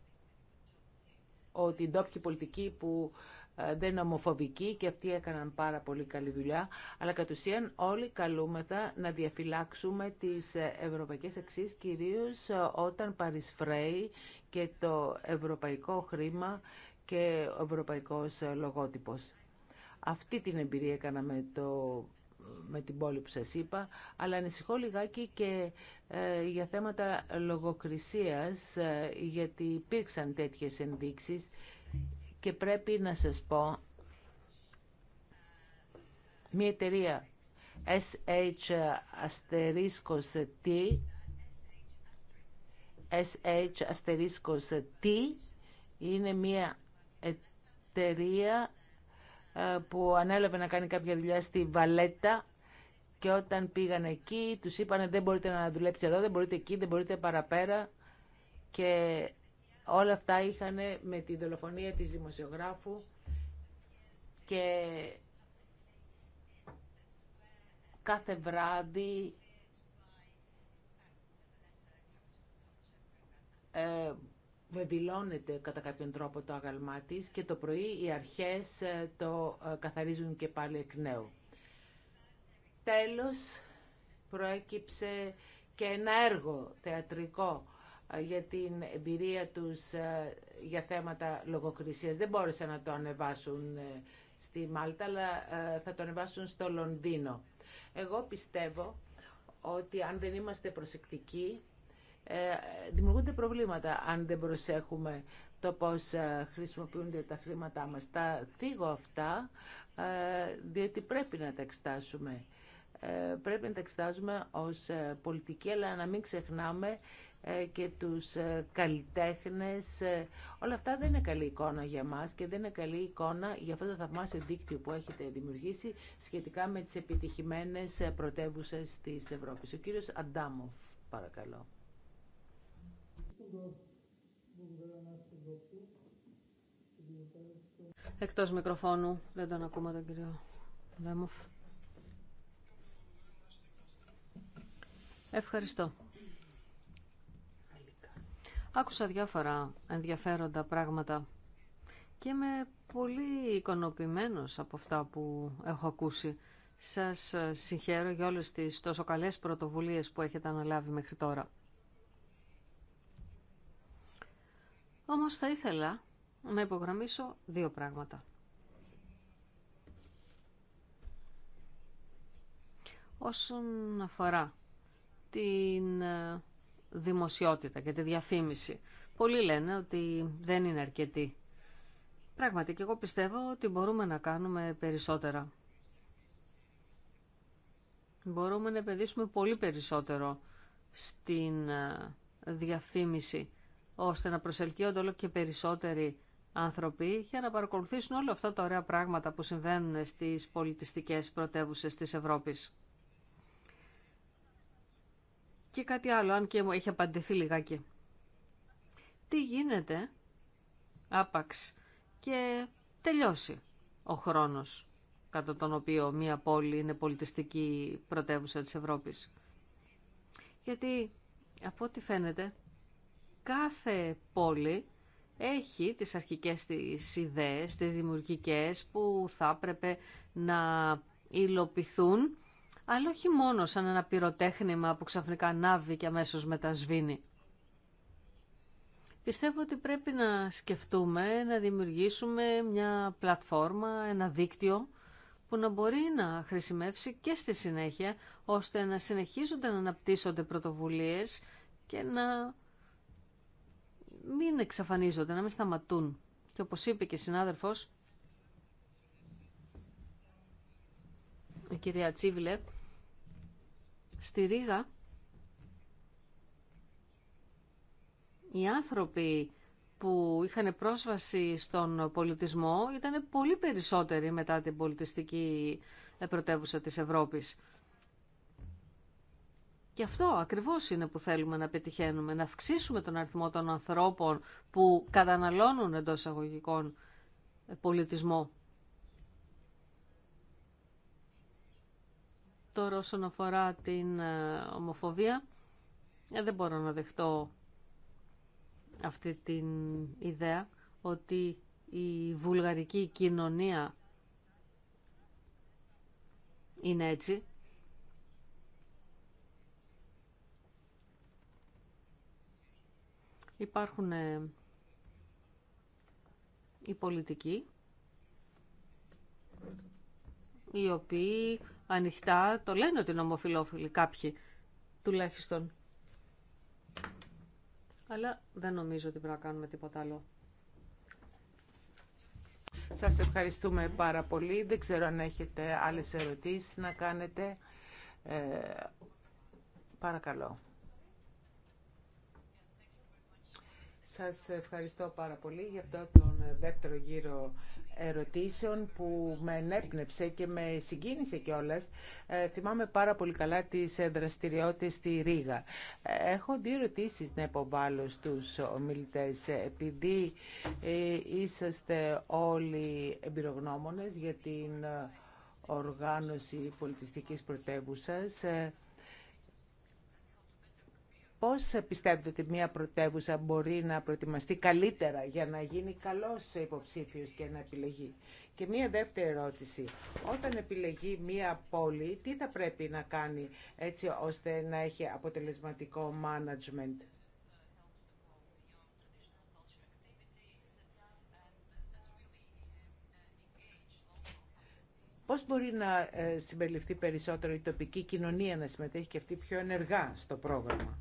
ότι οι ντόπιοι πολιτικοί που ε, δεν είναι ομοφοβικοί και αυτοί έκαναν πάρα πολύ καλή δουλειά, αλλά κατ' ουσίαν όλοι καλούμεθα να διαφυλάξουμε τις ε, ευρωπαϊκές αξίες, κυρίως ε, όταν παρισφρέει και το ευρωπαϊκό χρήμα και ο ευρωπαϊκός λογότυπος. Αυτή την εμπειρία έκαναμε το με την πόλη που σας είπα, αλλά ανησυχώ λιγάκι και ε, για θέματα λογοκρισίας, ε, γιατί υπήρξαν τέτοιες ενδείξεις και πρέπει να σας πω μια εταιρεία SH αστερίσκος T SH αστερίσκος T είναι μια εταιρεία ε, που ανέλαβε να κάνει κάποια δουλειά στη Βαλέτα και όταν πήγαν εκεί τους είπανε δεν μπορείτε να δουλέψετε εδώ, δεν μπορείτε εκεί, δεν μπορείτε παραπέρα και όλα αυτά είχαν με τη δολοφονία της δημοσιογράφου και κάθε βράδυ ε, βεβηλώνεται κατά κάποιον τρόπο το άγαλμά και το πρωί οι αρχές ε, το ε, καθαρίζουν και πάλι εκ νέου. Τέλος, προέκυψε και ένα έργο θεατρικό ε, για την εμπειρία τους για θέματα λογοκρισίας. Δεν μπόρεσαν να το ανεβάσουν στη Μάλτα, αλλά θα το ανεβάσουν στο Λονδίνο. Εγώ πιστεύω ότι αν δεν είμαστε προσεκτικοί, ε, δημιουργούνται προβλήματα αν δεν προσέχουμε το πώς ε, χρησιμοποιούνται τα χρήματά μας. Τα θίγω αυτά, ε, διότι πρέπει να τα εξετάσουμε. Πρέπει να τα εξετάζουμε ως πολιτική, αλλά να μην ξεχνάμε και τους καλλιτέχνες. Όλα αυτά δεν είναι καλή εικόνα για μας και δεν είναι καλή εικόνα για αυτό το θαυμάσιο δίκτυο που έχετε δημιουργήσει σχετικά με τις επιτυχημένες πρωτεύουσες της Ευρώπης. Ο κύριος Αντάμοφ, παρακαλώ. Εκτός μικροφώνου, δεν τον ακούμε τον κύριο Δέμοφ. Ευχαριστώ. Άκουσα διάφορα ενδιαφέροντα πράγματα και είμαι πολύ ικανοποιημένος από αυτά που έχω ακούσει. Σας συγχαίρω για όλες τις τόσο καλές πρωτοβουλίες που έχετε αναλάβει μέχρι τώρα. Όμως θα ήθελα να υπογραμμίσω δύο πράγματα. Όσον αφορά την ε, δημοσιότητα και τη διαφήμιση, πολλοί λένε ότι δεν είναι αρκετή. Πράγματι και εγώ πιστεύω ότι μπορούμε να κάνουμε περισσότερα. Μπορούμε να επενδύσουμε πολύ περισσότερο στην ε, διαφήμιση ώστε να προσελκύονται όλο και περισσότεροι άνθρωποι για να παρακολουθήσουν όλα αυτά τα ωραία πράγματα που συμβαίνουν στις πολιτιστικές πρωτεύουσες της Ευρώπης. Και κάτι άλλο, αν και μου έχει απαντηθεί λιγάκι. Τι γίνεται, άπαξ, και τελειώσει ο χρόνος κατά τον οποίο μία πόλη είναι πολιτιστική πρωτεύουσα της Ευρώπης. Γιατί, από ό,τι φαίνεται, κάθε πόλη έχει τις αρχικές της ιδέες, τις δημιουργικές που θα έπρεπε να υλοποιηθούν, αλλά όχι μόνο σαν ένα πυροτέχνημα που ξαφνικά ανάβει και αμέσως μετασβήνει. Πιστεύω ότι πρέπει να σκεφτούμε, να δημιουργήσουμε μια πλατφόρμα, ένα δίκτυο που να μπορεί να χρησιμεύσει και στη συνέχεια, ώστε να συνεχίζονται να αναπτύσσονται πρωτοβουλίες και να μην εξαφανίζονται, να μην σταματούν. Και όπως είπε και συνάδελφος, η κυρία Τσίβλε, στη Ρήγα οι άνθρωποι που είχαν πρόσβαση στον πολιτισμό ήταν πολύ περισσότεροι μετά την πολιτιστική πρωτεύουσα της Ευρώπης. Και αυτό ακριβώς είναι που θέλουμε να πετυχαίνουμε, να αυξήσουμε τον αριθμό των ανθρώπων που καταναλώνουν εντό εισαγωγικών πολιτισμό. Τώρα όσον αφορά την ε, ομοφοβία, ε, δεν μπορώ να δεχτώ αυτή την ιδέα ότι η βουλγαρική κοινωνία είναι έτσι. Υπάρχουν ε, οι πολιτικοί, οι οποίοι ανοιχτά το λένε ότι είναι ομοφιλόφιλοι κάποιοι τουλάχιστον. Αλλά δεν νομίζω ότι πρέπει να κάνουμε τίποτα άλλο. Σας ευχαριστούμε πάρα πολύ. Δεν ξέρω αν έχετε άλλες ερωτήσεις να κάνετε. Ε, παρακαλώ. Σας ευχαριστώ πάρα πολύ για αυτό τον δεύτερο γύρο ερωτήσεων που με ενέπνευσε και με συγκίνησε κιόλα. Ε, θυμάμαι πάρα πολύ καλά τις δραστηριότητες στη Ρήγα. Ε, έχω δύο ερωτήσει να υποβάλω στους ομιλητές. Επειδή ε, είσαστε όλοι εμπειρογνώμονες για την ε, οργάνωση πολιτιστικής πρωτεύουσας, ε, Πώς πιστεύετε ότι μια πρωτεύουσα μπορεί να προετοιμαστεί καλύτερα για να γίνει καλός υποψήφιος και να επιλεγεί. Και μια δεύτερη ερώτηση. Όταν επιλεγεί μια πόλη, τι θα πρέπει να κάνει έτσι ώστε να έχει αποτελεσματικό management. Πώς μπορεί να ε, συμπεριληφθεί περισσότερο η τοπική κοινωνία να συμμετέχει και αυτή πιο ενεργά στο πρόγραμμα.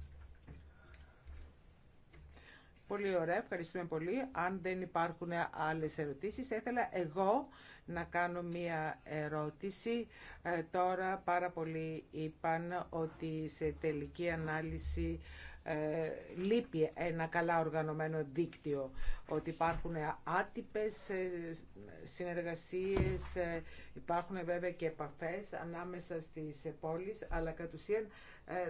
Πολύ ωραία, ευχαριστούμε πολύ. Αν δεν υπάρχουν άλλες ερωτήσεις, θα ήθελα εγώ να κάνω μία ερώτηση. Ε, τώρα πάρα πολλοί είπαν ότι σε τελική ανάλυση ε, λείπει ένα καλά οργανωμένο δίκτυο, ότι υπάρχουν άτυπες ε, συνεργασίες, ε, υπάρχουν βέβαια και επαφές ανάμεσα στις πόλεις, αλλά κατ' ουσίαν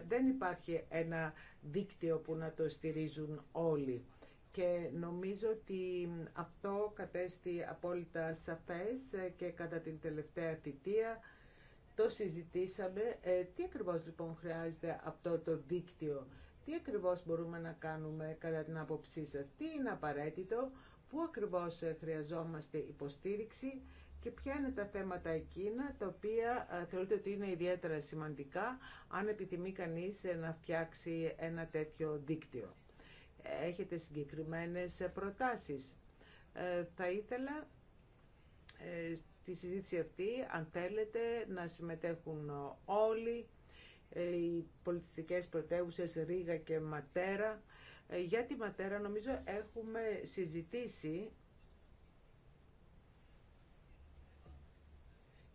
δεν υπάρχει ένα δίκτυο που να το στηρίζουν όλοι. Και νομίζω ότι αυτό κατέστη απόλυτα σαφές και κατά την τελευταία θητεία το συζητήσαμε. τι ακριβώς λοιπόν χρειάζεται αυτό το δίκτυο τι ακριβώς μπορούμε να κάνουμε κατά την άποψή σας, τι είναι απαραίτητο, πού ακριβώς ε, χρειαζόμαστε υποστήριξη και ποια είναι τα θέματα εκείνα τα οποία ε, θεωρείτε ότι είναι ιδιαίτερα σημαντικά αν επιθυμεί κανείς ε, να φτιάξει ένα τέτοιο δίκτυο. Έχετε συγκεκριμένες προτάσεις. Ε, θα ήθελα ε, στη συζήτηση αυτή, αν θέλετε, να συμμετέχουν όλοι ε, οι πολιτιστικές πρωτεύουσες Ρίγα και Ματέρα. Ε, για τη Ματέρα νομίζω έχουμε συζητήσει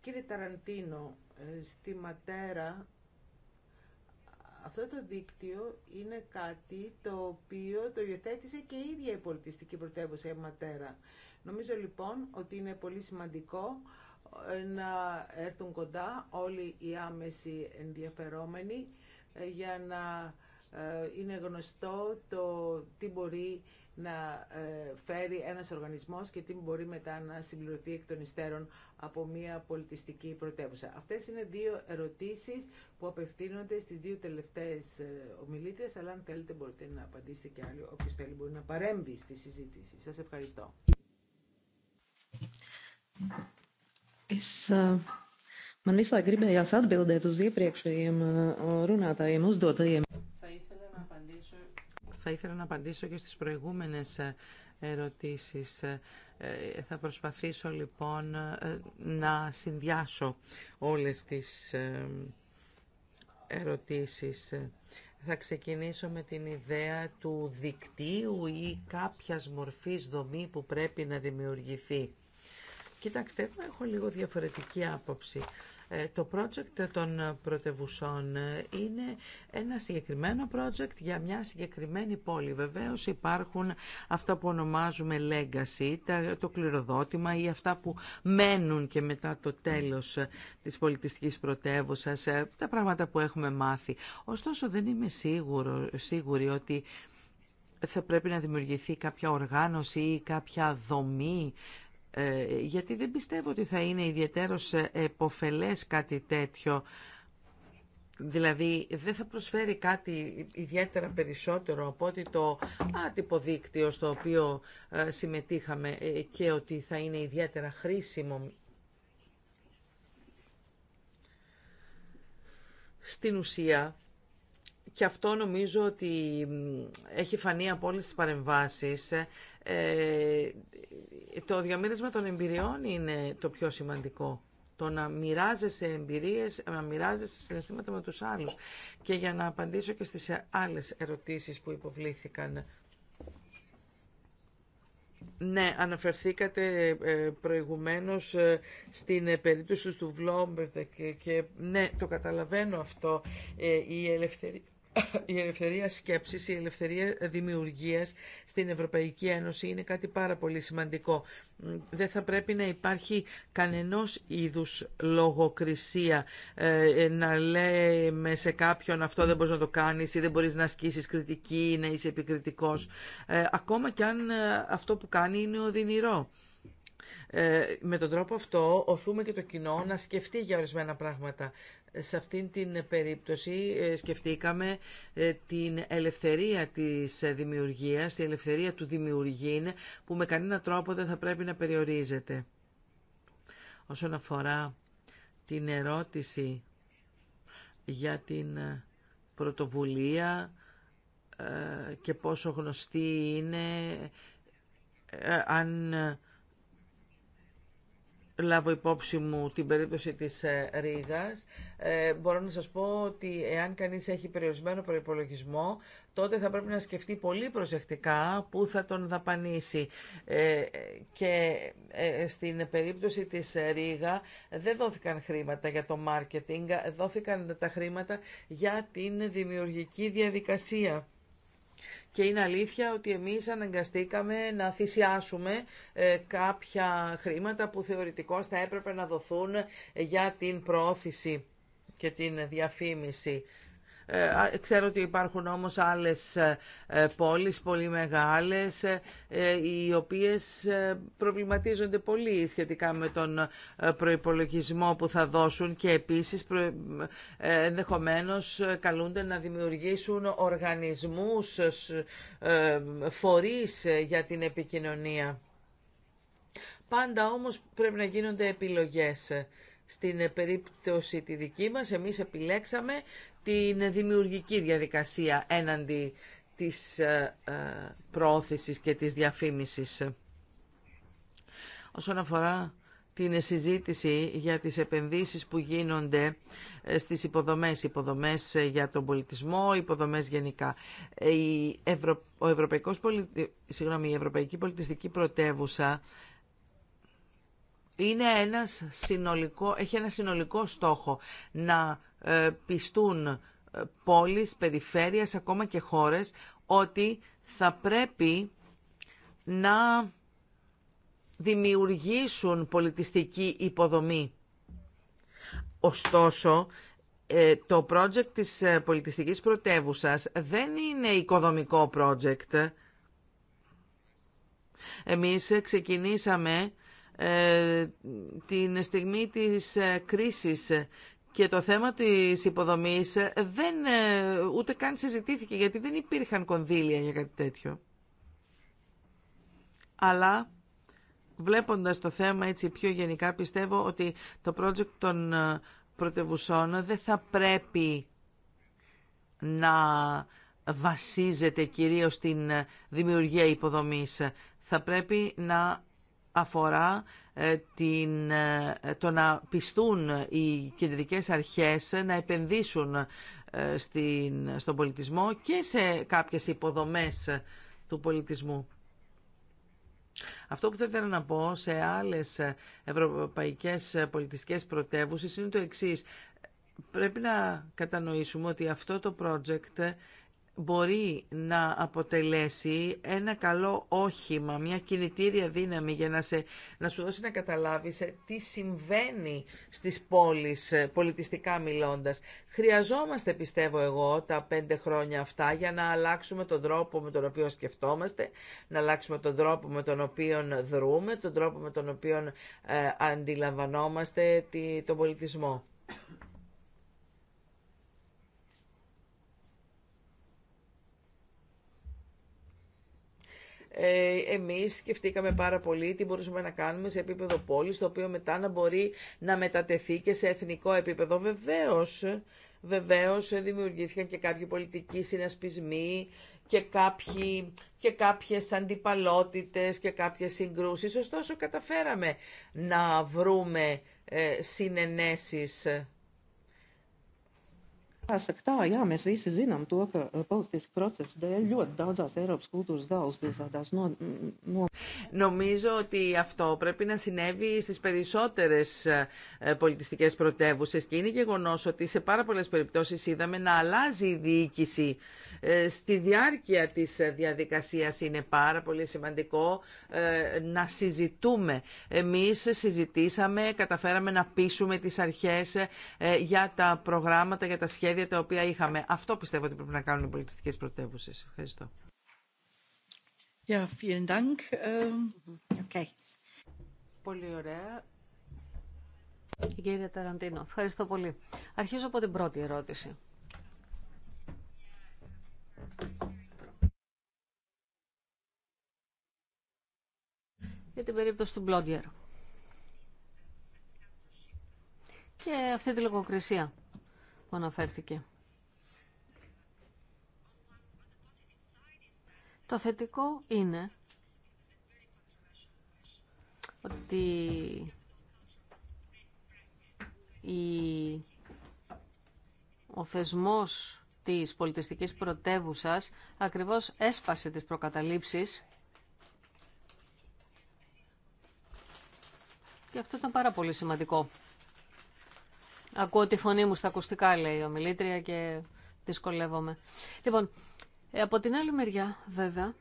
Κύριε Ταραντίνο, ε, στη Ματέρα αυτό το δίκτυο είναι κάτι το οποίο το υιοθέτησε και η ίδια η πολιτιστική πρωτεύουσα η Ματέρα. Νομίζω λοιπόν ότι είναι πολύ σημαντικό να έρθουν κοντά όλοι οι άμεσοι ενδιαφερόμενοι ε, για να ε, είναι γνωστό το τι μπορεί να ε, φέρει ένας οργανισμός και τι μπορεί μετά να συμπληρωθεί εκ των υστέρων από μια πολιτιστική πρωτεύουσα. Αυτές είναι δύο ερωτήσεις που απευθύνονται στις δύο τελευταίες ομιλήτρες, αλλά αν θέλετε μπορείτε να απαντήσετε και άλλοι. όποιος θέλει μπορεί να παρέμβει στη συζήτηση. Σας ευχαριστώ. Θα ήθελα να απαντήσω και στις προηγούμενες ε, ερωτήσεις. Ε, ε, θα προσπαθήσω λοιπόν να συνδυάσω όλες τις ερωτήσεις. Θα ξεκινήσω με την ιδέα του δικτύου ή κάποιας μορφής δομή που πρέπει να δημιουργηθεί. Κοιτάξτε, εγώ έχω λίγο διαφορετική άποψη. Ε, το project των πρωτευουσών ε, είναι ένα συγκεκριμένο project για μια συγκεκριμένη πόλη. Βεβαίως υπάρχουν αυτά που ονομάζουμε legacy, το κληροδότημα ή αυτά που μένουν και μετά το τέλος ε, της πολιτιστικής πρωτεύουσα, τα πράγματα που έχουμε μάθει. Ωστόσο δεν είμαι σίγουρο, σίγουρη ότι θα πρέπει να δημιουργηθεί κάποια οργάνωση ή κάποια δομή ε, γιατί δεν πιστεύω ότι θα είναι ιδιαίτερος ε, εποφελές κάτι τέτοιο. Δηλαδή δεν θα προσφέρει κάτι ιδιαίτερα περισσότερο από ότι το άτυπο δίκτυο στο οποίο ε, συμμετείχαμε και ότι θα είναι ιδιαίτερα χρήσιμο. Στην ουσία και αυτό νομίζω ότι έχει φανεί από όλες τις παρεμβάσεις. Ε, το διαμέρισμα των εμπειριών είναι το πιο σημαντικό. Το να μοιράζεσαι εμπειρίες, να μοιράζεσαι συναισθήματα με τους άλλους. Και για να απαντήσω και στις άλλες ερωτήσεις που υποβλήθηκαν. Ναι, αναφερθήκατε ε, προηγουμένως ε, στην περίπτωση του Βλόμπερτ και ναι, το καταλαβαίνω αυτό. Η ελευθερία η ελευθερία σκέψης, η ελευθερία δημιουργίας στην Ευρωπαϊκή Ένωση είναι κάτι πάρα πολύ σημαντικό. Δεν θα πρέπει να υπάρχει κανενός είδους λογοκρισία ε, ε, να λέμε σε κάποιον αυτό δεν μπορείς να το κάνεις ή δεν μπορείς να ασκήσεις κριτική ή να είσαι επικριτικός. Ε, ακόμα και αν αυτό που κάνει είναι οδυνηρό. Ε, με τον τρόπο αυτό οθούμε και το κοινό να σκεφτεί για ορισμένα πράγματα. Σε αυτήν την περίπτωση ε, σκεφτήκαμε ε, την ελευθερία της δημιουργίας, την ελευθερία του δημιουργήν που με κανένα τρόπο δεν θα πρέπει να περιορίζεται. Όσον αφορά την ερώτηση για την πρωτοβουλία και πόσο γνωστή είναι, αν λάβω υπόψη μου την περίπτωση της ε, Ρήγας, ε, μπορώ να σας πω ότι εάν κανείς έχει περιορισμένο προϋπολογισμό, τότε θα πρέπει να σκεφτεί πολύ προσεκτικά πού θα τον δαπανίσει. Ε, και ε, στην περίπτωση της Ρήγα δεν δόθηκαν χρήματα για το μάρκετινγκ, δόθηκαν τα χρήματα για την δημιουργική διαδικασία. Και είναι αλήθεια ότι εμείς αναγκαστήκαμε να θυσιάσουμε ε, κάποια χρήματα που θεωρητικώς θα έπρεπε να δοθούν για την προώθηση και την διαφήμιση. Ε, ξέρω ότι υπάρχουν όμως άλλες ε, ε, πόλεις πολύ μεγάλες οι οποίες προβληματίζονται πολύ σχετικά με τον προϋπολογισμό που θα δώσουν και επίσης ενδεχομένως καλούνται να δημιουργήσουν οργανισμούς, φορείς για την επικοινωνία. Πάντα όμως πρέπει να γίνονται επιλογές στην ε, περίπτωση τη δική μας, εμείς επιλέξαμε την δημιουργική διαδικασία έναντι της ε, ε, πρόθεσης και της διαφήμισης. Όσον αφορά την συζήτηση για τις επενδύσεις που γίνονται στις υποδομές, υποδομές για τον πολιτισμό, υποδομές γενικά. Η, Ευρω... Ο Ευρωπαϊκός Πολι... η Ευρωπαϊκή Πολιτιστική Πρωτεύουσα είναι ένας συνολικό, έχει ένα συνολικό στόχο να ε, πιστούν ε, πόλεις, περιφέρειες, ακόμα και χώρες ότι θα πρέπει να δημιουργήσουν πολιτιστική υποδομή. Ωστόσο, ε, το project της πολιτιστικής πρωτεύουσας δεν είναι οικοδομικό project. Εμείς ξεκινήσαμε ε, την στιγμή της ε, κρίσης και το θέμα της υποδομής ε, δεν, ούτε καν συζητήθηκε γιατί δεν υπήρχαν κονδύλια για κάτι τέτοιο. Αλλά βλέποντας το θέμα έτσι πιο γενικά πιστεύω ότι το project των πρωτευουσών δεν θα πρέπει να βασίζεται κυρίως στην δημιουργία υποδομής. Θα πρέπει να αφορά ε, την, ε, το να πιστούν οι κεντρικές αρχές να επενδύσουν ε, στην, στον πολιτισμό και σε κάποιες υποδομές του πολιτισμού. Αυτό που θα ήθελα να πω σε άλλες ευρωπαϊκές πολιτιστικές πρωτεύουσες είναι το εξής. Πρέπει να κατανοήσουμε ότι αυτό το project μπορεί να αποτελέσει ένα καλό όχημα, μια κινητήρια δύναμη για να, σε, να σου δώσει να καταλάβεις ε, τι συμβαίνει στις πόλεις ε, πολιτιστικά μιλώντας. Χρειαζόμαστε, πιστεύω εγώ, τα πέντε χρόνια αυτά για να αλλάξουμε τον τρόπο με τον οποίο σκεφτόμαστε, να αλλάξουμε τον τρόπο με τον οποίο δρούμε, τον τρόπο με τον οποίο ε, αντιλαμβανόμαστε τον πολιτισμό. ε, εμείς σκεφτήκαμε πάρα πολύ τι μπορούσαμε να κάνουμε σε επίπεδο πόλης, το οποίο μετά να μπορεί να μετατεθεί και σε εθνικό επίπεδο. Βεβαίως, βεβαίως ε, δημιουργήθηκαν και κάποιοι πολιτικοί συνασπισμοί και, κάποιοι, και κάποιες αντιπαλότητες και κάποιες συγκρούσεις. Ωστόσο καταφέραμε να βρούμε ε, συνενέσεις Jāsaka tā, jā, mēs visi zinām to, ka e, politiski procesa dēļ ļoti daudzās Ευρώπης κουλτούρας δάουσπιζάτας νο, νο... Νομίζω ότι αυτό πρέπει να συνέβει στις περισσότερες ε, ε, πολιτιστικές πρωτεύουσες και είναι γεγονός ότι σε πάρα πολλές περιπτώσεις είδαμε να αλλάζει η διοίκηση ε, στη διάρκεια της ε, διαδικασίας είναι πάρα πολύ σημαντικό ε, να συζητούμε. Εμείς συζητήσαμε, καταφέραμε να πείσουμε τις αρχές για τα προγράμματα, για τα σχέδια τα οποία είχαμε. Αυτό πιστεύω ότι πρέπει να κάνουν οι πολιτιστικές πρωτεύουσες. Ευχαριστώ. Ja, vielen Dank. Ähm, okay. Πολύ ωραία. Κύριε Ταραντίνο, ευχαριστώ πολύ. Αρχίζω από την πρώτη ερώτηση. για την περίπτωση του Blogger. Και αυτή τη λογοκρισία που αναφέρθηκε. Το θετικό είναι ότι η... ο θεσμός της πολιτιστικής πρωτεύουσας ακριβώς έσπασε τις προκαταλήψεις Και αυτό ήταν πάρα πολύ σημαντικό. Ακούω τη φωνή μου στα ακουστικά, λέει η ομιλήτρια και δυσκολεύομαι. Λοιπόν, ε, από την άλλη μεριά, βέβαια,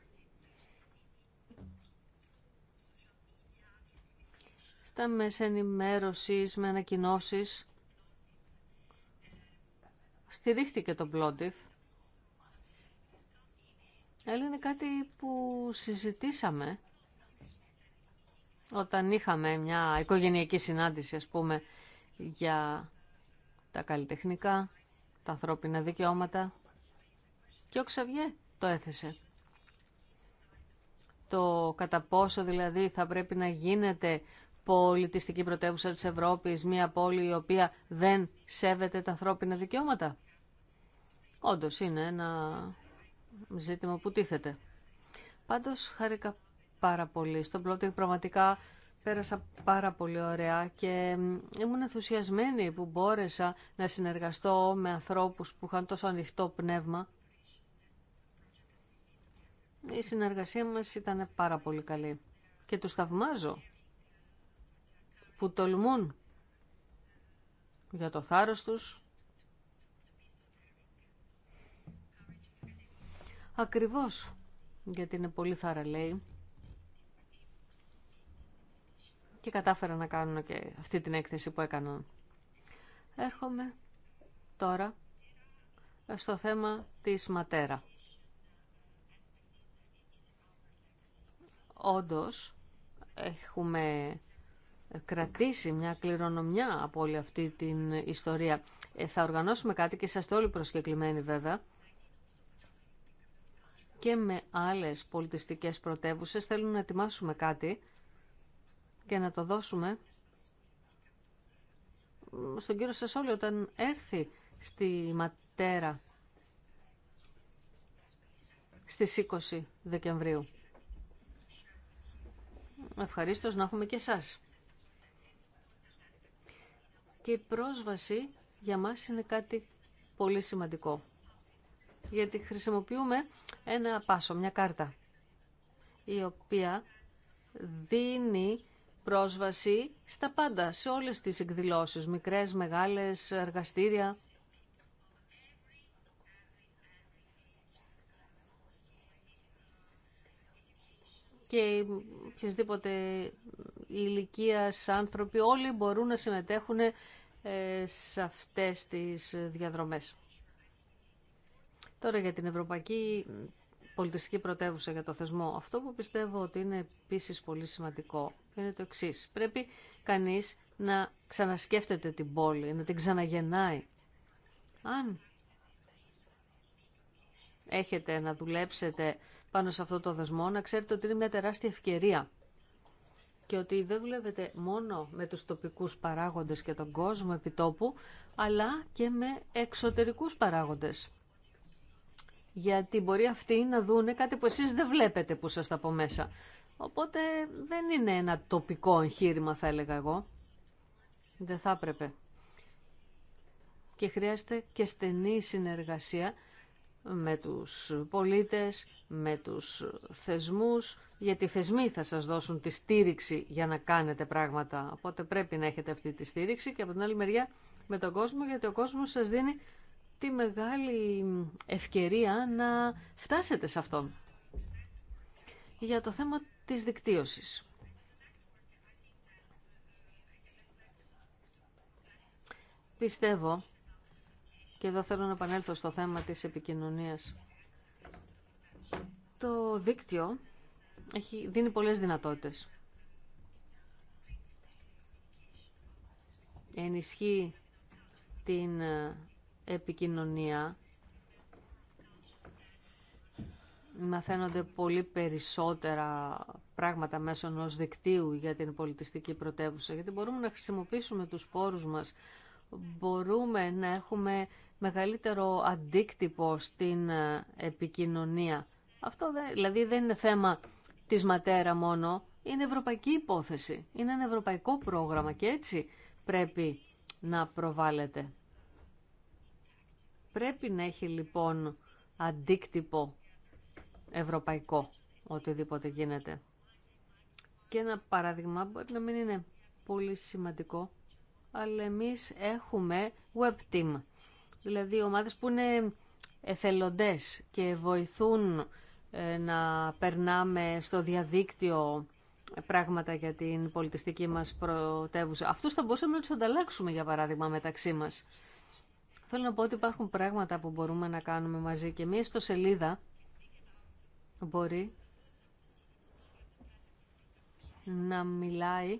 στα μέσα ενημέρωση με ανακοινώσει. Στηρίχθηκε το Πλόντιφ. Αλλά είναι κάτι που συζητήσαμε όταν είχαμε μια οικογενειακή συνάντηση, ας πούμε, για τα καλλιτεχνικά, τα ανθρώπινα δικαιώματα. Και ο Ξαβιέ το έθεσε. Το κατά πόσο δηλαδή θα πρέπει να γίνεται πολιτιστική πρωτεύουσα της Ευρώπης, μια πόλη η οποία δεν σέβεται τα ανθρώπινα δικαιώματα. Όντως είναι ένα ζήτημα που τίθεται. Πάντως χαρικά πάρα πολύ στον πλότο πραγματικά πέρασα πάρα πολύ ωραία και ήμουν ενθουσιασμένη που μπόρεσα να συνεργαστώ με ανθρώπους που είχαν τόσο ανοιχτό πνεύμα. Η συνεργασία μας ήταν πάρα πολύ καλή και τους θαυμάζω που τολμούν για το θάρρος τους. Ακριβώς, γιατί είναι πολύ θαραλέοι και κατάφεραν να κάνουν και αυτή την έκθεση που έκαναν. Έρχομαι τώρα στο θέμα της ματέρα. Όντως, έχουμε κρατήσει μια κληρονομιά από όλη αυτή την ιστορία. Ε, θα οργανώσουμε κάτι και είσαστε όλοι προσκεκλημένοι βέβαια. Και με άλλες πολιτιστικές πρωτεύουσες θέλουν να ετοιμάσουμε κάτι και να το δώσουμε στον κύριο Σασόλη όταν έρθει στη Ματέρα στις 20 Δεκεμβρίου. Ευχαριστώ να έχουμε και εσάς. Και η πρόσβαση για μας είναι κάτι πολύ σημαντικό. Γιατί χρησιμοποιούμε ένα πάσο, μια κάρτα, η οποία δίνει πρόσβαση στα πάντα, σε όλες τις εκδηλώσεις, μικρές, μεγάλες, εργαστήρια. και οποιασδήποτε ηλικία άνθρωποι, όλοι μπορούν να συμμετέχουν ε, σε αυτές τις διαδρομές. Τώρα για την Ευρωπαϊκή πολιτιστική πρωτεύουσα για το θεσμό. Αυτό που πιστεύω ότι είναι επίσης πολύ σημαντικό είναι το εξή. Πρέπει κανείς να ξανασκέφτεται την πόλη, να την ξαναγεννάει. Αν έχετε να δουλέψετε πάνω σε αυτό το θεσμό, να ξέρετε ότι είναι μια τεράστια ευκαιρία και ότι δεν δουλεύετε μόνο με τους τοπικούς παράγοντες και τον κόσμο επιτόπου, αλλά και με εξωτερικούς παράγοντες γιατί μπορεί αυτοί να δούνε κάτι που εσείς δεν βλέπετε που σας τα πω μέσα. Οπότε δεν είναι ένα τοπικό εγχείρημα θα έλεγα εγώ. Δεν θα έπρεπε. Και χρειάζεται και στενή συνεργασία με τους πολίτες, με τους θεσμούς, γιατί οι θεσμοί θα σας δώσουν τη στήριξη για να κάνετε πράγματα. Οπότε πρέπει να έχετε αυτή τη στήριξη και από την άλλη μεριά με τον κόσμο, γιατί ο κόσμος σας δίνει τη μεγάλη ευκαιρία να φτάσετε σε αυτόν. Για το θέμα της δικτύωσης. Πιστεύω, και εδώ θέλω να επανέλθω στο θέμα της επικοινωνίας, το δίκτυο έχει, δίνει πολλές δυνατότητες. Ενισχύει την επικοινωνία μαθαίνονται πολύ περισσότερα πράγματα μέσω ενό δικτύου για την πολιτιστική πρωτεύουσα, γιατί μπορούμε να χρησιμοποιήσουμε τους πόρους μας, μπορούμε να έχουμε μεγαλύτερο αντίκτυπο στην ε, επικοινωνία. Αυτό δηλαδή δεν είναι θέμα της ματέρα μόνο, είναι ευρωπαϊκή υπόθεση, είναι ένα ευρωπαϊκό πρόγραμμα και έτσι πρέπει να προβάλλεται. Πρέπει να έχει λοιπόν αντίκτυπο ευρωπαϊκό οτιδήποτε γίνεται. Και ένα παράδειγμα μπορεί να μην είναι πολύ σημαντικό, αλλά εμείς έχουμε web team, δηλαδή ομάδες που είναι εθελοντές και βοηθούν ε, να περνάμε στο διαδίκτυο πράγματα για την πολιτιστική μας πρωτεύουσα. Αυτούς θα μπορούσαμε να τους ανταλλάξουμε, για παράδειγμα, μεταξύ μας. Θέλω να πω ότι υπάρχουν πράγματα που μπορούμε να κάνουμε μαζί και μία στο σελίδα μπορεί να μιλάει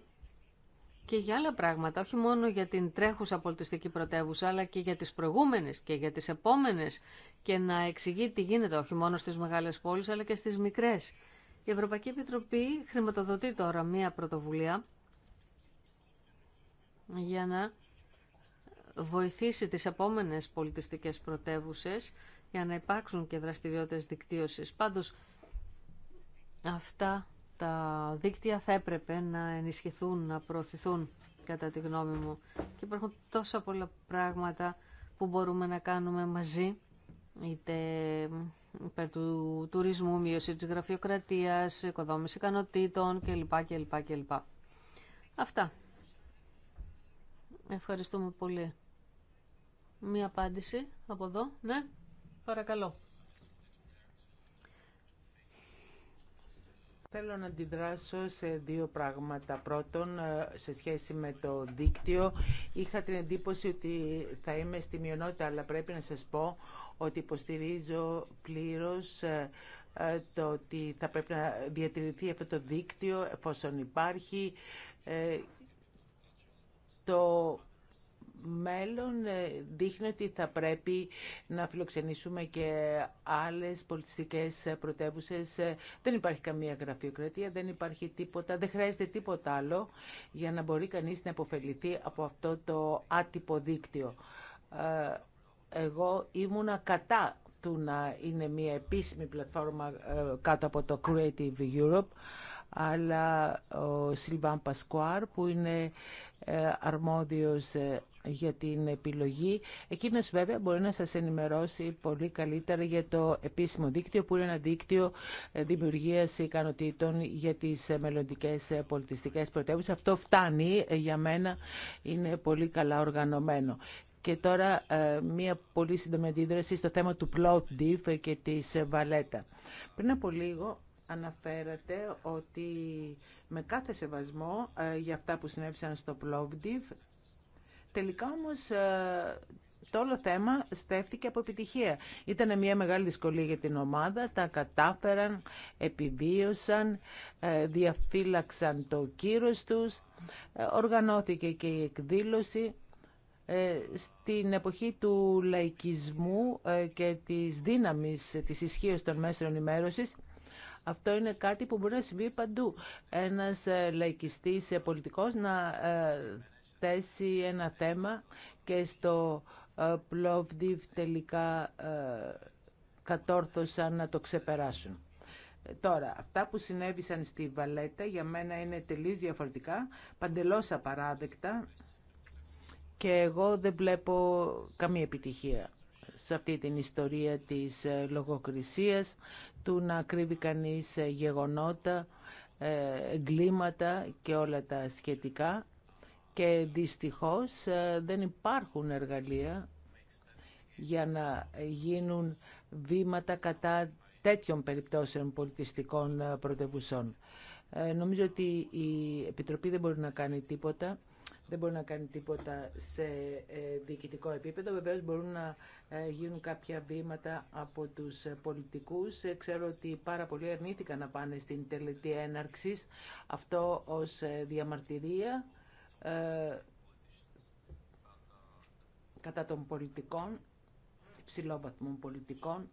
και για άλλα πράγματα, όχι μόνο για την τρέχουσα πολιτιστική πρωτεύουσα, αλλά και για τις προηγούμενες και για τις επόμενες και να εξηγεί τι γίνεται όχι μόνο στις μεγάλες πόλεις, αλλά και στις μικρές. Η Ευρωπαϊκή Επιτροπή χρηματοδοτεί τώρα μία πρωτοβουλία για να βοηθήσει τις επόμενες πολιτιστικές πρωτεύουσες για να υπάρξουν και δραστηριότητες δικτύωσης. Πάντως, αυτά τα δίκτυα θα έπρεπε να ενισχυθούν, να προωθηθούν, κατά τη γνώμη μου. Και υπάρχουν τόσα πολλά πράγματα που μπορούμε να κάνουμε μαζί, είτε υπέρ του τουρισμού, μείωση της γραφειοκρατίας, οικοδόμηση ικανοτήτων κλπ. Αυτά. Ευχαριστούμε πολύ. Μία απάντηση από εδώ. Ναι, παρακαλώ. Θέλω να αντιδράσω σε δύο πράγματα. Πρώτον, ε, σε σχέση με το δίκτυο, είχα την εντύπωση ότι θα είμαι στη μειονότητα, αλλά πρέπει να σας πω ότι υποστηρίζω πλήρως ε, ε, το ότι θα πρέπει να διατηρηθεί αυτό το δίκτυο εφόσον υπάρχει. Το μέλλον ε, δείχνει ότι θα πρέπει να φιλοξενήσουμε και άλλες πολιτιστικές πρωτεύουσε. Ε, δεν υπάρχει καμία γραφειοκρατία, δεν υπάρχει τίποτα, δεν χρειάζεται τίποτα άλλο για να μπορεί κανείς να αποφεληθεί από αυτό το άτυπο δίκτυο. Ε, εγώ ήμουνα κατά του να είναι μια επίσημη πλατφόρμα κάτω από το Creative Europe, αλλά ο Σιλβάν Πασκουάρ που είναι αρμόδιος για την επιλογή. Εκείνος βέβαια μπορεί να σας ενημερώσει πολύ καλύτερα για το επίσημο δίκτυο που είναι ένα δίκτυο ε, δημιουργίας ικανοτήτων για τις ε, μελλοντικέ ε, πολιτιστικές πρωτεύουσες. Αυτό φτάνει για μένα, είναι πολύ καλά οργανωμένο. Και τώρα μία πολύ σύντομη αντίδραση στο θέμα του Plovdiv και της Βαλέτα. Πριν από λίγο αναφέρατε ότι με κάθε σεβασμό για αυτά που συνέβησαν στο Plovdiv Τελικά όμως ε, το όλο θέμα στέφτηκε από επιτυχία. Ήταν μια μεγάλη δυσκολία για την ομάδα, τα κατάφεραν, επιβίωσαν, ε, διαφύλαξαν το κύρος τους, ε, οργανώθηκε και η εκδήλωση στην εποχή του λαϊκισμού και της δύναμης της ισχύω των μέσων ενημέρωσης. Αυτό είναι κάτι που μπορεί να συμβεί παντού. Ένας λαϊκιστής πολιτικός να θέσει ένα θέμα και στο Πλόβδιβ ε, τελικά ε, κατόρθωσαν να το ξεπεράσουν. Ε, τώρα, αυτά που συνέβησαν στη Βαλέτα για μένα είναι τελείως διαφορετικά, παντελώς απαράδεκτα και εγώ δεν βλέπω καμία επιτυχία σε αυτή την ιστορία της λογοκρισίας, του να κρύβει κανείς γεγονότα, εγκλήματα και όλα τα σχετικά και δυστυχώς ε, δεν υπάρχουν εργαλεία για να γίνουν βήματα κατά τέτοιων περιπτώσεων πολιτιστικών ε, πρωτευουσών. Ε, νομίζω ότι η Επιτροπή δεν μπορεί να κάνει τίποτα δεν μπορεί να κάνει τίποτα σε διοικητικό επίπεδο. Βεβαίως μπορούν να γίνουν κάποια βήματα από τους πολιτικούς. Ξέρω ότι πάρα πολλοί αρνήθηκαν να πάνε στην τελετή έναρξης αυτό ως διαμαρτυρία. Ε, κατά των πολιτικών, υψηλόβαθμων πολιτικών.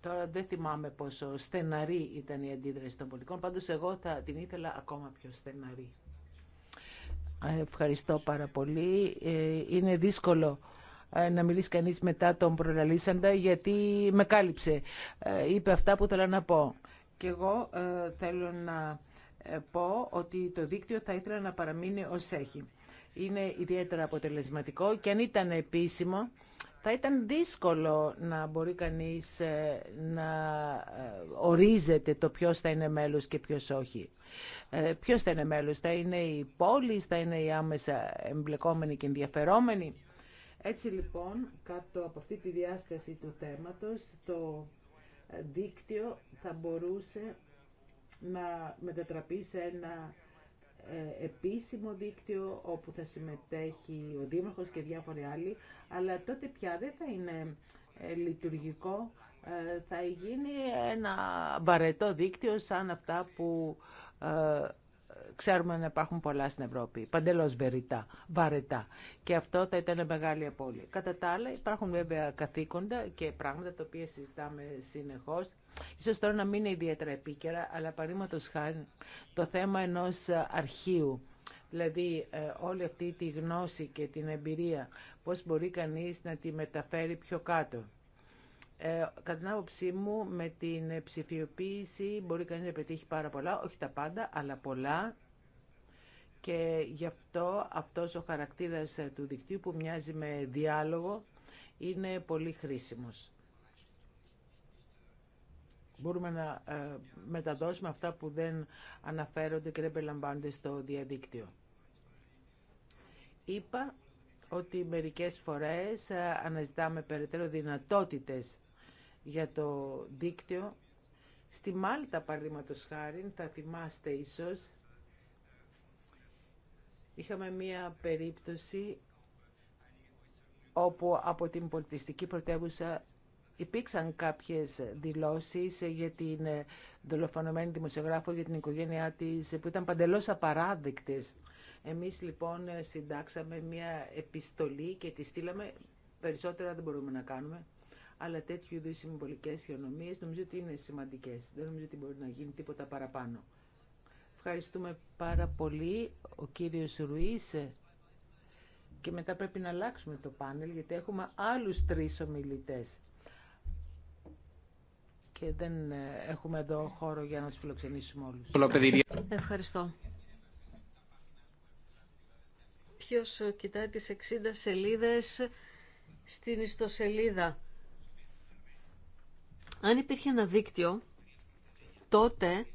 Τώρα δεν θυμάμαι πόσο στεναρή ήταν η αντίδραση των πολιτικών, πάντως εγώ θα την ήθελα ακόμα πιο στεναρή. Ε, ευχαριστώ πάρα πολύ. Ε, είναι δύσκολο να μιλήσει κανείς μετά τον προλαλήσαντα, γιατί με κάλυψε. Είπε αυτά που θέλω να πω. Και εγώ θέλω να πω ότι το δίκτυο θα ήθελα να παραμείνει ως έχει. Είναι ιδιαίτερα αποτελεσματικό και αν ήταν επίσημο θα ήταν δύσκολο να μπορεί κανείς ε, να ε, ορίζεται το ποιος θα είναι μέλος και ποιος όχι. Ε, ποιος θα είναι μέλος, θα είναι οι πόλεις, θα είναι οι άμεσα εμπλεκόμενοι και ενδιαφερόμενοι. Έτσι λοιπόν, κάτω από αυτή τη διάσταση του θέματος, το δίκτυο θα μπορούσε να μετατραπεί σε ένα ε, επίσημο δίκτυο όπου θα συμμετέχει ο Δήμαρχος και διάφοροι άλλοι, αλλά τότε πια δεν θα είναι ε, λειτουργικό, ε, θα γίνει ένα βαρετό δίκτυο σαν αυτά που ξέρουμε να υπάρχουν πολλά στην Ευρώπη, παντελώς βεριτά, βαρετά. Και αυτό θα ήταν μεγάλη απώλεια. Κατά τα άλλα υπάρχουν βέβαια καθήκοντα και πράγματα τα οποία συζητάμε συνεχώς. Ίσως τώρα να μην είναι ιδιαίτερα επίκαιρα, αλλά παρήματο χάρη το θέμα ενός αρχείου. Δηλαδή ε, όλη αυτή τη γνώση και την εμπειρία, πώς μπορεί κανείς να τη μεταφέρει πιο κάτω. Ε, κατά την άποψή μου, με την ψηφιοποίηση μπορεί κανείς να πετύχει πάρα πολλά, όχι τα πάντα, αλλά πολλά. Και γι' αυτό αυτός ο χαρακτήρας ε, του δικτύου που μοιάζει με διάλογο είναι πολύ χρήσιμος. Μπορούμε να ε, μεταδώσουμε αυτά που δεν αναφέρονται και δεν περιλαμβάνονται στο διαδίκτυο. Είπα ότι μερικές φορές ε, αναζητάμε περαιτέρω δυνατότητες για το δίκτυο. Στη Μάλτα, παραδείγματο χάρη, θα θυμάστε ίσως, είχαμε μία περίπτωση όπου από την πολιτιστική πρωτεύουσα υπήρξαν κάποιες δηλώσεις για την δολοφονωμένη δημοσιογράφο, για την οικογένειά της, που ήταν παντελώς απαράδεκτες. Εμείς λοιπόν συντάξαμε μια επιστολή και τη στείλαμε. Περισσότερα δεν μπορούμε να κάνουμε αλλά τέτοιου είδου συμβολικέ χειρονομίε νομίζω ότι είναι σημαντικέ. Δεν νομίζω ότι μπορεί να γίνει τίποτα παραπάνω. Ευχαριστούμε πάρα πολύ. Ο κύριο Ρουΐσε. και μετά πρέπει να αλλάξουμε το πάνελ γιατί έχουμε άλλους τρεις ομιλητές και δεν ε, έχουμε εδώ χώρο για να τους φιλοξενήσουμε όλους. Ευχαριστώ. Ποιος ε, κοιτάει τις 60 σελίδες στην ιστοσελίδα αν υπήρχε ένα δίκτυο, τότε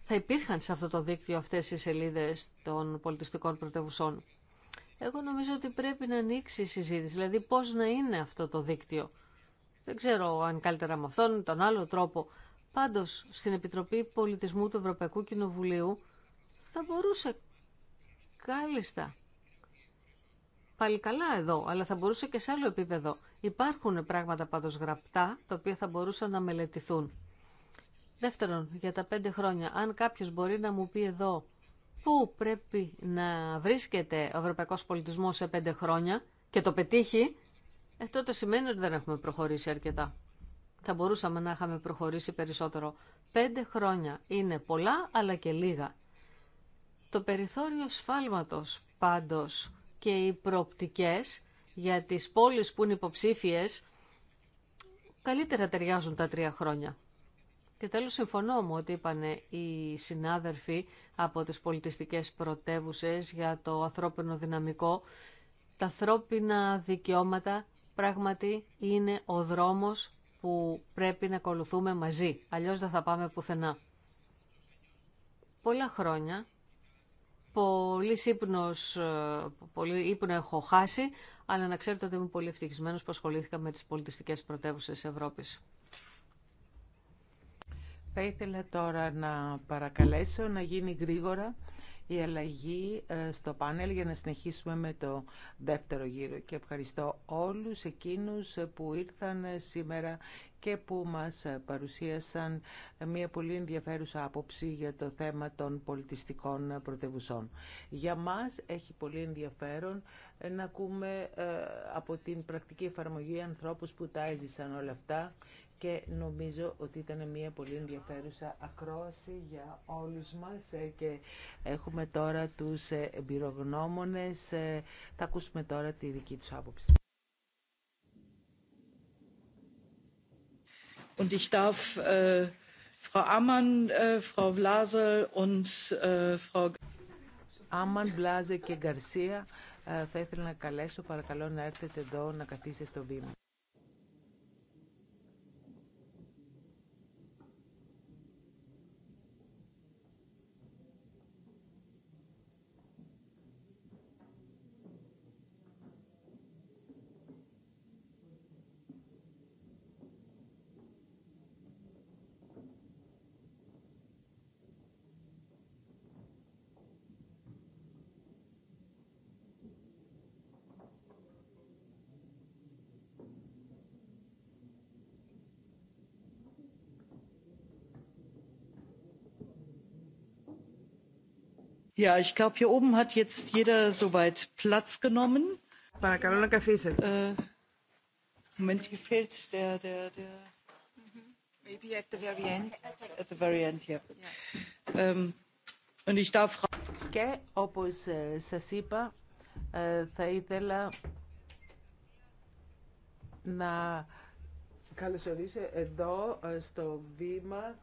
θα υπήρχαν σε αυτό το δίκτυο αυτές οι σελίδες των πολιτιστικών πρωτεύουσών. Εγώ νομίζω ότι πρέπει να ανοίξει η συζήτηση, δηλαδή πώς να είναι αυτό το δίκτυο. Δεν ξέρω αν καλύτερα με αυτόν ή τον άλλο τρόπο. Πάντως, στην Επιτροπή Πολιτισμού του Ευρωπαϊκού Κοινοβουλίου θα μπορούσε κάλλιστα πάλι καλά εδώ, αλλά θα μπορούσε και σε άλλο επίπεδο. Υπάρχουν πράγματα πάντως γραπτά, τα οποία θα μπορούσαν να μελετηθούν. Δεύτερον, για τα πέντε χρόνια, αν κάποιος μπορεί να μου πει εδώ πού πρέπει να βρίσκεται ο ευρωπαϊκός πολιτισμός σε πέντε χρόνια και το πετύχει, ε, τότε σημαίνει ότι δεν έχουμε προχωρήσει αρκετά. Θα μπορούσαμε να είχαμε προχωρήσει περισσότερο. Πέντε χρόνια είναι πολλά αλλά και λίγα. Το περιθώριο σφάλματος πάντως και οι προοπτικές για τις πόλεις που είναι υποψήφιες καλύτερα ταιριάζουν τα τρία χρόνια. Και τέλος συμφωνώ με ότι είπαν οι συνάδελφοι από τις πολιτιστικές πρωτεύουσε για το ανθρώπινο δυναμικό. Τα ανθρώπινα δικαιώματα πράγματι είναι ο δρόμος που πρέπει να ακολουθούμε μαζί, αλλιώς δεν θα πάμε πουθενά. Πολλά χρόνια πολύ πολύ ύπνο έχω χάσει, αλλά να ξέρετε ότι είμαι πολύ ευτυχισμένος που ασχολήθηκα με τις πολιτιστικές πρωτεύουσες Ευρώπης. Θα ήθελα τώρα να παρακαλέσω να γίνει γρήγορα η αλλαγή ε, στο πάνελ για να συνεχίσουμε με το δεύτερο γύρο. Και ευχαριστώ όλους εκείνους που ήρθαν σήμερα και που μας παρουσίασαν μια πολύ ενδιαφέρουσα άποψη για το θέμα των πολιτιστικών πρωτευουσών. Για μας έχει πολύ ενδιαφέρον να ακούμε ε, από την πρακτική εφαρμογή ανθρώπους που τα έζησαν όλα αυτά και νομίζω ότι ήταν μια πολύ ενδιαφέρουσα ακρόαση για όλους μας ε, και έχουμε τώρα τους εμπειρογνώμονες. Ε, θα ακούσουμε τώρα τη δική τους άποψη. und ich darf äh, Frau Ammann, äh, Frau Blase und äh, Frau Ammann, Blase και Garcia ε, θα ήθελα να καλέσω παρακαλώ να έρθετε εδώ να καθίσετε στο βήμα. Ja, ich glaube, hier oben hat jetzt jeder soweit Platz genommen. Παρακαλώ να καθίσετε. Moment, hier fehlt der, der, der. Maybe at the very end. At the very end, yeah. yeah. und ich darf... Και όπως σας είπα, θα ήθελα να καλωσορίσω εδώ στο βήμα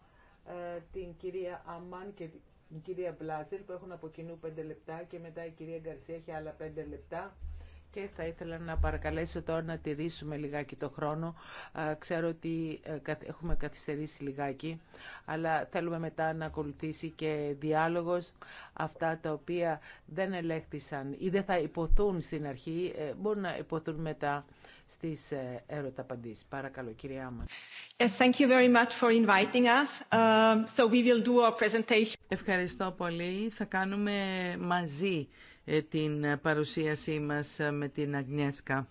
την κυρία Αμάν και η κυρία Μπλάζερ που έχουν από κοινού 5 λεπτά και μετά η κυρία Γκαρσία έχει άλλα 5 λεπτά. Και θα ήθελα να παρακαλέσω τώρα να τηρήσουμε λιγάκι το χρόνο. Ξέρω ότι ε, έχουμε καθυστερήσει λιγάκι, αλλά θέλουμε μετά να ακολουθήσει και διάλογος. Αυτά τα οποία δεν ελέγχθησαν ή δεν θα υποθούν στην αρχή, ε, μπορούν να υποθούν μετά στις ε, ερωταπαντήσεις. Παρακαλώ, κυρία μας. Yes, thank you very much for inviting us. Um, so we will do our presentation. Ευχαριστώ πολύ. Θα κάνουμε μαζί ε, την παρουσίασή μας ε, με την Αγνιέσκα.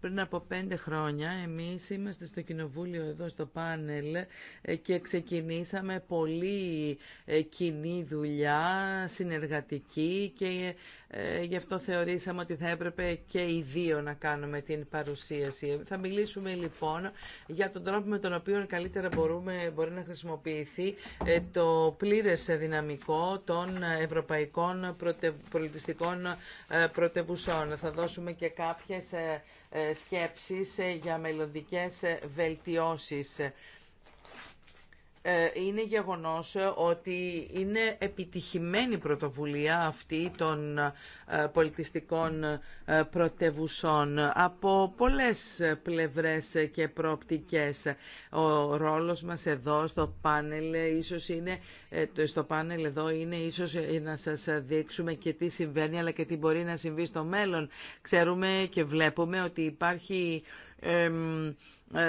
Πριν από πέντε χρόνια εμείς είμαστε στο κοινοβούλιο εδώ στο πάνελ ε, και ξεκινήσαμε πολύ κοινή δουλειά, συνεργατική και ε, γι' αυτό θεωρήσαμε ότι θα έπρεπε και οι δύο να κάνουμε την παρουσίαση. Θα μιλήσουμε λοιπόν για τον τρόπο με τον οποίο καλύτερα μπορούμε, μπορεί να χρησιμοποιηθεί ε, το πλήρες δυναμικό των ευρωπαϊκών πολιτιστικών ε, πρωτευουσών. Θα δώσουμε και κάποιες σκέψεις για μελλοντικές βελτιώσεις ε, είναι γεγονός ότι είναι επιτυχημένη πρωτοβουλία αυτή των ε, πολιτιστικών ε, πρωτεύουσών από πολλές πλευρές και προοπτικές. Ο ρόλος μας εδώ στο πάνελ ίσως είναι, στο πάνελ εδώ είναι ίσως να σας δείξουμε και τι συμβαίνει αλλά και τι μπορεί να συμβεί στο μέλλον. Ξέρουμε και βλέπουμε ότι υπάρχει ε,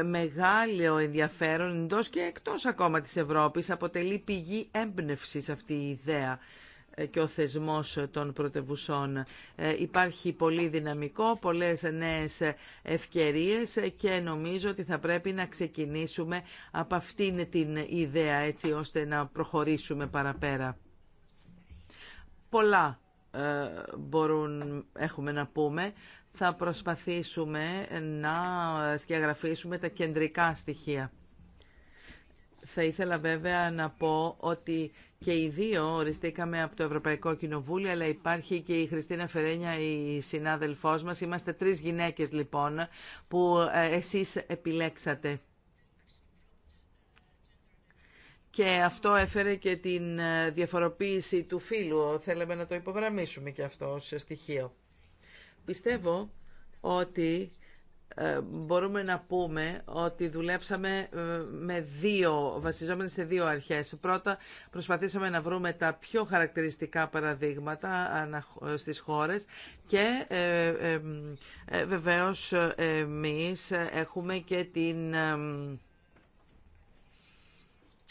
μεγάλο ενδιαφέρον εντός και εκτός ακόμα της Ευρώπης. Αποτελεί πηγή έμπνευσης αυτή η ιδέα ε, και ο θεσμός των πρωτευουσών. Ε, υπάρχει πολύ δυναμικό, πολλές νέες ευκαιρίες και νομίζω ότι θα πρέπει να ξεκινήσουμε από αυτήν την ιδέα έτσι ώστε να προχωρήσουμε παραπέρα. Πολλά μπορούν, έχουμε να πούμε θα προσπαθήσουμε να σκιαγραφίσουμε τα κεντρικά στοιχεία. Θα ήθελα βέβαια να πω ότι και οι δύο οριστήκαμε από το Ευρωπαϊκό Κοινοβούλιο, αλλά υπάρχει και η Χριστίνα Φερένια, η συνάδελφός μας. Είμαστε τρεις γυναίκες λοιπόν που ε, εσείς επιλέξατε. Και αυτό έφερε και την ε, διαφοροποίηση του φύλου. Θέλαμε να το υπογραμμίσουμε και αυτό ως στοιχείο. Πιστεύω ότι ε, μπορούμε να πούμε ότι δουλέψαμε ε, με δύο, βασιζόμενοι σε δύο αρχές. Πρώτα, προσπαθήσαμε να βρούμε τα πιο χαρακτηριστικά παραδείγματα ε, στις χώρες και ε, ε, βεβαίως εμείς έχουμε και την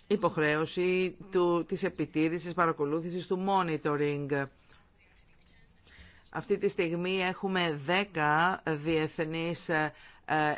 υποχρέωση του, της επιτήρησης, παρακολούθησης, του monitoring. Αυτή τη στιγμή έχουμε 10 διεθνείς ε,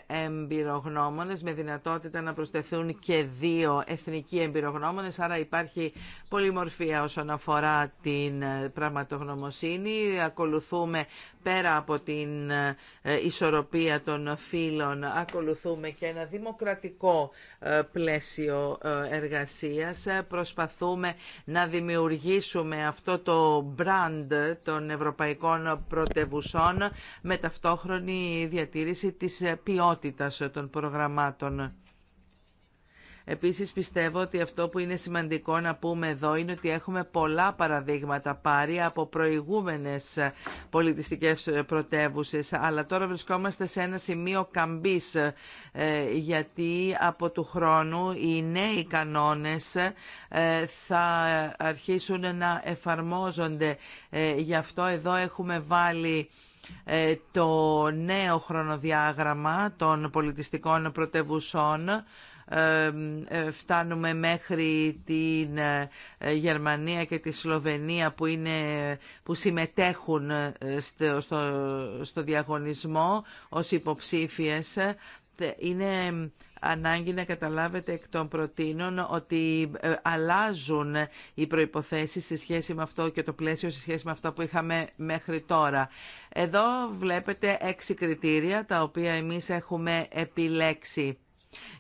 ε, εμπειρογνώμονες με δυνατότητα να προσθεθούν και δύο εθνικοί εμπειρογνώμονες άρα υπάρχει πολυμορφία όσον αφορά την ε, πραγματογνωμοσύνη ακολουθούμε πέρα από την ε, ισορροπία των φύλων ακολουθούμε και ένα δημοκρατικό ε, πλαίσιο ε, εργασίας. Προσπαθούμε να δημιουργήσουμε αυτό το brand των ευρωπαϊκών πρωτευουσών με ταυτόχρονη διατήρηση της ποιότητας των προγραμμάτων. Επίσης πιστεύω ότι αυτό που είναι σημαντικό να πούμε εδώ είναι ότι έχουμε πολλά παραδείγματα πάρει από προηγούμενες πολιτιστικές πρωτεύουσες, αλλά τώρα βρισκόμαστε σε ένα σημείο καμπής, ε, γιατί από του χρόνου οι νέοι κανόνες ε, θα αρχίσουν να εφαρμόζονται. Ε, γι' αυτό εδώ έχουμε βάλει το νέο χρονοδιάγραμμα των πολιτιστικών πρωτεύουσών, ε, φτάνουμε μέχρι την ε, Γερμανία και τη Σλοβενία που, είναι, που συμμετέχουν ε, στο, στο, διαγωνισμό ως υποψήφιες είναι ανάγκη να καταλάβετε εκ των προτείνων ότι αλλάζουν οι προϋποθέσεις σε σχέση με αυτό και το πλαίσιο σε σχέση με αυτό που είχαμε μέχρι τώρα. Εδώ βλέπετε έξι κριτήρια τα οποία εμείς έχουμε επιλέξει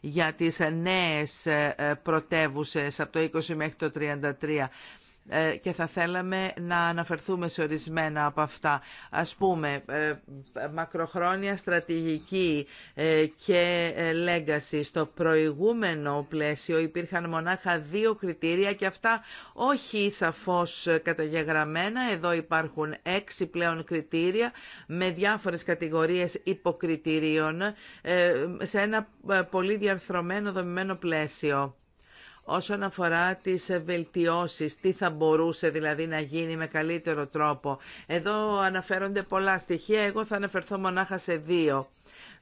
για τις νέες ε, ε, πρωτεύουσες από το 20 μέχρι το 33. Ε, και θα θέλαμε να αναφερθούμε σε ορισμένα από αυτά. Ας πούμε, ε, μακροχρόνια στρατηγική ε, και legacy. Στο προηγούμενο πλαίσιο υπήρχαν μονάχα δύο κριτήρια και αυτά όχι σαφώς καταγεγραμμένα. Εδώ υπάρχουν έξι πλέον κριτήρια με διάφορες κατηγορίες υποκριτηρίων σε ένα πολύ διαρθρωμένο δομημένο πλαίσιο όσον αφορά τις βελτιώσεις, τι θα μπορούσε δηλαδή να γίνει με καλύτερο τρόπο. Εδώ αναφέρονται πολλά στοιχεία, εγώ θα αναφερθώ μονάχα σε δύο.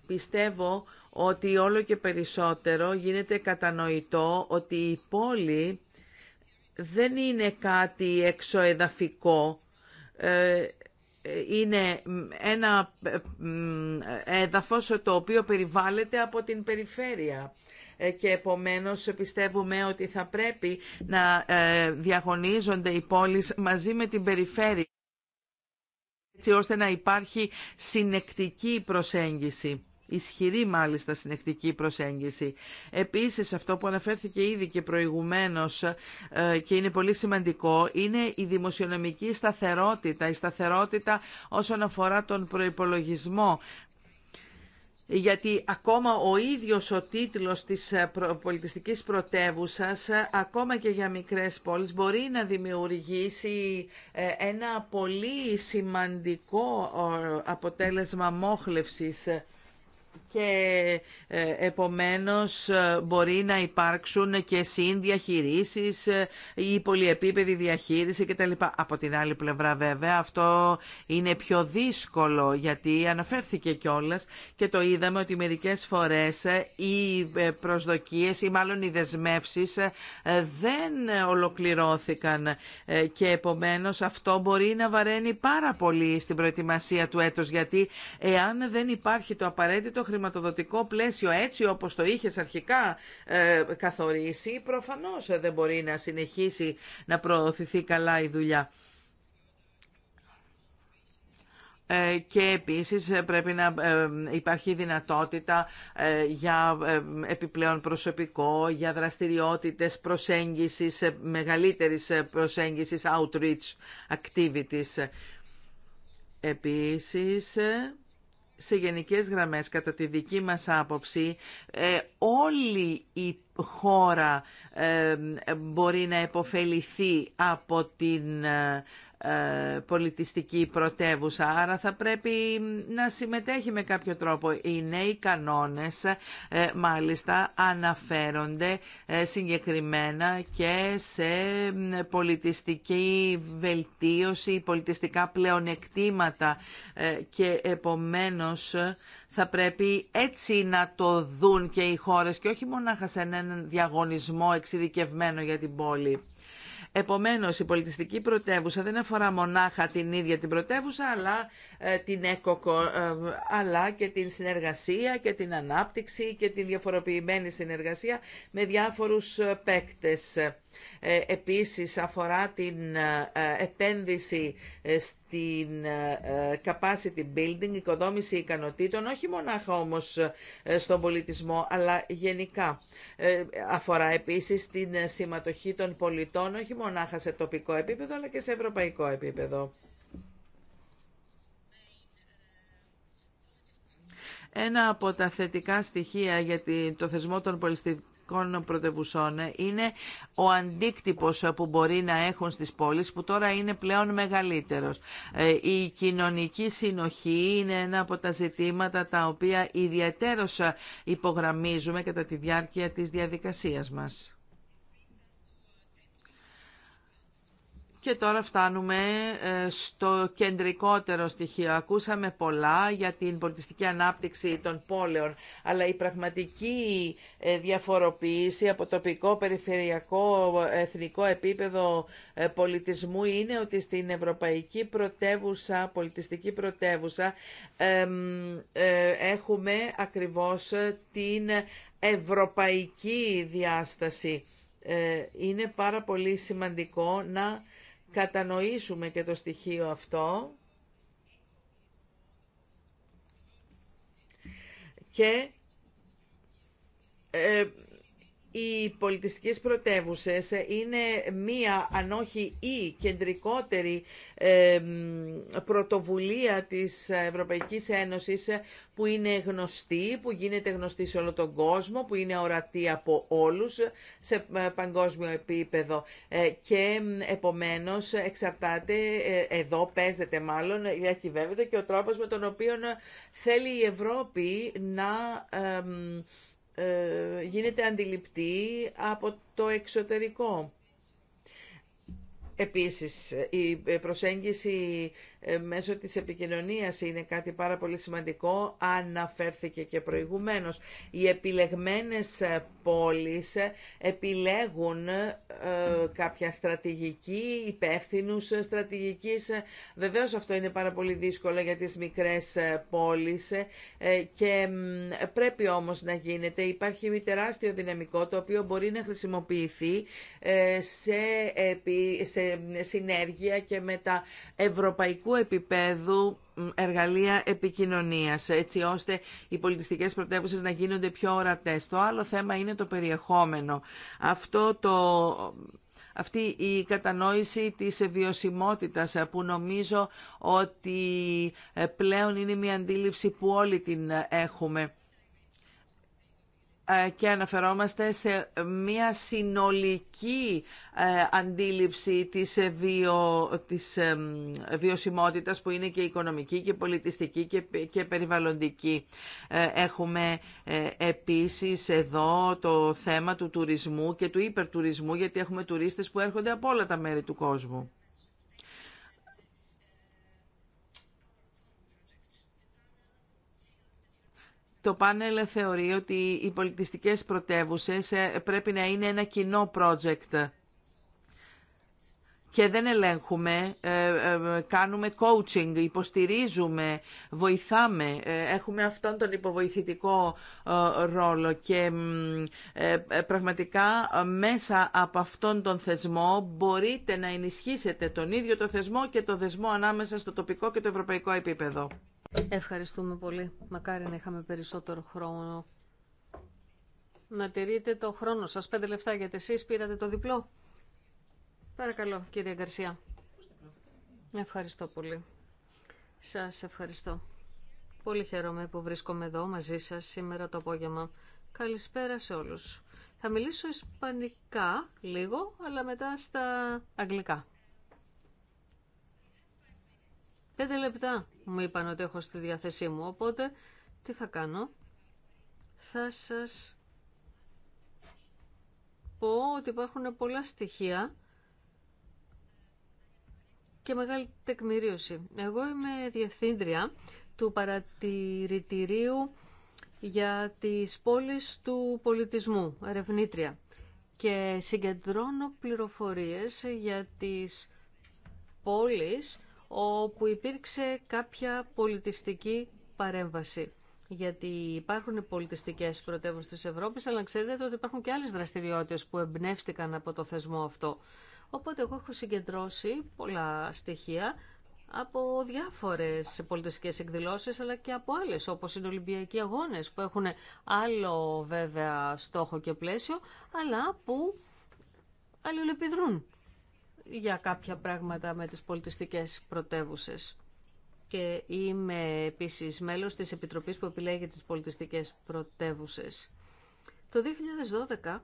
Πιστεύω ότι όλο και περισσότερο γίνεται κατανοητό ότι η πόλη δεν είναι κάτι εξωεδαφικό. Ε, είναι ένα ε, ε, έδαφος το οποίο περιβάλλεται από την περιφέρεια. Ε, και επομένως πιστεύουμε ότι θα πρέπει να ε, διαγωνίζονται οι πόλεις μαζί με την περιφέρεια έτσι ώστε να υπάρχει συνεκτική προσέγγιση ισχυρή μάλιστα συνεκτική προσέγγιση. Επίσης αυτό που αναφέρθηκε ήδη και προηγουμένως ε, και είναι πολύ σημαντικό είναι η δημοσιονομική σταθερότητα, η σταθερότητα όσον αφορά τον προϋπολογισμό γιατί ακόμα ο ίδιος ο τίτλος της ε, πολιτιστικής πρωτεύουσας, ε, ακόμα και για μικρές πόλεις, μπορεί να δημιουργήσει ε, ένα πολύ σημαντικό αποτέλεσμα μόχλευσης και ε, επομένως ε, μπορεί να υπάρξουν και συνδιαχειρήσεις ή ε, πολυεπίπεδη διαχείριση κτλ. Από την άλλη πλευρά βέβαια αυτό είναι πιο δύσκολο γιατί αναφέρθηκε κιόλας και το είδαμε ότι μερικές φορές οι προσδοκίες ή μάλλον οι δεσμεύσει δεν ολοκληρώθηκαν και επομένως αυτό μπορεί να βαραίνει πάρα πολύ στην προετοιμασία του έτος γιατί εάν δεν υπάρχει το απαραίτητο χρηματικό χρηματοδοτικό πλαίσιο έτσι όπως το είχες αρχικά ε, καθορίσει, προφανώς ε, δεν μπορεί να συνεχίσει να προωθηθεί καλά η δουλειά. Ε, και επίσης πρέπει να υπάρχει δυνατότητα για επιπλέον προσωπικό, για δραστηριότητες προσέγγισης, μεγαλύτερης προσέγγισης, outreach activities. Επίσης, σε γενικές γραμμές, κατά τη δική μας άποψη, ε, όλη η χώρα ε, μπορεί να επωφεληθεί από την ε, ε, πολιτιστική πρωτεύουσα. Άρα θα πρέπει να συμμετέχει με κάποιο τρόπο. Οι νέοι κανόνες ε, μάλιστα αναφέρονται ε, συγκεκριμένα και σε πολιτιστική βελτίωση, πολιτιστικά πλεονεκτήματα και επομένως θα πρέπει έτσι να το δουν και οι χώρες και όχι μονάχα σε έναν διαγωνισμό εξειδικευμένο για την πόλη. Επομένως, η πολιτιστική πρωτεύουσα δεν αφορά μονάχα την ίδια την πρωτεύουσα, αλλά ε, την ε, και την συνεργασία και την ανάπτυξη και την διαφοροποιημένη συνεργασία με διάφορους ε, παίκτε. επίσης, αφορά την επένδυση στην capacity building, οικοδόμηση ικανοτήτων, όχι μονάχα όμως στον πολιτισμό, αλλά γενικά. Αφορά επίσης την συμμετοχή των πολιτών, όχι μονάχα σε τοπικό επίπεδο αλλά και σε ευρωπαϊκό επίπεδο. Ένα από τα θετικά στοιχεία για το θεσμό των πολιτιστικών πρωτευουσών είναι ο αντίκτυπος που μπορεί να έχουν στις πόλεις που τώρα είναι πλέον μεγαλύτερος. Ε, η κοινωνική συνοχή είναι ένα από τα ζητήματα τα οποία ιδιαίτερως υπογραμμίζουμε κατά τη διάρκεια της διαδικασίας μας. Και τώρα φτάνουμε ε, στο κεντρικότερο στοιχείο. Ακούσαμε πολλά για την πολιτιστική ανάπτυξη των πόλεων, αλλά η πραγματική ε, διαφοροποίηση από τοπικό, περιφερειακό, εθνικό επίπεδο ε, πολιτισμού είναι ότι στην ευρωπαϊκή πρωτεύουσα, πολιτιστική πρωτεύουσα, έχουμε ακριβώς την ευρωπαϊκή διάσταση. Είναι πάρα πολύ σημαντικό να κατανοήσουμε και το στοιχείο αυτό και ε, οι πολιτιστικές πρωτεύουσες είναι μία, αν όχι η κεντρικότερη πρωτοβουλία της Ευρωπαϊκής Ένωσης που είναι γνωστή, που γίνεται γνωστή σε όλο τον κόσμο, που είναι ορατή από όλους σε ε, παγκόσμιο επίπεδο ε, και επομένως εξαρτάται, ε, εδώ παίζεται μάλλον, διακυβεύεται και ο τρόπος με τον οποίο θέλει η Ευρώπη να ε, γίνεται αντιληπτή από το εξωτερικό. Επίσης, η ε, προσέγγιση ε, μέσω της επικοινωνίας είναι κάτι πάρα πολύ σημαντικό, αναφέρθηκε και προηγουμένως. Οι επιλεγμένες ε, πόλεις ε, επιλέγουν κάποια στρατηγική, υπεύθυνου στρατηγικής. Βεβαίως αυτό είναι πάρα πολύ δύσκολο για τις μικρές πόλεις και πρέπει όμως να γίνεται. Υπάρχει τεράστιο δυναμικό το οποίο μπορεί να χρησιμοποιηθεί σε συνέργεια και με τα ευρωπαϊκού επίπεδου εργαλεία επικοινωνίας, έτσι ώστε οι πολιτιστικές πρωτεύουσε να γίνονται πιο ορατές. Το άλλο θέμα είναι το περιεχόμενο. Αυτό το αυτή η κατανόηση της βιωσιμότητας ε, που νομίζω ότι ε, πλέον είναι μια αντίληψη που όλοι την ε, έχουμε. Ε, και αναφερόμαστε σε μια συνολική ε, αντίληψη της, ε, βιο, της βιωσιμότητας που είναι και οικονομική και πολιτιστική και, και περιβαλλοντική. Έχουμε επίσης εδώ το θέμα του τουρισμού και του υπερτουρισμού γιατί έχουμε τουρίστες που έρχονται από όλα τα μέρη του κόσμου. Το πάνελ θεωρεί ότι οι πολιτιστικές πρωτεύουσες ε, πρέπει να είναι ένα κοινό project και δεν ελέγχουμε, ε, ε, κάνουμε coaching, υποστηρίζουμε, βοηθάμε, έχουμε αυτόν τον υποβοηθητικό ρόλο και πραγματικά μέσα από αυτόν τον θεσμό μπορείτε να ενισχύσετε τον ίδιο το θεσμό και το θεσμό ανάμεσα στο τοπικό και το ευρωπαϊκό επίπεδο. Ευχαριστούμε πολύ. Μακάρι να είχαμε περισσότερο χρόνο. Να τηρείτε το χρόνο σας. Πέντε λεπτά γιατί εσείς πήρατε το διπλό. Παρακαλώ, κύριε Γκαρσία. Ευχαριστώ πολύ. Σας ευχαριστώ. Πολύ χαίρομαι που βρίσκομαι εδώ μαζί σας σήμερα το απόγευμα. Καλησπέρα σε όλους. Θα μιλήσω ισπανικά λίγο, αλλά μετά στα αγγλικά. Πέντε λεπτά μου είπαν ότι έχω στη διάθεσή μου. Οπότε, τι θα κάνω. Θα σας πω ότι υπάρχουν πολλά στοιχεία και μεγάλη τεκμηρίωση. Εγώ είμαι διευθύντρια του παρατηρητηρίου για τις πόλεις του πολιτισμού, ερευνήτρια. Και συγκεντρώνω πληροφορίες για τις πόλεις όπου υπήρξε κάποια πολιτιστική παρέμβαση. Γιατί υπάρχουν πολιτιστικέ πρωτεύουσε τη Ευρώπη, αλλά ξέρετε ότι υπάρχουν και άλλε δραστηριότητε που εμπνεύστηκαν από το θεσμό αυτό. Οπότε εγώ έχω συγκεντρώσει πολλά στοιχεία από διάφορες πολιτιστικέ εκδηλώσεις αλλά και από άλλες όπως είναι Ολυμπιακοί αγώνε που έχουν άλλο βέβαια στόχο και πλαίσιο αλλά που αλληλεπιδρούν για κάποια πράγματα με τις πολιτιστικές πρωτεύουσε. Και είμαι επίσης μέλος της Επιτροπής που επιλέγει τις πολιτιστικές πρωτεύουσε. Το 2012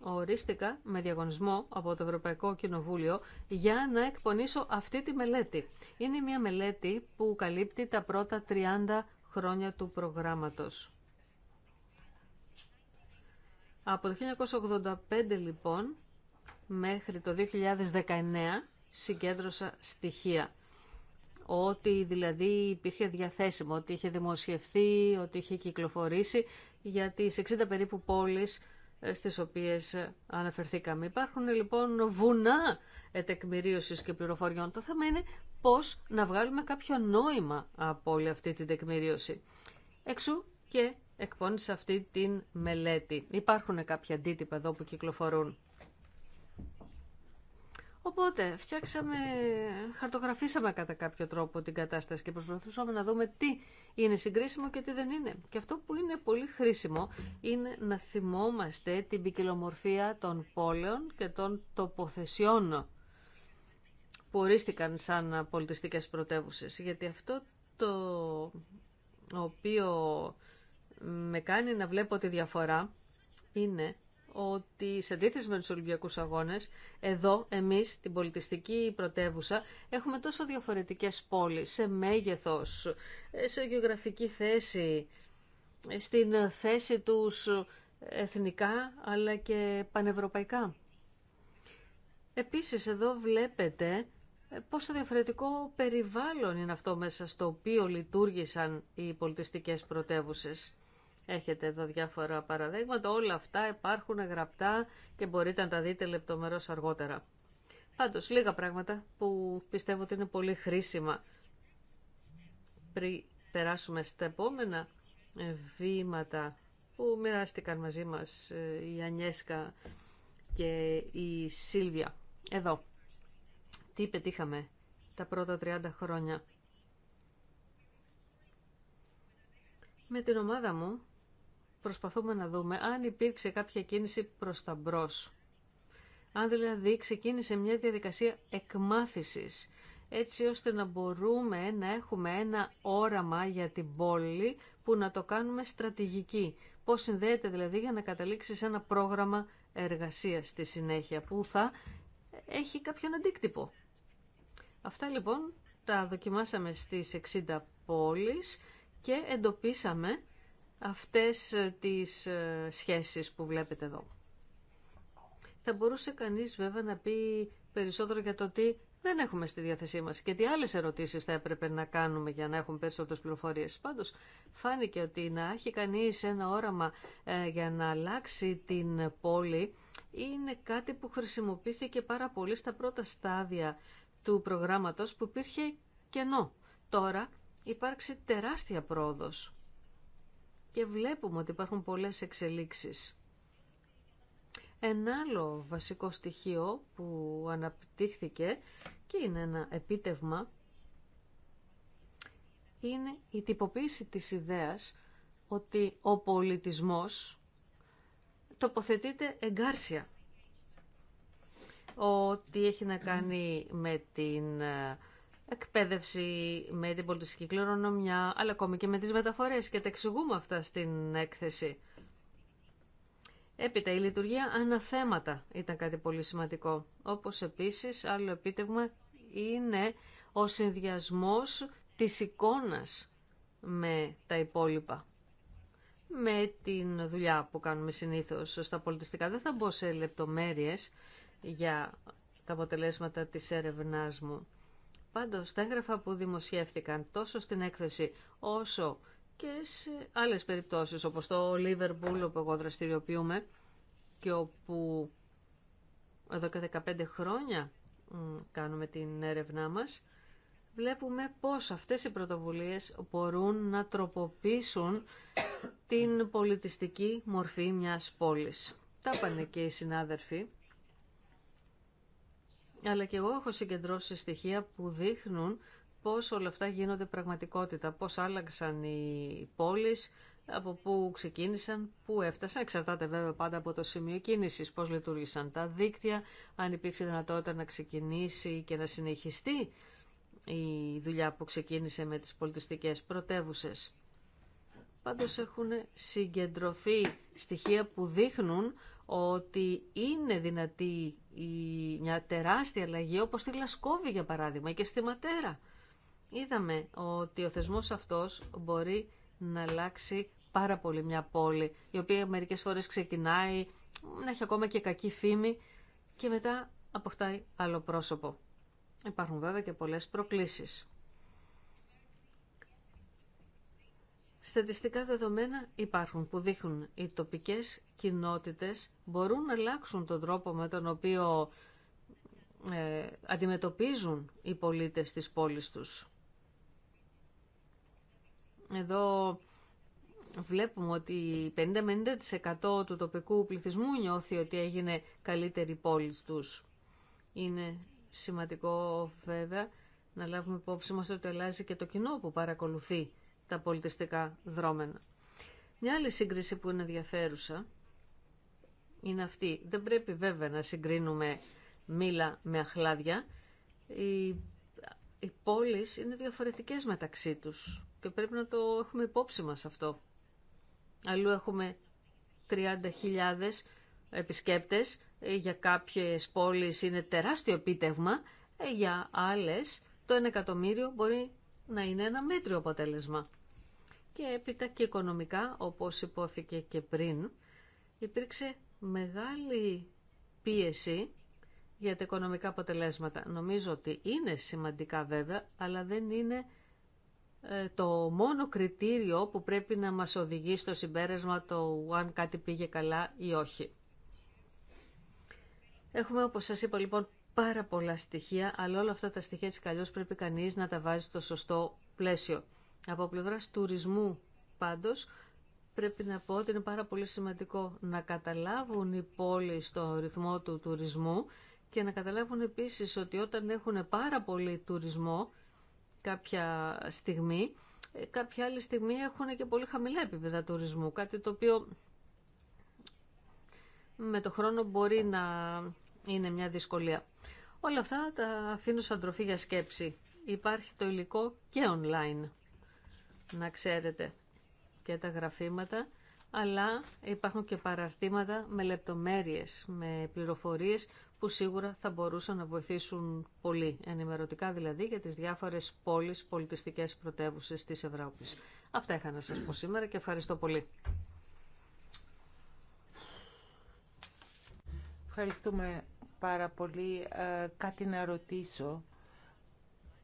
ορίστηκα με διαγωνισμό από το Ευρωπαϊκό Κοινοβούλιο για να εκπονήσω αυτή τη μελέτη. Είναι μια μελέτη που καλύπτει τα πρώτα 30 χρόνια του προγράμματος. Από το 1985 λοιπόν μέχρι το 2019 συγκέντρωσα στοιχεία. Ότι δηλαδή υπήρχε διαθέσιμο, ότι είχε δημοσιευθεί, ότι είχε κυκλοφορήσει για τις 60 περίπου πόλεις ε, στις οποίες ε, αναφερθήκαμε. Υπάρχουν λοιπόν βουνά τεκμηρίωσης και πληροφοριών. Το θέμα είναι πώς να βγάλουμε κάποιο νόημα από όλη αυτή την τεκμηρίωση. Εξού και εκπώνησε αυτή την μελέτη. Υπάρχουν κάποια αντίτυπα εδώ που κυκλοφορούν. Οπότε φτιάξαμε, χαρτογραφήσαμε κατά κάποιο τρόπο την κατάσταση και προσπαθούσαμε να δούμε τι είναι συγκρίσιμο και τι δεν είναι. Και αυτό που είναι πολύ χρήσιμο είναι να θυμόμαστε την ποικιλομορφία των πόλεων και των τοποθεσιών που ορίστηκαν σαν πολιτιστικές πρωτεύουσες. Γιατί αυτό το οποίο με κάνει να βλέπω τη διαφορά είναι ότι σε αντίθεση με τους Ολυμπιακούς Αγώνες, εδώ εμείς την πολιτιστική πρωτεύουσα έχουμε τόσο διαφορετικές πόλεις σε μέγεθος, σε γεωγραφική θέση, στην θέση τους εθνικά αλλά και πανευρωπαϊκά. Επίσης εδώ βλέπετε πόσο διαφορετικό περιβάλλον είναι αυτό μέσα στο οποίο λειτουργήσαν οι πολιτιστικές πρωτεύουσες. Έχετε εδώ διάφορα παραδείγματα, όλα αυτά υπάρχουν γραπτά και μπορείτε να τα δείτε λεπτομερώς αργότερα. Πάντως, λίγα πράγματα που πιστεύω ότι είναι πολύ χρήσιμα. Πριν περάσουμε στα επόμενα βήματα που μοιράστηκαν μαζί μας ε, η Ανιέσκα και η Σίλβια. Εδώ. Τι πετύχαμε τα πρώτα 30 χρόνια. Με την ομάδα μου προσπαθούμε να δούμε αν υπήρξε κάποια κίνηση προς τα μπρος. Αν δηλαδή ξεκίνησε μια διαδικασία εκμάθησης, έτσι ώστε να μπορούμε να έχουμε ένα όραμα για την πόλη που να το κάνουμε στρατηγική. Πώς συνδέεται δηλαδή για να καταλήξει σε ένα πρόγραμμα εργασίας στη συνέχεια που θα έχει κάποιον αντίκτυπο. Αυτά λοιπόν τα δοκιμάσαμε στις 60 πόλεις και εντοπίσαμε αυτές ε, τις ε, σχέσεις που βλέπετε εδώ. Θα μπορούσε κανείς βέβαια να πει περισσότερο για το τι δεν έχουμε στη διάθεσή μας και τι άλλες ερωτήσεις θα έπρεπε να κάνουμε για να έχουμε περισσότερες πληροφορίες. Πάντως φάνηκε ότι να έχει κανείς ένα όραμα ε, για να αλλάξει την πόλη είναι κάτι που χρησιμοποιήθηκε πάρα πολύ στα πρώτα στάδια του προγράμματος που υπήρχε κενό. Τώρα υπάρξει τεράστια πρόοδος και βλέπουμε ότι υπάρχουν πολλές εξελίξεις. Ένα άλλο βασικό στοιχείο που αναπτύχθηκε και είναι ένα επίτευγμα είναι η τυποποίηση της ιδέας ότι ο πολιτισμός τοποθετείται εγκάρσια. Ότι έχει να κάνει με την ε, εκπαίδευση με την πολιτιστική κληρονομιά, αλλά ακόμη και με τις μεταφορές και τα εξηγούμε αυτά στην έκθεση. Έπειτα η λειτουργία αναθέματα ήταν κάτι πολύ σημαντικό, όπως επίσης άλλο επίτευγμα είναι ο συνδυασμός της εικόνας με τα υπόλοιπα με την δουλειά που κάνουμε συνήθως στα πολιτιστικά. Δεν θα μπω σε λεπτομέρειες για τα αποτελέσματα της έρευνάς μου. Πάντως, τα έγγραφα που δημοσιεύτηκαν τόσο στην έκθεση όσο και σε άλλες περιπτώσεις, όπως το Liverpool που εγώ δραστηριοποιούμε και όπου εδώ και 15 χρόνια κάνουμε την έρευνά μας, βλέπουμε πώς αυτές οι πρωτοβουλίες μπορούν να τροποποιήσουν την πολιτιστική μορφή μιας πόλης. Τα πάνε και οι συνάδελφοι αλλά και εγώ έχω συγκεντρώσει στοιχεία που δείχνουν πώς όλα αυτά γίνονται πραγματικότητα, πώς άλλαξαν οι πόλεις, από πού ξεκίνησαν, πού έφτασαν, εξαρτάται βέβαια πάντα από το σημείο κίνησης, πώς λειτουργήσαν τα δίκτυα, αν υπήρξε δυνατότητα να ξεκινήσει και να συνεχιστεί η δουλειά που ξεκίνησε με τις πολιτιστικές πρωτεύουσε. Πάντως έχουν συγκεντρωθεί στοιχεία που δείχνουν ότι είναι δυνατή μια τεράστια αλλαγή, όπως στη Λασκόβη, για παράδειγμα και στη Ματέρα. Είδαμε ότι ο θεσμός αυτός μπορεί να αλλάξει πάρα πολύ μια πόλη, η οποία μερικές φορές ξεκινάει να έχει ακόμα και κακή φήμη και μετά αποκτάει άλλο πρόσωπο. Υπάρχουν βέβαια και πολλές προκλήσεις. Στατιστικά δεδομένα υπάρχουν που δείχνουν οι τοπικές κοινότητες μπορούν να αλλάξουν τον τρόπο με τον οποίο ε, αντιμετωπίζουν οι πολίτες της πόλης τους. Εδώ βλέπουμε ότι 50-50% του τοπικού πληθυσμού νιώθει ότι έγινε καλύτερη πόλη τους. Είναι σημαντικό βέβαια να λάβουμε υπόψη μας ότι αλλάζει και το κοινό που παρακολουθεί τα πολιτιστικά δρόμενα. Μια άλλη σύγκριση που είναι ενδιαφέρουσα είναι αυτή. Δεν πρέπει βέβαια να συγκρίνουμε μήλα με αχλάδια. Οι, οι πόλεις είναι διαφορετικές μεταξύ τους και πρέπει να το έχουμε υπόψη μας αυτό. Αλλού έχουμε 30.000 επισκέπτες, ε, για κάποιες πόλεις είναι τεράστιο επίτευγμα, ε, για άλλες το 1 εκατομμύριο μπορεί να είναι ένα μέτριο αποτέλεσμα και έπειτα και οικονομικά, όπως υπόθηκε και πριν, υπήρξε μεγάλη πίεση για τα οικονομικά αποτελέσματα. Νομίζω ότι είναι σημαντικά βέβαια, αλλά δεν είναι ε, το μόνο κριτήριο που πρέπει να μας οδηγεί στο συμπέρασμα το αν κάτι πήγε καλά ή όχι. Έχουμε, όπως σας είπα λοιπόν, πάρα πολλά στοιχεία, αλλά όλα αυτά τα στοιχεία της καλλιώς πρέπει κανείς να τα βάζει στο σωστό πλαίσιο. Από πλευράς τουρισμού πάντως πρέπει να πω ότι είναι πάρα πολύ σημαντικό να καταλάβουν οι πόλεις το ρυθμό του τουρισμού και να καταλάβουν επίσης ότι όταν έχουν πάρα πολύ τουρισμό κάποια στιγμή, ε, κάποια άλλη στιγμή έχουν και πολύ χαμηλά επίπεδα τουρισμού, κάτι το οποίο με το χρόνο μπορεί να είναι μια δυσκολία. Όλα αυτά τα αφήνω σαν τροφή για σκέψη. Υπάρχει το υλικό και online να ξέρετε και τα γραφήματα, αλλά υπάρχουν και παραρτήματα με λεπτομέρειες, με πληροφορίες που σίγουρα θα μπορούσαν να βοηθήσουν πολύ, ενημερωτικά δηλαδή για τις διάφορες πόλεις, πολιτιστικές πρωτεύουσες της Ευρώπης. Αυτά είχα να σας πω σήμερα και ευχαριστώ πολύ. Ευχαριστούμε πάρα πολύ. Ε, κάτι να ρωτήσω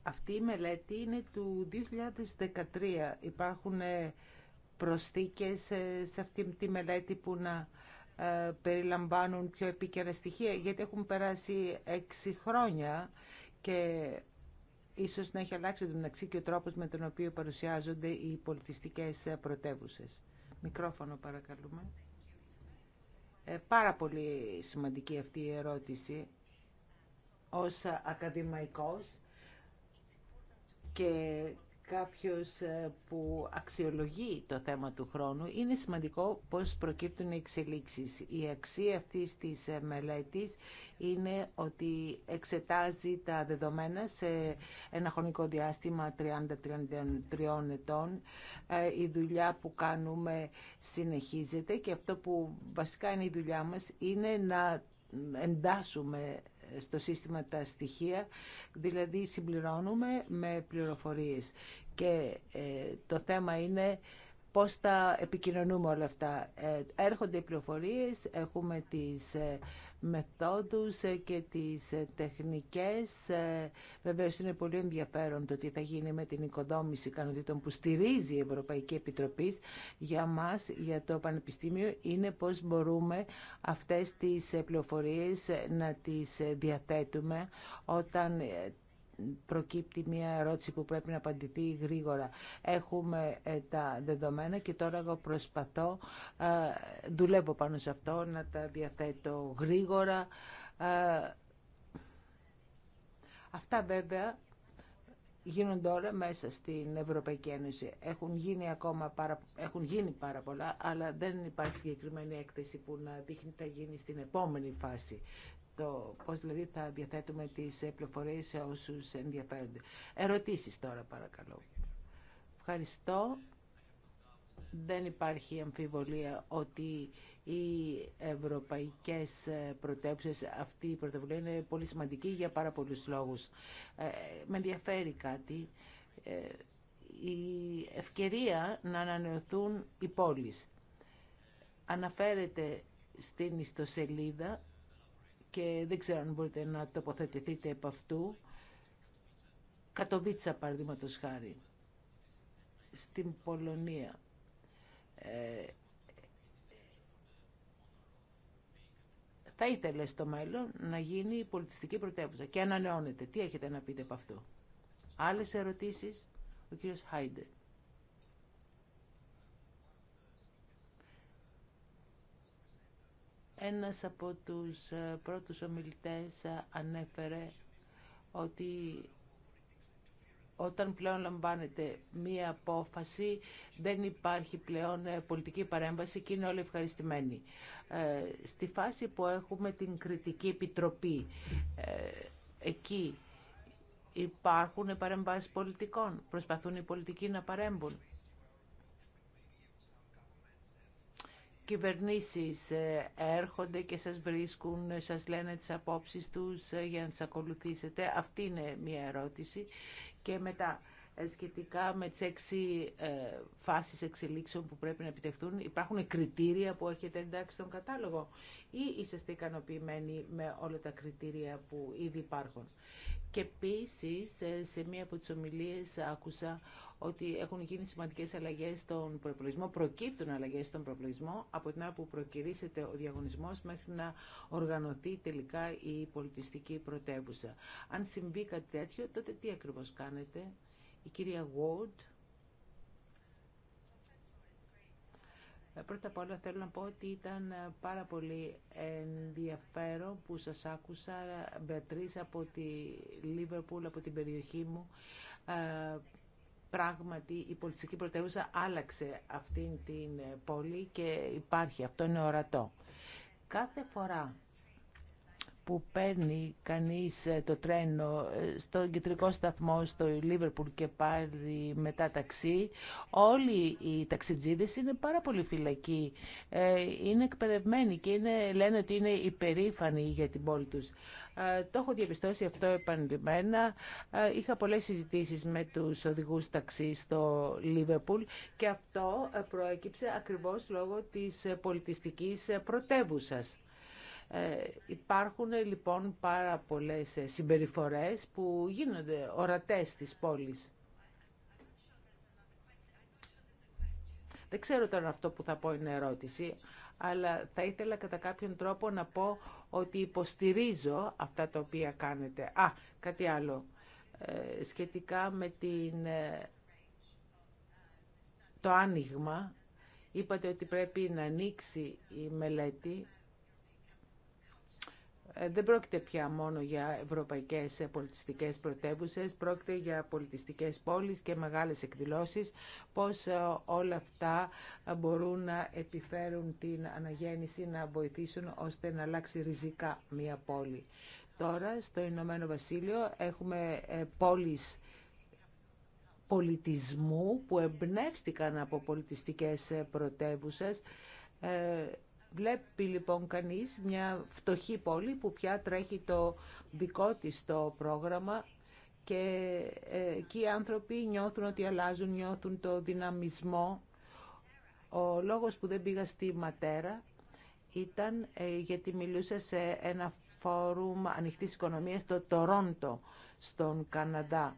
αυτή η μελέτη είναι του 2013. Υπάρχουν ε, προσθήκες ε, σε αυτή τη μελέτη που να ε, περιλαμβάνουν πιο επίκαιρα στοιχεία, γιατί έχουν περάσει έξι χρόνια και ίσως να έχει αλλάξει το μεταξύ και ο τρόπος με τον οποίο παρουσιάζονται οι πολιτιστικές πρωτεύουσε. Μικρόφωνο παρακαλούμε. πάρα πολύ σημαντική αυτή η ερώτηση. Ως ακαδημαϊκός και κάποιος ε, που αξιολογεί το θέμα του χρόνου, είναι σημαντικό πώς προκύπτουν οι εξελίξεις. Η αξία αυτής της ε, μελέτης είναι ότι εξετάζει τα δεδομένα σε ένα χρονικό διάστημα 30-33 ετών. Ε, η δουλειά που κάνουμε συνεχίζεται και αυτό που βασικά είναι η δουλειά μας είναι να εντάσσουμε στο σύστημα τα στοιχεία, δηλαδή συμπληρώνουμε με πληροφορίες. Και ε, το θέμα είναι πώς τα επικοινωνούμε όλα αυτά. Ε, έρχονται οι πληροφορίες, έχουμε τις ε, μεθόδους ε, και τις τεχνικές. Βεβαίως είναι πολύ ενδιαφέρον το τι θα γίνει με την οικοδόμηση ικανοτήτων που στηρίζει η Ευρωπαϊκή Επιτροπή για μας, για το Πανεπιστήμιο, είναι πώς μπορούμε αυτές τις πληροφορίες να τις διαθέτουμε όταν προκύπτει μια ερώτηση που πρέπει να απαντηθεί γρήγορα. Έχουμε ε, τα δεδομένα και τώρα εγώ προσπαθώ, ε, δουλεύω πάνω σε αυτό, να τα διαθέτω γρήγορα. Ε, αυτά βέβαια γίνονται όλα μέσα στην Ευρωπαϊκή Ένωση. Έχουν γίνει, ακόμα πάρα, έχουν γίνει πάρα πολλά, αλλά δεν υπάρχει συγκεκριμένη έκθεση που να δείχνει τι θα γίνει στην επόμενη φάση το πώς δηλαδή θα διαθέτουμε τις ε, πληροφορίες σε όσους ενδιαφέρονται. Ερωτήσεις τώρα παρακαλώ. Ευχαριστώ. Δεν υπάρχει αμφιβολία ότι οι ευρωπαϊκές ε, πρωτεύουσες, αυτή η πρωτοβουλία είναι πολύ σημαντική για πάρα πολλούς λόγους. Ε, με ενδιαφέρει κάτι. η ευκαιρία να ανανεωθούν οι πόλεις. Αναφέρεται στην ιστοσελίδα και δεν ξέρω αν μπορείτε να τοποθετηθείτε επ' αυτού. Κατοβίτσα, παραδείγματο χάρη, στην Πολωνία. Ε, θα ήθελε στο μέλλον να γίνει η πολιτιστική πρωτεύουσα και ανανεώνεται. Τι έχετε να πείτε επ' αυτού Άλλες ερωτήσεις, ο κύριος Χάιντερ Ένας από τους ε, πρώτους ομιλητές ε, ανέφερε ότι όταν πλέον λαμβάνεται μία απόφαση, δεν υπάρχει πλέον ε, πολιτική παρέμβαση και είναι όλοι ευχαριστημένοι. στη φάση που έχουμε την κριτική επιτροπή, εκεί υπάρχουν παρεμβάσεις πολιτικών. Προσπαθούν οι πολιτικοί να παρέμβουν. κυβερνήσεις ε, έρχονται και σας βρίσκουν, ε, σας λένε τις απόψεις τους ε, για να τις ακολουθήσετε. Αυτή είναι μια ερώτηση. Και μετά, σχετικά με τις έξι φάσεις εξελίξεων που πρέπει να επιτευχθούν, υπάρχουν κριτήρια που έχετε εντάξει στον κατάλογο ή είσαστε ικανοποιημένοι με όλα τα κριτήρια που ήδη υπάρχουν. Και επίση σε μία από τις ομιλίες άκουσα ότι έχουν γίνει σημαντικέ αλλαγέ στον προπολογισμό, προκύπτουν αλλαγέ στον προπολογισμό από την ώρα που προκυρήσεται ο διαγωνισμό μέχρι να οργανωθεί τελικά η πολιτιστική πρωτεύουσα. Αν συμβεί κάτι τέτοιο, τότε τι ακριβώ κάνετε, η κυρία Βόρτ. Πρώτα απ' όλα θέλω να πω ότι ήταν πάρα πολύ ενδιαφέρον που σας άκουσα, Μπεατρίς, από τη Λίβερπουλ, από την περιοχή μου. Πράγματι, η πολιτιστική πρωτεύουσα άλλαξε αυτήν την πόλη και υπάρχει. Αυτό είναι ορατό. Κάθε φορά που παίρνει κανείς ε, το τρένο ε, στο κεντρικό σταθμό στο Λίβερπουλ και πάρει μετά ταξί, όλοι οι ταξιτζίδες είναι πάρα πολύ φυλακοί. Ε, είναι εκπαιδευμένοι και είναι, λένε ότι είναι υπερήφανοι για την πόλη τους. Το έχω διαπιστώσει αυτό επανειλημμένα. Είχα πολλές συζητήσεις με τους οδηγούς ταξί στο Λίβερπουλ και αυτό προέκυψε ακριβώς λόγω της πολιτιστικής πρωτεύουσας. Ε, υπάρχουν λοιπόν πάρα πολλές ε, συμπεριφορές που γίνονται ορατές της πόλεις. Δεν ξέρω τώρα αυτό που θα πω είναι ερώτηση, αλλά θα ήθελα κατά κάποιον τρόπο να πω ότι υποστηρίζω αυτά τα οποία κάνετε. Α, κάτι άλλο. Ε, σχετικά με την, το άνοιγμα, είπατε ότι πρέπει να ανοίξει η μελέτη δεν πρόκειται πια μόνο για ευρωπαϊκές πολιτιστικές πρωτεύουσες, πρόκειται για πολιτιστικές πόλεις και μεγάλες εκδηλώσεις, πώς ε, όλα αυτά μπορούν να επιφέρουν την αναγέννηση, να βοηθήσουν ώστε να αλλάξει ριζικά μια πόλη. Τώρα στο Ηνωμένο Βασίλειο έχουμε ε, πόλεις πολιτισμού που εμπνεύστηκαν από πολιτιστικές ε, πρωτεύουσες Βλέπει λοιπόν κανείς μια φτωχή πόλη που πια τρέχει το δικό της το πρόγραμμα και ε, εκεί οι άνθρωποι νιώθουν ότι αλλάζουν, νιώθουν το δυναμισμό. Ο λόγος που δεν πήγα στη Ματέρα ήταν ε, γιατί μιλούσα σε ένα φόρουμ ανοιχτής οικονομίας στο Τορόντο, στον Καναδά.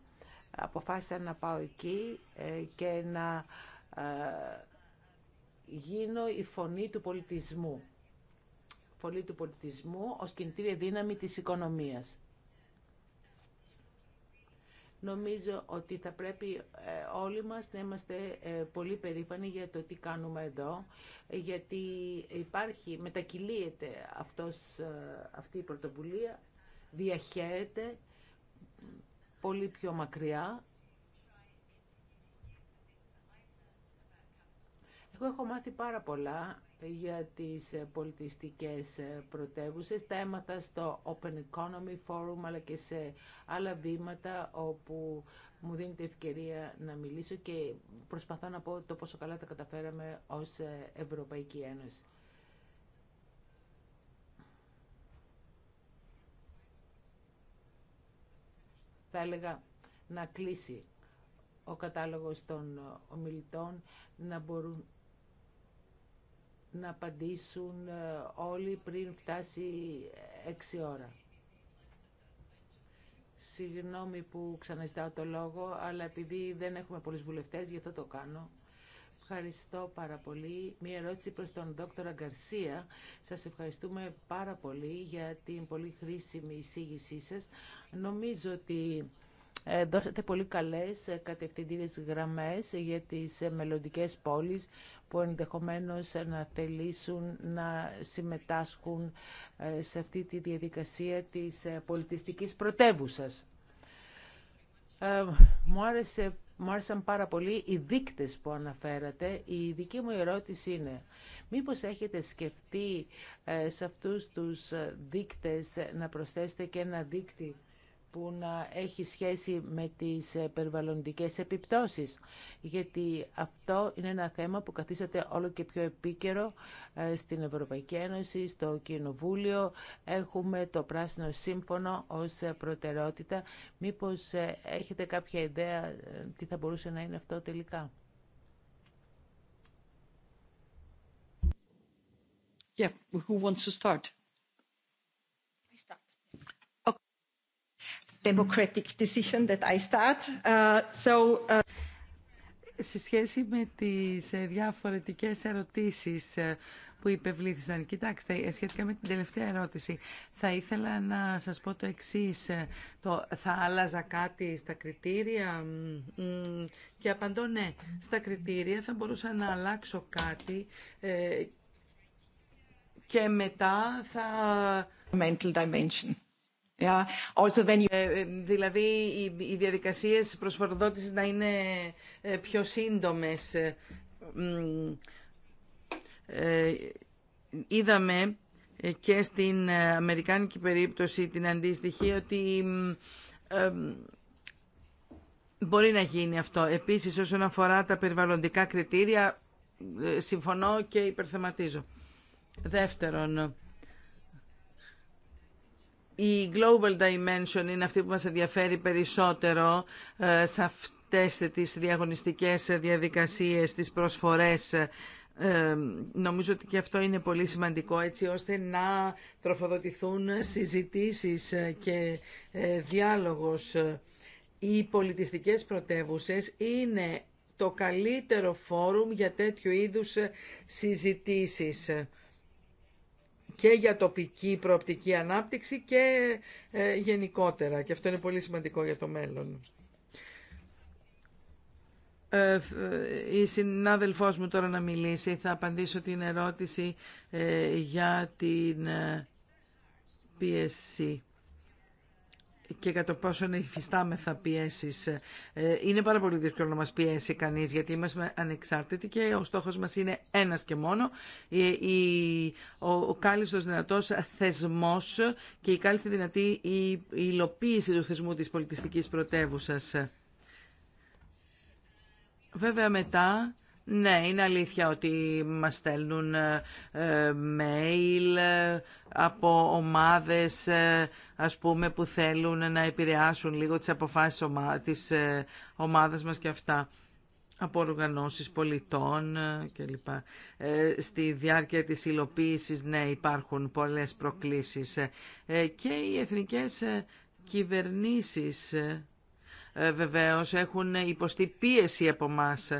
Αποφάσισα να πάω εκεί ε, και να γίνω η φωνή του πολιτισμού. Φωνή του πολιτισμού ως κινητήρια δύναμη της οικονομίας. Νομίζω ότι θα πρέπει ε, όλοι μας να είμαστε ε, πολύ περήφανοι για το τι κάνουμε εδώ, γιατί υπάρχει, μετακυλίεται αυτός, ε, αυτή η πρωτοβουλία, διαχέεται πολύ πιο μακριά Εγώ έχω μάθει πάρα πολλά για τις ε, πολιτιστικές ε, πρωτεύουσες. Τα έμαθα στο Open Economy Forum αλλά και σε άλλα βήματα όπου μου δίνεται ευκαιρία να μιλήσω και προσπαθώ να πω το πόσο καλά τα καταφέραμε ως ε, Ευρωπαϊκή Ένωση. Θα έλεγα να κλείσει ο κατάλογος των ομιλητών, να μπορούν να απαντήσουν ε, όλοι πριν φτάσει έξι ώρα. Συγγνώμη που ξαναζητάω το λόγο, αλλά επειδή δεν έχουμε πολλούς βουλευτές, γι' αυτό το κάνω. Ευχαριστώ πάρα πολύ. Μία ερώτηση προς τον δόκτωρα Γκαρσία. Σας ευχαριστούμε πάρα πολύ για την πολύ χρήσιμη εισήγησή σας. Νομίζω ότι ε, δώσατε πολύ καλές ε, κατευθυντήρες γραμμές για τις ε, μελλοντικές πόλεις που ενδεχομένως να θελήσουν να συμμετάσχουν σε αυτή τη διαδικασία της πολιτιστικής πρωτεύουσας. Μου, άρεσε, μου άρεσαν πάρα πολύ οι δείκτες που αναφέρατε. Η δική μου ερώτηση είναι, μήπως έχετε σκεφτεί σε αυτούς τους δείκτες να προσθέσετε και ένα δείκτη που να έχει σχέση με τις ε, περιβαλλοντικές επιπτώσεις. Γιατί αυτό είναι ένα θέμα που καθίσατε όλο και πιο επίκαιρο ε, στην Ευρωπαϊκή Ένωση, στο Κοινοβούλιο. Έχουμε το Πράσινο Σύμφωνο ως ε, προτεραιότητα. Μήπως έχετε κάποια ιδέα τι θα μπορούσε να είναι αυτό τελικά. Yeah, who wants to start? Uh, uh, σε σχέση με τις ε, διαφορετικές ερωτήσεις ε, που υπευλήθησαν. Κοιτάξτε, ε, σχετικά με την τελευταία ερώτηση, θα ήθελα να σας πω το εξής. Το, θα άλλαζα κάτι στα κριτήρια και απαντώ ναι. Στα κριτήρια θα μπορούσα να αλλάξω κάτι και μετά θα... Mental dimension. Ε, ε, δηλαδή οι, διαδικασίες προσφοροδότησης να είναι ε, πιο σύντομες. είδαμε και στην αμερικάνικη περίπτωση την αντίστοιχη ότι μπορεί να γίνει αυτό. Επίσης όσον αφορά τα περιβαλλοντικά κριτήρια συμφωνώ και υπερθεματίζω. Δεύτερον, η global dimension είναι αυτή που μας ενδιαφέρει περισσότερο ε, σε αυτές τις διαγωνιστικές διαδικασίες, τις προσφορές. Ε, νομίζω ότι και αυτό είναι πολύ σημαντικό έτσι ώστε να τροφοδοτηθούν συζητήσεις και ε, διάλογος. Οι πολιτιστικές πρωτεύουσες είναι το καλύτερο φόρουμ για τέτοιου είδους συζητήσεις και για τοπική προοπτική ανάπτυξη και ε, γενικότερα. Και αυτό είναι πολύ σημαντικό για το μέλλον. Ε, ε, η συνάδελφός μου τώρα να μιλήσει. Θα απαντήσω την ερώτηση ε, για την PSC και κατά πόσο υφιστάμεθα πιέσει, ε, Είναι πάρα πολύ δύσκολο να μας πιέσει κανείς γιατί είμαστε ανεξάρτητοι και ο στόχος μας είναι ένας και μόνο. Ο, ο κάλλιστος δυνατός θεσμός και η κάλλιστη δυνατή η υλοποίηση του θεσμού της πολιτιστική πρωτεύουσα. Βέβαια μετά ναι, είναι αλήθεια ότι μας στέλνουν ε, ε, mail ε, από ομάδες ας πούμε που θέλουν να επηρεάσουν λίγο τις αποφάσεις της ομάδας μας και αυτά από οργανώσεις πολιτών κλπ. Ε, στη διάρκεια της υλοποίηση, ναι, υπάρχουν πολλές προκλήσεις. και οι εθνικές κυβερνήσεις ε, βεβαίως έχουν υποστεί πίεση από μας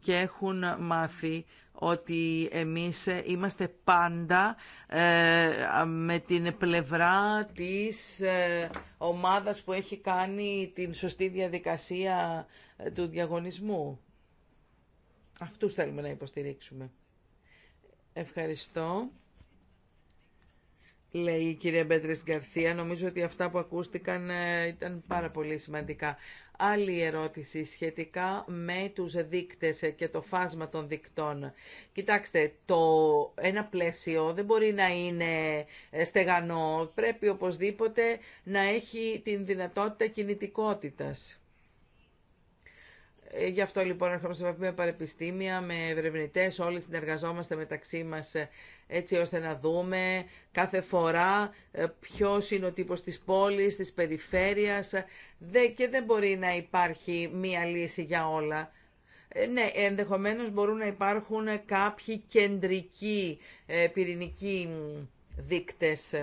και έχουν μάθει ότι εμείς είμαστε πάντα ε, με την πλευρά της ε, ομάδας που έχει κάνει την σωστή διαδικασία ε, του διαγωνισμού. Αυτούς θέλουμε να υποστηρίξουμε. Ευχαριστώ λέει η κυρία Μπέτρης Γκαρθία. Νομίζω ότι αυτά που ακούστηκαν ε, ήταν πάρα πολύ σημαντικά. Άλλη ερώτηση σχετικά με τους δείκτες και το φάσμα των δικτών. Κοιτάξτε, το ένα πλαίσιο δεν μπορεί να είναι ε, στεγανό. Πρέπει οπωσδήποτε να έχει την δυνατότητα κινητικότητας. Ε, γι' αυτό λοιπόν έρχομαστε σε επαφή με πανεπιστήμια, με ερευνητέ, όλοι συνεργαζόμαστε μεταξύ μα ε, έτσι ώστε να δούμε κάθε φορά ε, ποιο είναι ο τύπο τη πόλη, τη περιφέρεια και δεν μπορεί να υπάρχει μία λύση για όλα. Ναι, ενδεχομένως μπορούν να υπάρχουν κάποιοι κεντρικοί πυρηνικοί δείκτες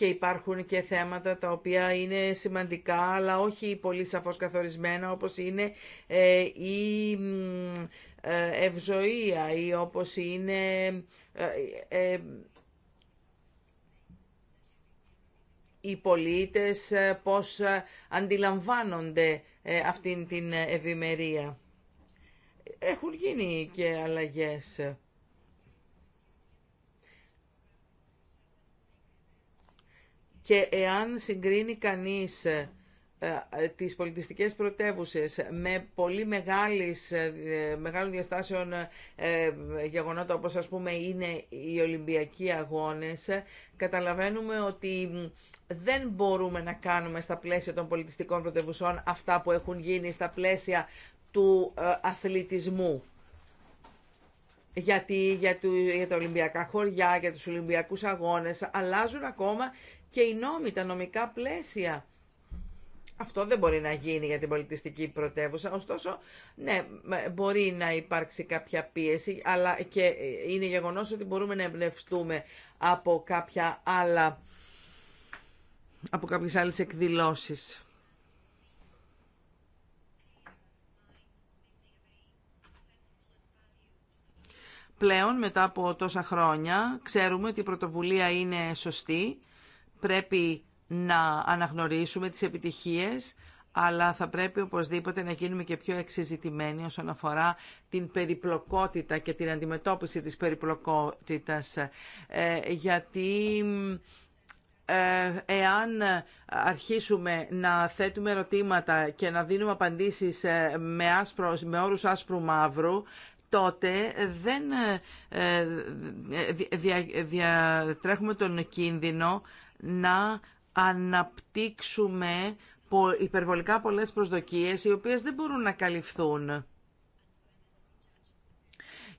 και υπάρχουν και θέματα τα οποία είναι σημαντικά αλλά όχι πολύ σαφώς καθορισμένα όπως είναι ε, η ε, ευζοία ή όπως είναι ε, οι πολίτες πώς αντιλαμβάνονται αυτήν την ευημερία. Έχουν γίνει και αλλαγές. και εάν συγκρίνει κανείς ε, ε, τις πολιτιστικές πρωτεύουσες με πολύ μεγάλης, ε, μεγάλων διαστάσεων γεγονότα όπως ας πούμε είναι οι Ολυμπιακοί Αγώνες καταλαβαίνουμε ότι δεν μπορούμε να κάνουμε στα πλαίσια των πολιτιστικών πρωτεύουσών αυτά που έχουν γίνει στα πλαίσια του αθλητισμού γιατί για, του, τα Ολυμπιακά χωριά, για τους Ολυμπιακούς αγώνες αλλάζουν ακόμα και οι νόμοι, τα νομικά πλαίσια. Αυτό δεν μπορεί να γίνει για την πολιτιστική πρωτεύουσα. Ωστόσο, ναι, μπορεί να υπάρξει κάποια πίεση, αλλά και ε, είναι γεγονός ότι μπορούμε να εμπνευστούμε από κάποια άλλα από κάποιες άλλες εκδηλώσεις. Πλέον, μετά από τόσα χρόνια, ξέρουμε ότι η πρωτοβουλία είναι σωστή πρέπει να αναγνωρίσουμε τις επιτυχίες, αλλά θα πρέπει οπωσδήποτε να γίνουμε και πιο εξεζητημένοι όσον αφορά την περιπλοκότητα και την αντιμετώπιση της περιπλοκότητας, ε, γιατί ε, εάν αρχίσουμε να θέτουμε ερωτήματα και να δίνουμε απαντήσεις ε, με, άσπρο, με όρους άσπρου μαύρου, τότε δεν διατρέχουμε τον κίνδυνο να αναπτύξουμε υπερβολικά πολλές προσδοκίες οι οποίες δεν μπορούν να καλυφθούν.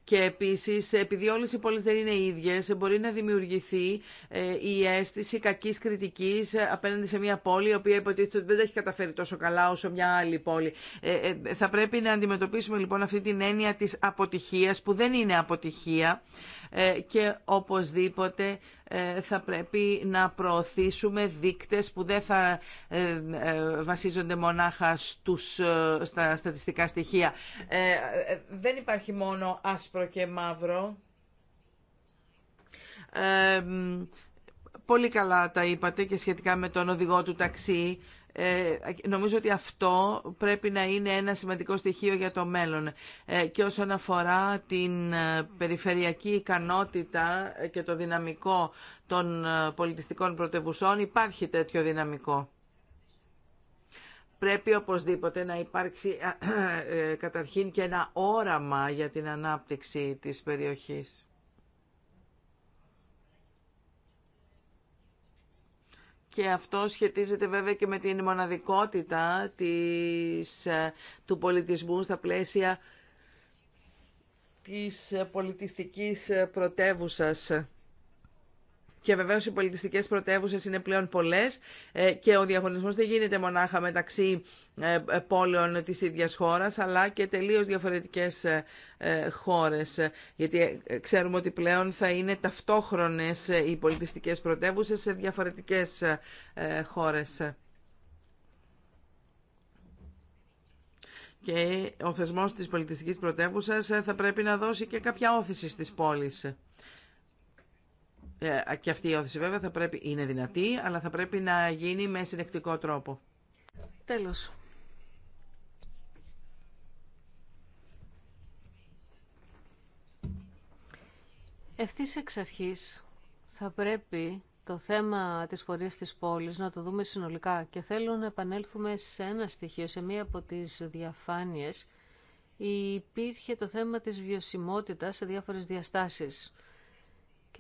Και επίσης, επειδή όλες οι πόλεις δεν είναι ίδιες, μπορεί να δημιουργηθεί ε, η αίσθηση κακής κριτικής ε, απέναντι σε μια πόλη, η οποία υποτίθεται ότι δεν τα έχει καταφέρει τόσο καλά όσο μια άλλη πόλη. Ε, θα πρέπει να αντιμετωπίσουμε λοιπόν αυτή την έννοια της αποτυχίας, που δεν είναι αποτυχία, ε, και οπωσδήποτε ε, θα πρέπει να προωθήσουμε δείκτες που δεν θα ε, βασίζονται μονάχα στους, στα στατιστικά στοιχεία. Δεν υπάρχει μόνο άσπρο και μαύρο. Πολύ καλά τα είπατε και σχετικά με τον οδηγό του ταξί ε, νομίζω ότι αυτό πρέπει να είναι ένα σημαντικό στοιχείο για το μέλλον. Ε, και όσον αφορά την ε, περιφερειακή ικανότητα και το δυναμικό των πολιτιστικών πρωτευουσών, υπάρχει τέτοιο δυναμικό. Πρέπει οπωσδήποτε να υπάρξει καταρχήν και ένα όραμα για την ανάπτυξη της περιοχής. και αυτό σχετίζεται βέβαια και με την μοναδικότητα της, ε, του πολιτισμού στα πλαίσια της ε, πολιτιστικής ε, πρωτεύουσας και βεβαίως οι πολιτιστικέ πρωτεύουσε είναι πλέον πολλές ε, και ο διαγωνισμό δεν γίνεται μονάχα μεταξύ ε, ε, πόλεων της ίδιας χώρας αλλά και τελείως διαφορετικές χώρες γιατί ξέρουμε ότι πλέον θα είναι ταυτόχρονες οι πολιτιστικέ πρωτεύουσες σε διαφορετικές χώρες. Και ο θεσμός της πολιτιστικής πρωτεύουσας θα πρέπει να δώσει και κάποια όθηση στις πόλεις. Ε, και αυτή η όθηση βέβαια θα πρέπει, είναι δυνατή, αλλά θα πρέπει να γίνει με συνεκτικό τρόπο. Τέλος. Ευθύς εξ αρχής θα πρέπει το θέμα της πορείας της πόλης να το δούμε συνολικά και θέλω να επανέλθουμε σε ένα στοιχείο, σε μία από τις διαφάνειες υπήρχε το θέμα της βιωσιμότητας σε διάφορες διαστάσεις.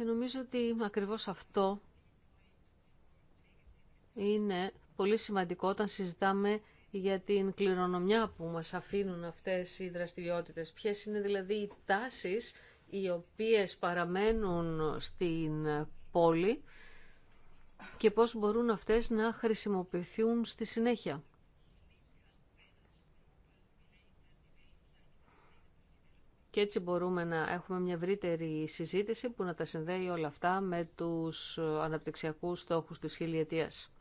Και νομίζω ότι ακριβώς αυτό είναι πολύ σημαντικό όταν συζητάμε για την κληρονομιά που μας αφήνουν αυτές οι δραστηριότητες. Ποιες είναι δηλαδή οι τάσεις οι οποίες παραμένουν στην πόλη και πώς μπορούν αυτές να χρησιμοποιηθούν στη συνέχεια. και έτσι μπορούμε να έχουμε μια ευρύτερη συζήτηση που να τα συνδέει όλα αυτά με τους αναπτυξιακούς στόχους της χιλιετίας.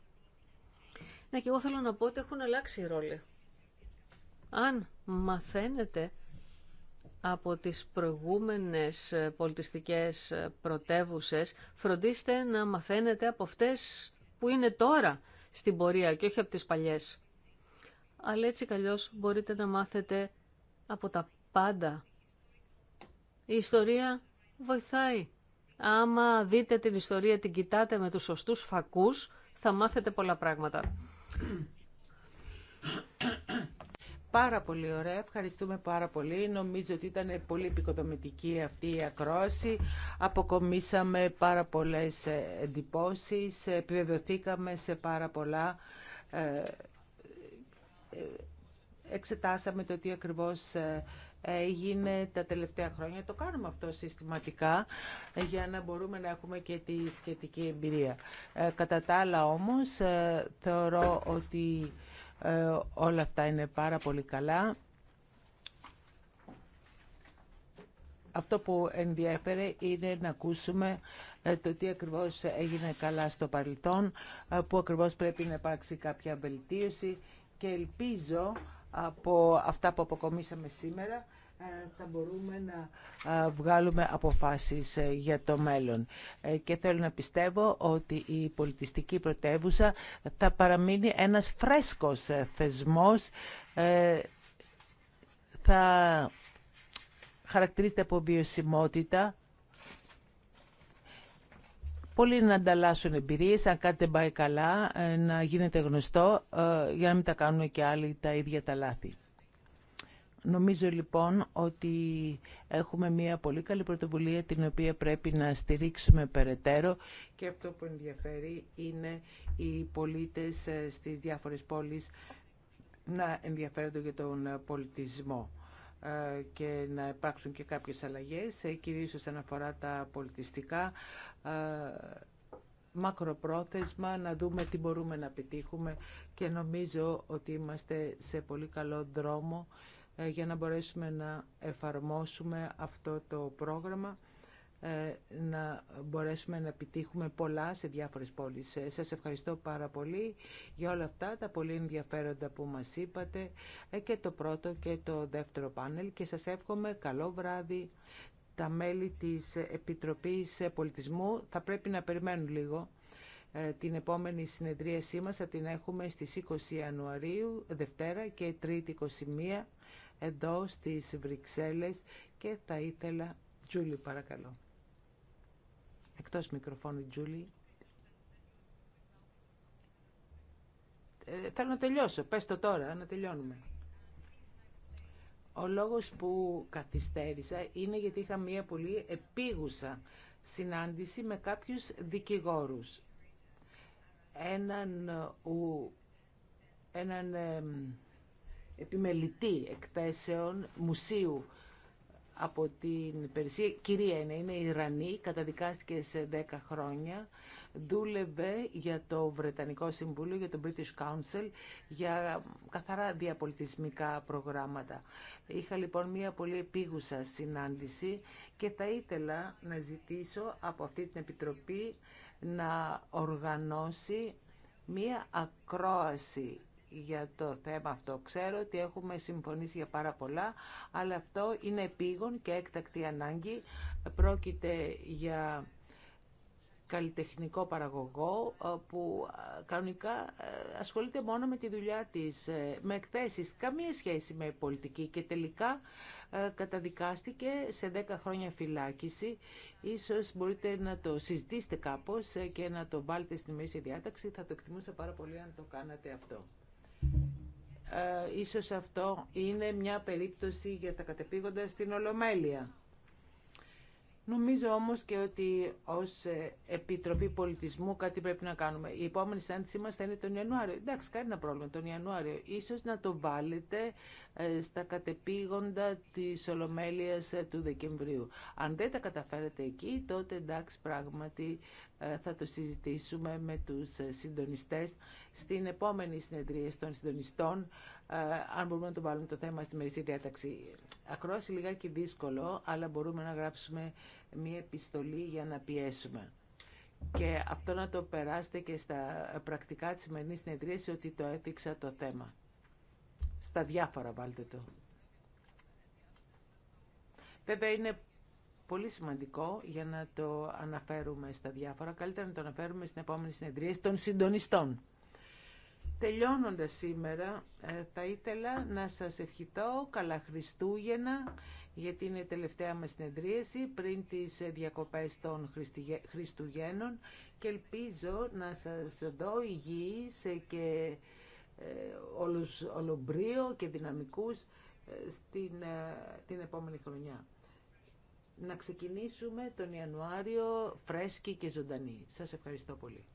Ναι, και εγώ θέλω να πω ότι έχουν αλλάξει οι ρόλοι. Αν μαθαίνετε από τις προηγούμενες πολιτιστικές πρωτεύουσες, φροντίστε να μαθαίνετε από αυτές που είναι τώρα στην πορεία και όχι από τις παλιές. Αλλά έτσι καλώς μπορείτε να μάθετε από τα πάντα η ιστορία βοηθάει. Άμα δείτε την ιστορία, την κοιτάτε με τους σωστούς φακούς, θα μάθετε πολλά πράγματα. Πάρα πολύ ωραία, ευχαριστούμε πάρα πολύ. Νομίζω ότι ήταν πολύ επικοδομητική αυτή η ακρόαση. Αποκομίσαμε πάρα πολλές ε, εντυπώσεις, επιβεβαιωθήκαμε σε πάρα πολλά. Ε, ε, εξετάσαμε το τι ακριβώς έγινε τα τελευταία χρόνια. Το κάνουμε αυτό συστηματικά ε, για να μπορούμε να έχουμε και τη σχετική εμπειρία. Ε, κατά τα άλλα όμως ε, θεωρώ ότι όλα αυτά είναι πάρα πολύ καλά. Αυτό που ενδιαφέρει είναι να ακούσουμε το τι ακριβώς έγινε καλά στο παρελθόν, που ακριβώς πρέπει να υπάρξει κάποια βελτίωση και ελπίζω από αυτά που αποκομίσαμε σήμερα ε, θα μπορούμε να ε, βγάλουμε αποφάσεις ε, για το μέλλον. Και θέλω να πιστεύω ότι η πολιτιστική πρωτεύουσα θα παραμείνει ένας φρέσκος θεσμός, θα χαρακτηρίζεται από βιωσιμότητα, Πολλοί να ανταλλάσσουν εμπειρίες, αν κάτι δεν πάει καλά, να γίνεται γνωστό, για να μην τα κάνουν και άλλοι τα ίδια τα λάθη. Νομίζω λοιπόν ότι έχουμε μια πολύ καλή πρωτοβουλία την οποία πρέπει να στηρίξουμε περαιτέρω και αυτό που ενδιαφέρει είναι οι πολίτες ε, στις διάφορες πόλεις να ενδιαφέρονται για τον ε, πολιτισμό ε, και να υπάρξουν και κάποιες αλλαγές, κυρίως όσον αφορά τα πολιτιστικά μακροπρόθεσμα, να δούμε τι μπορούμε να πετύχουμε και νομίζω ότι είμαστε σε πολύ καλό δρόμο ε, για να μπορέσουμε να εφαρμόσουμε αυτό το πρόγραμμα ε, να μπορέσουμε να επιτύχουμε πολλά σε διάφορες πόλεις. Ε, σας ευχαριστώ πάρα πολύ για όλα αυτά τα πολύ ενδιαφέροντα που μας είπατε και το πρώτο και το δεύτερο πάνελ και σας εύχομαι καλό βράδυ. Τα μέλη της Επιτροπής Πολιτισμού θα πρέπει να περιμένουν λίγο. Την επόμενη συνεδρίασή μας θα την έχουμε στις 20 Ιανουαρίου, Δευτέρα και Τρίτη 21 εδώ στις Βρυξέλλες και θα ήθελα... Τζούλη, παρακαλώ. Εκτός μικροφώνου, Τζούλη. Ε, θέλω να τελειώσω. Πες το τώρα, να τελειώνουμε. Ο λόγος που καθυστέρησα είναι γιατί είχα μία πολύ επίγουσα συνάντηση με κάποιους δικηγόρους. Έναν, ου, έναν επιμελητή εκθέσεων μουσείου από την Περσία. Κυρία είναι, είναι Ιρανή, καταδικάστηκε σε 10 χρόνια. Δούλευε για το Βρετανικό Συμβούλιο, για το British Council, για καθαρά διαπολιτισμικά προγράμματα. Είχα λοιπόν μία πολύ επίγουσα συνάντηση και θα ήθελα να ζητήσω από αυτή την Επιτροπή να οργανώσει μία ακρόαση για το θέμα αυτό. Ξέρω ότι έχουμε συμφωνήσει για πάρα πολλά, αλλά αυτό είναι επίγον και έκτακτη ανάγκη. Πρόκειται για καλλιτεχνικό παραγωγό ε, που ε, κανονικά ε, ασχολείται μόνο με τη δουλειά της, με εκθέσεις, καμία σχέση με πολιτική και τελικά καταδικάστηκε σε 10 χρόνια φυλάκιση. Ίσως μπορείτε να το συζητήσετε κάπως και να το βάλετε στη μέση διάταξη. Θα το εκτιμούσα πάρα πολύ αν το κάνατε αυτό. Ε, ίσως αυτό είναι μια περίπτωση για τα κατεπήγοντα στην Ολομέλεια. Νομίζω όμω και ότι ω ε, Επιτροπή Πολιτισμού κάτι πρέπει να κάνουμε. Η επόμενη συνάντησή μα θα είναι τον Ιανουάριο. Εντάξει, κάνει ένα πρόβλημα τον Ιανουάριο. Ίσως να το βάλετε ε, στα κατεπήγοντα της Ολομέλειας ε, του Δεκεμβρίου. Αν δεν τα καταφέρετε εκεί, τότε εντάξει πράγματι θα το συζητήσουμε με τους συντονιστέ στην επόμενη συνεδρία των συντονιστών ε, αν μπορούμε να το βάλουμε το θέμα στη μερική διάταξη. Ακρόαση λιγάκι δύσκολο, αλλά μπορούμε να γράψουμε μία επιστολή για να πιέσουμε. Και αυτό να το περάσετε και στα πρακτικά της σημερινής συνεδρίας ότι το έφηξα το θέμα. Στα διάφορα βάλτε το. Βέβαια είναι πολύ σημαντικό για να το αναφέρουμε στα διάφορα. Καλύτερα να το αναφέρουμε στην επόμενη συνεδρία των συντονιστών. Τελειώνοντας σήμερα, ε, θα ήθελα να σας ευχηθώ καλά Χριστούγεννα, γιατί είναι η τελευταία μας συνεδρίαση πριν τις ε, διακοπές των Χριστουγέννων και ελπίζω να σας δω υγιείς ε, και όλους ολομπρίο και δυναμικούς στην την επόμενη χρονιά. Να ξεκινήσουμε τον Ιανουάριο φρέσκοι και ζωντανοί. Σας ευχαριστώ πολύ.